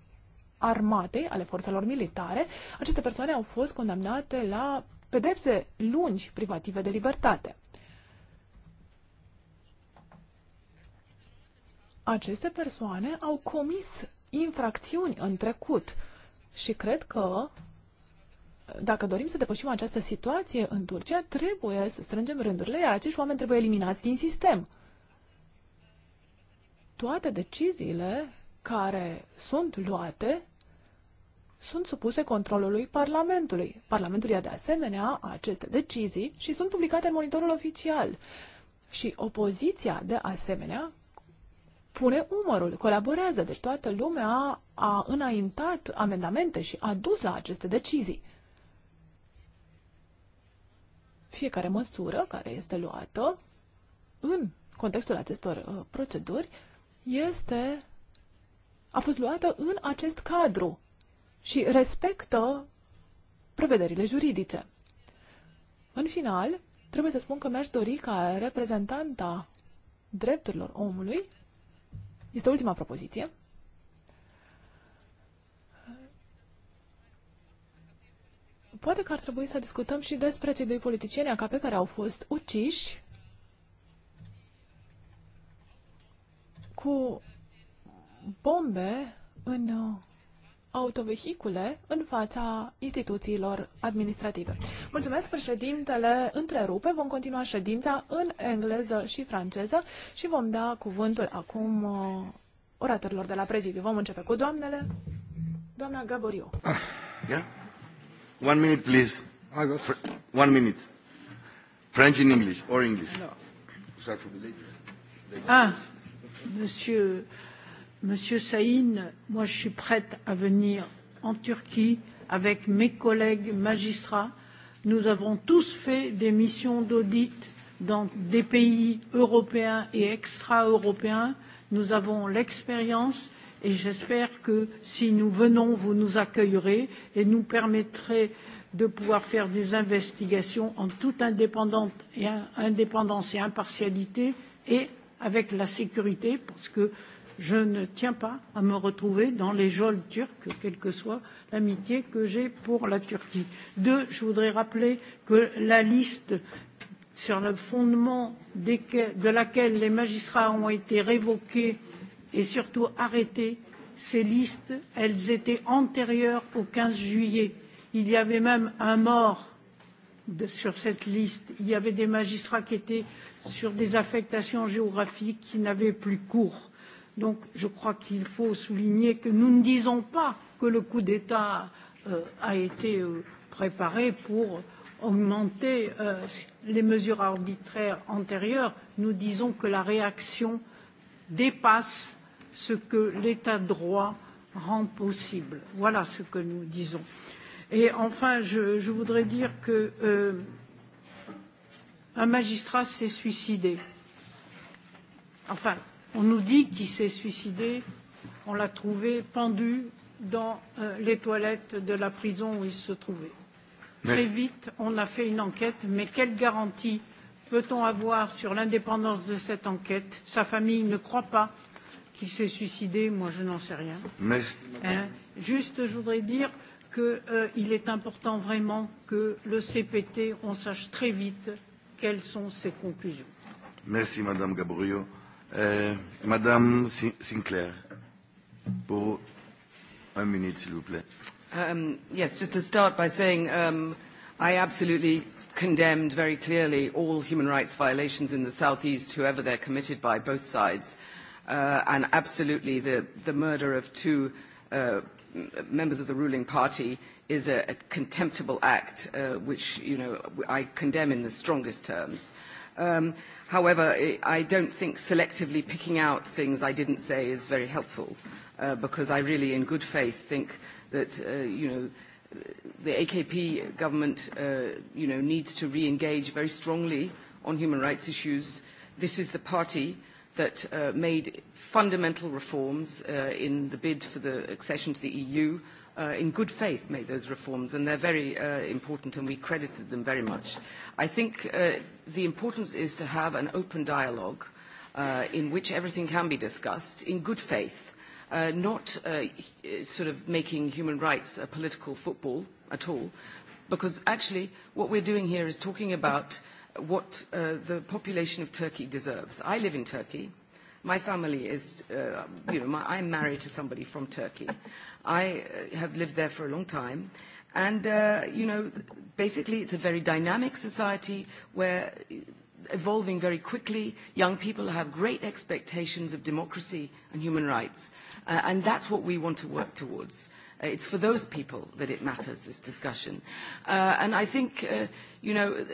armatei, ale forțelor militare. Aceste persoane au fost condamnate la pedepse lungi privative de libertate. Aceste persoane au comis infracțiuni în trecut și cred că dacă dorim să depășim această situație în Turcia, trebuie să strângem rândurile, iar acești oameni trebuie eliminați din sistem. Toate deciziile care sunt luate sunt supuse controlului Parlamentului. Parlamentul ia de asemenea aceste decizii și sunt publicate în monitorul oficial. Și opoziția, de asemenea, pune umărul, colaborează. Deci toată lumea a înaintat amendamente și a dus la aceste decizii fiecare măsură care este luată în contextul acestor uh, proceduri este a fost luată în acest cadru și respectă prevederile juridice. În final, trebuie să spun că mi-aș dori ca reprezentanta drepturilor omului, este ultima propoziție, poate că ar trebui să discutăm și despre cei doi politicieni AKP care au fost uciși cu bombe în uh, autovehicule în fața instituțiilor administrative. Mulțumesc, președintele întrerupe. Vom continua ședința în engleză și franceză și vom da cuvântul acum uh, oratorilor de la prezidiu. Vom începe cu doamnele. Doamna Gaboriu. Ah, yeah. One minute, please. I got One minute. French in English or English. No. Start from the ladies. Ah, monsieur, monsieur Saïn, moi je suis prête à venir en Turquie avec mes collègues magistrats. Nous avons tous fait des missions d'audit dans des pays européens et extra-européens. Nous avons l'expérience et j'espère que si nous venons, vous nous accueillerez et nous permettrez de pouvoir faire des investigations en toute et indépendance et impartialité et avec la sécurité, parce que je ne tiens pas à me retrouver dans les geôles turques, quelle que soit l'amitié que j'ai pour la Turquie. Deux, je voudrais rappeler que la liste sur le fondement de laquelle les magistrats ont été révoqués et surtout arrêter ces listes. Elles étaient antérieures au 15 juillet. Il y avait même un mort de, sur cette liste. Il y avait des magistrats qui étaient sur des affectations géographiques qui n'avaient plus cours. Donc je crois qu'il faut souligner que nous ne disons pas que le coup d'État euh, a été euh, préparé pour augmenter euh, les mesures arbitraires antérieures. Nous disons que la réaction dépasse ce que l'état de droit rend possible. Voilà ce que nous disons. Et enfin, je, je voudrais dire que euh, un magistrat s'est suicidé. Enfin, on nous dit qu'il s'est suicidé. On l'a trouvé pendu dans euh, les toilettes de la prison où il se trouvait. Merci. Très vite, on a fait une enquête, mais quelle garantie peut-on avoir sur l'indépendance de cette enquête Sa famille ne croit pas qui s'est suicidé, moi je n'en sais rien. Mais... Hein Juste, je voudrais dire qu'il euh, est important vraiment que le CPT, on sache très vite quelles sont ses conclusions. Merci, Madame Gabriel. Euh, Madame Sinclair, pour un minute, s'il vous plaît. Um, yes, just to start by saying um, I absolutely condemned very clearly all human rights violations in the southeast, whoever they're committed by, both sides uh, and absolutely the, the murder of two uh, members of the ruling party is a, a contemptible act, uh, which you know, I condemn in the strongest terms. Um, however, I don't think selectively picking out things I didn't say is very helpful, uh, because I really, in good faith, think that uh, you know, the AKP government uh, you know, needs to re-engage very strongly on human rights issues. This is the party uh, that uh, made fundamental reforms uh, in the bid for the accession to the EU, uh, in good faith made those reforms, and they're very uh, important, and we credited them very much. I think uh, the importance is to have an open dialogue uh, in which everything can be discussed in good faith, uh, not uh, sort of making human rights a political football at all, because actually what we're doing here is talking about what uh, the population of Turkey deserves. I live in Turkey. My family is, uh, you know, my, I'm married to somebody from Turkey. I uh, have lived there for a long time. And, uh, you know, basically it's a very dynamic society where uh, evolving very quickly. Young people have great expectations of democracy and human rights. Uh, and that's what we want to work towards. Uh, it's for those people that it matters, this discussion. Uh, and I think, uh, you know, uh,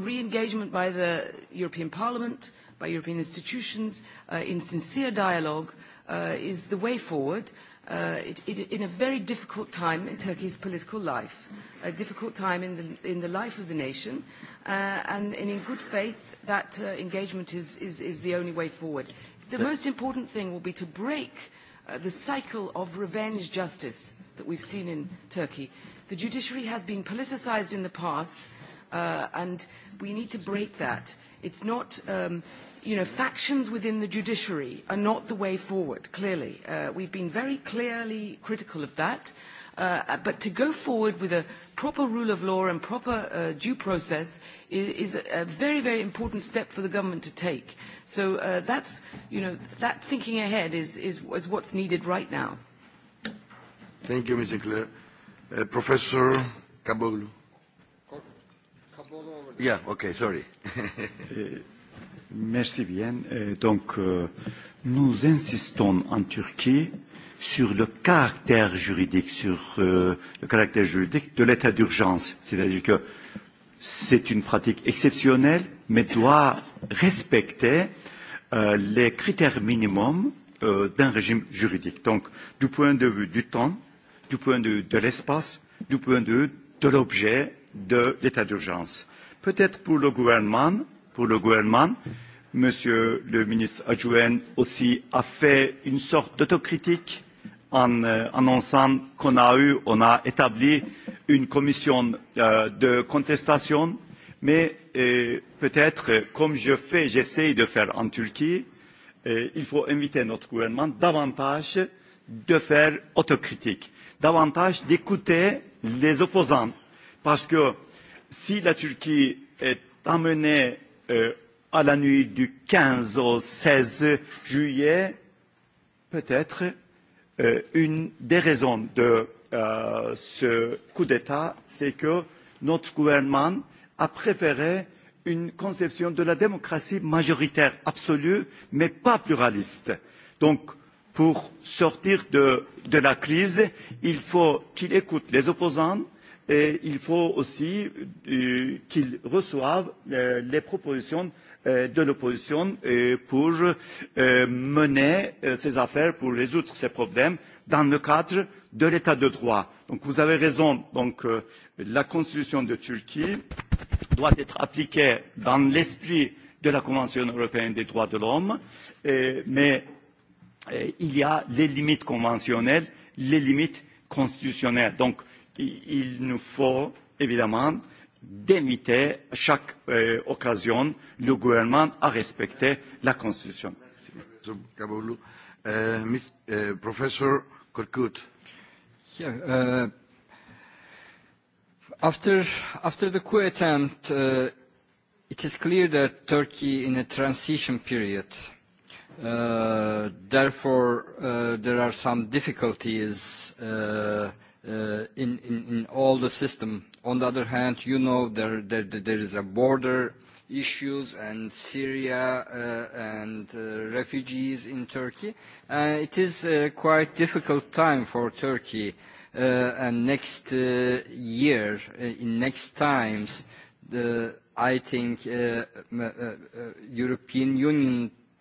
re-engagement by the European Parliament, by European institutions, uh, in sincere dialogue uh, is the way forward. Uh, it, it, in a very difficult time in Turkey's political life, a difficult time in the, in the life of the nation, uh, and, and in good faith, that uh, engagement is, is, is the only way forward. The most important thing will be to break uh, the cycle of revenge justice that we've seen in Turkey. The judiciary has been politicized in the past, uh, and we need to break that. It's not, um, you know, factions within the judiciary are not the way forward, clearly. Uh, we've been very clearly critical of that. Uh, but to go forward with a proper rule of law and proper uh, due process is, is, a very, very important step for the government to take. So uh, that's, you know, that thinking ahead is, is, is what's needed right now. Thank you, Mr. Clare. Uh, Professor Kaboglu. Yeah, okay, sorry. (laughs) Eh, merci bien. Eh, donc, euh, nous insistons en Turquie sur le caractère juridique, sur euh, le caractère juridique de l'état d'urgence. C'est-à-dire que c'est une pratique exceptionnelle, mais doit respecter euh, les critères minimums d'un régime juridique. Donc, du point de vue du temps, du point de vue de l'espace, du point de vue de l'objet de l'état d'urgence. Peut-être pour le gouvernement, pour le gouvernement, Monsieur le ministre adjoint aussi a fait une sorte d'autocritique en euh, annonçant qu'on a eu, on a établi une commission euh, de contestation, mais euh, peut-être, comme je fais, j'essaye de faire en Turquie, euh, il faut inviter notre gouvernement davantage de faire autocritique davantage d'écouter les opposants. Parce que si la Turquie est amenée euh, à la nuit du 15 au 16 juillet, peut-être euh, une des raisons de euh, ce coup d'État, c'est que notre gouvernement a préféré une conception de la démocratie majoritaire absolue, mais pas pluraliste. Donc, pour sortir de, de la crise, il faut qu'il écoute les opposants et il faut aussi euh, qu'il reçoive euh, les propositions euh, de l'opposition euh, pour euh, mener euh, ses affaires, pour résoudre ses problèmes dans le cadre de l'état de droit. Donc vous avez raison, donc, la constitution de Turquie doit être appliquée dans l'esprit de la Convention européenne des droits de l'homme, mais Euh, il y a les limites conventionnelles, les limites constitutionnelles. Donc, il nous faut évidemment d'inviter à chaque euh, occasion le gouvernement à respecter la Constitution. Kaboulou. Euh, euh, uh, Korkut. after, after the coup attempt, uh, it is clear that Turkey in a transition period Uh, therefore, uh, there are some difficulties uh, uh, in, in, in all the system. On the other hand, you know there, there, there is a border issues and Syria uh, and refugees in Turkey. It is a quite difficult time for Turkey. And next year, in next times, the, I think European Union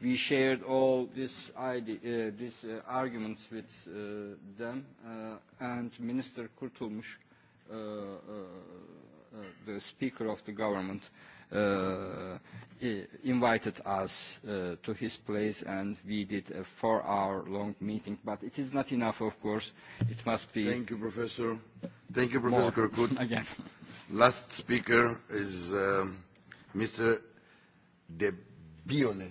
We shared all this idea, uh, these uh, arguments with uh, them, uh, and Minister Kurtulmuș, uh, uh, uh, the Speaker of the government, uh, invited us uh, to his place and we did a four hour long meeting but it is not enough of course it must be thank you professor thank you professor Kurkut. (laughs) again last speaker is um, mr de biole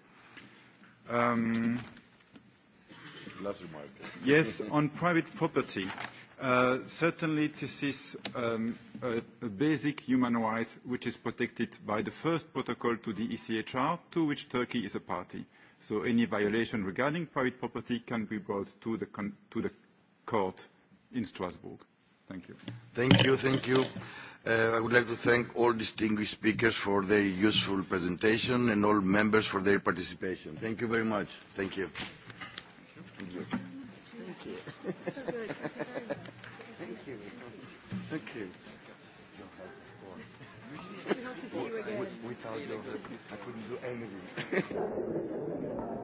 Um, Last remark. Yes, (laughs) on private property. Uh, certainly, this is um, a, a basic human right which is protected by the first protocol to the ECHR, to which Turkey is a party. So any violation regarding private property can be brought to the, con to the court in Strasbourg. Thank you. Thank you. Thank you. Uh, I would like to thank all distinguished speakers for their useful presentation and all members for their participation. Thank you very much. Thank you. Thank you. Thank you. Thank you. Thank you. Without your I couldn't do anything.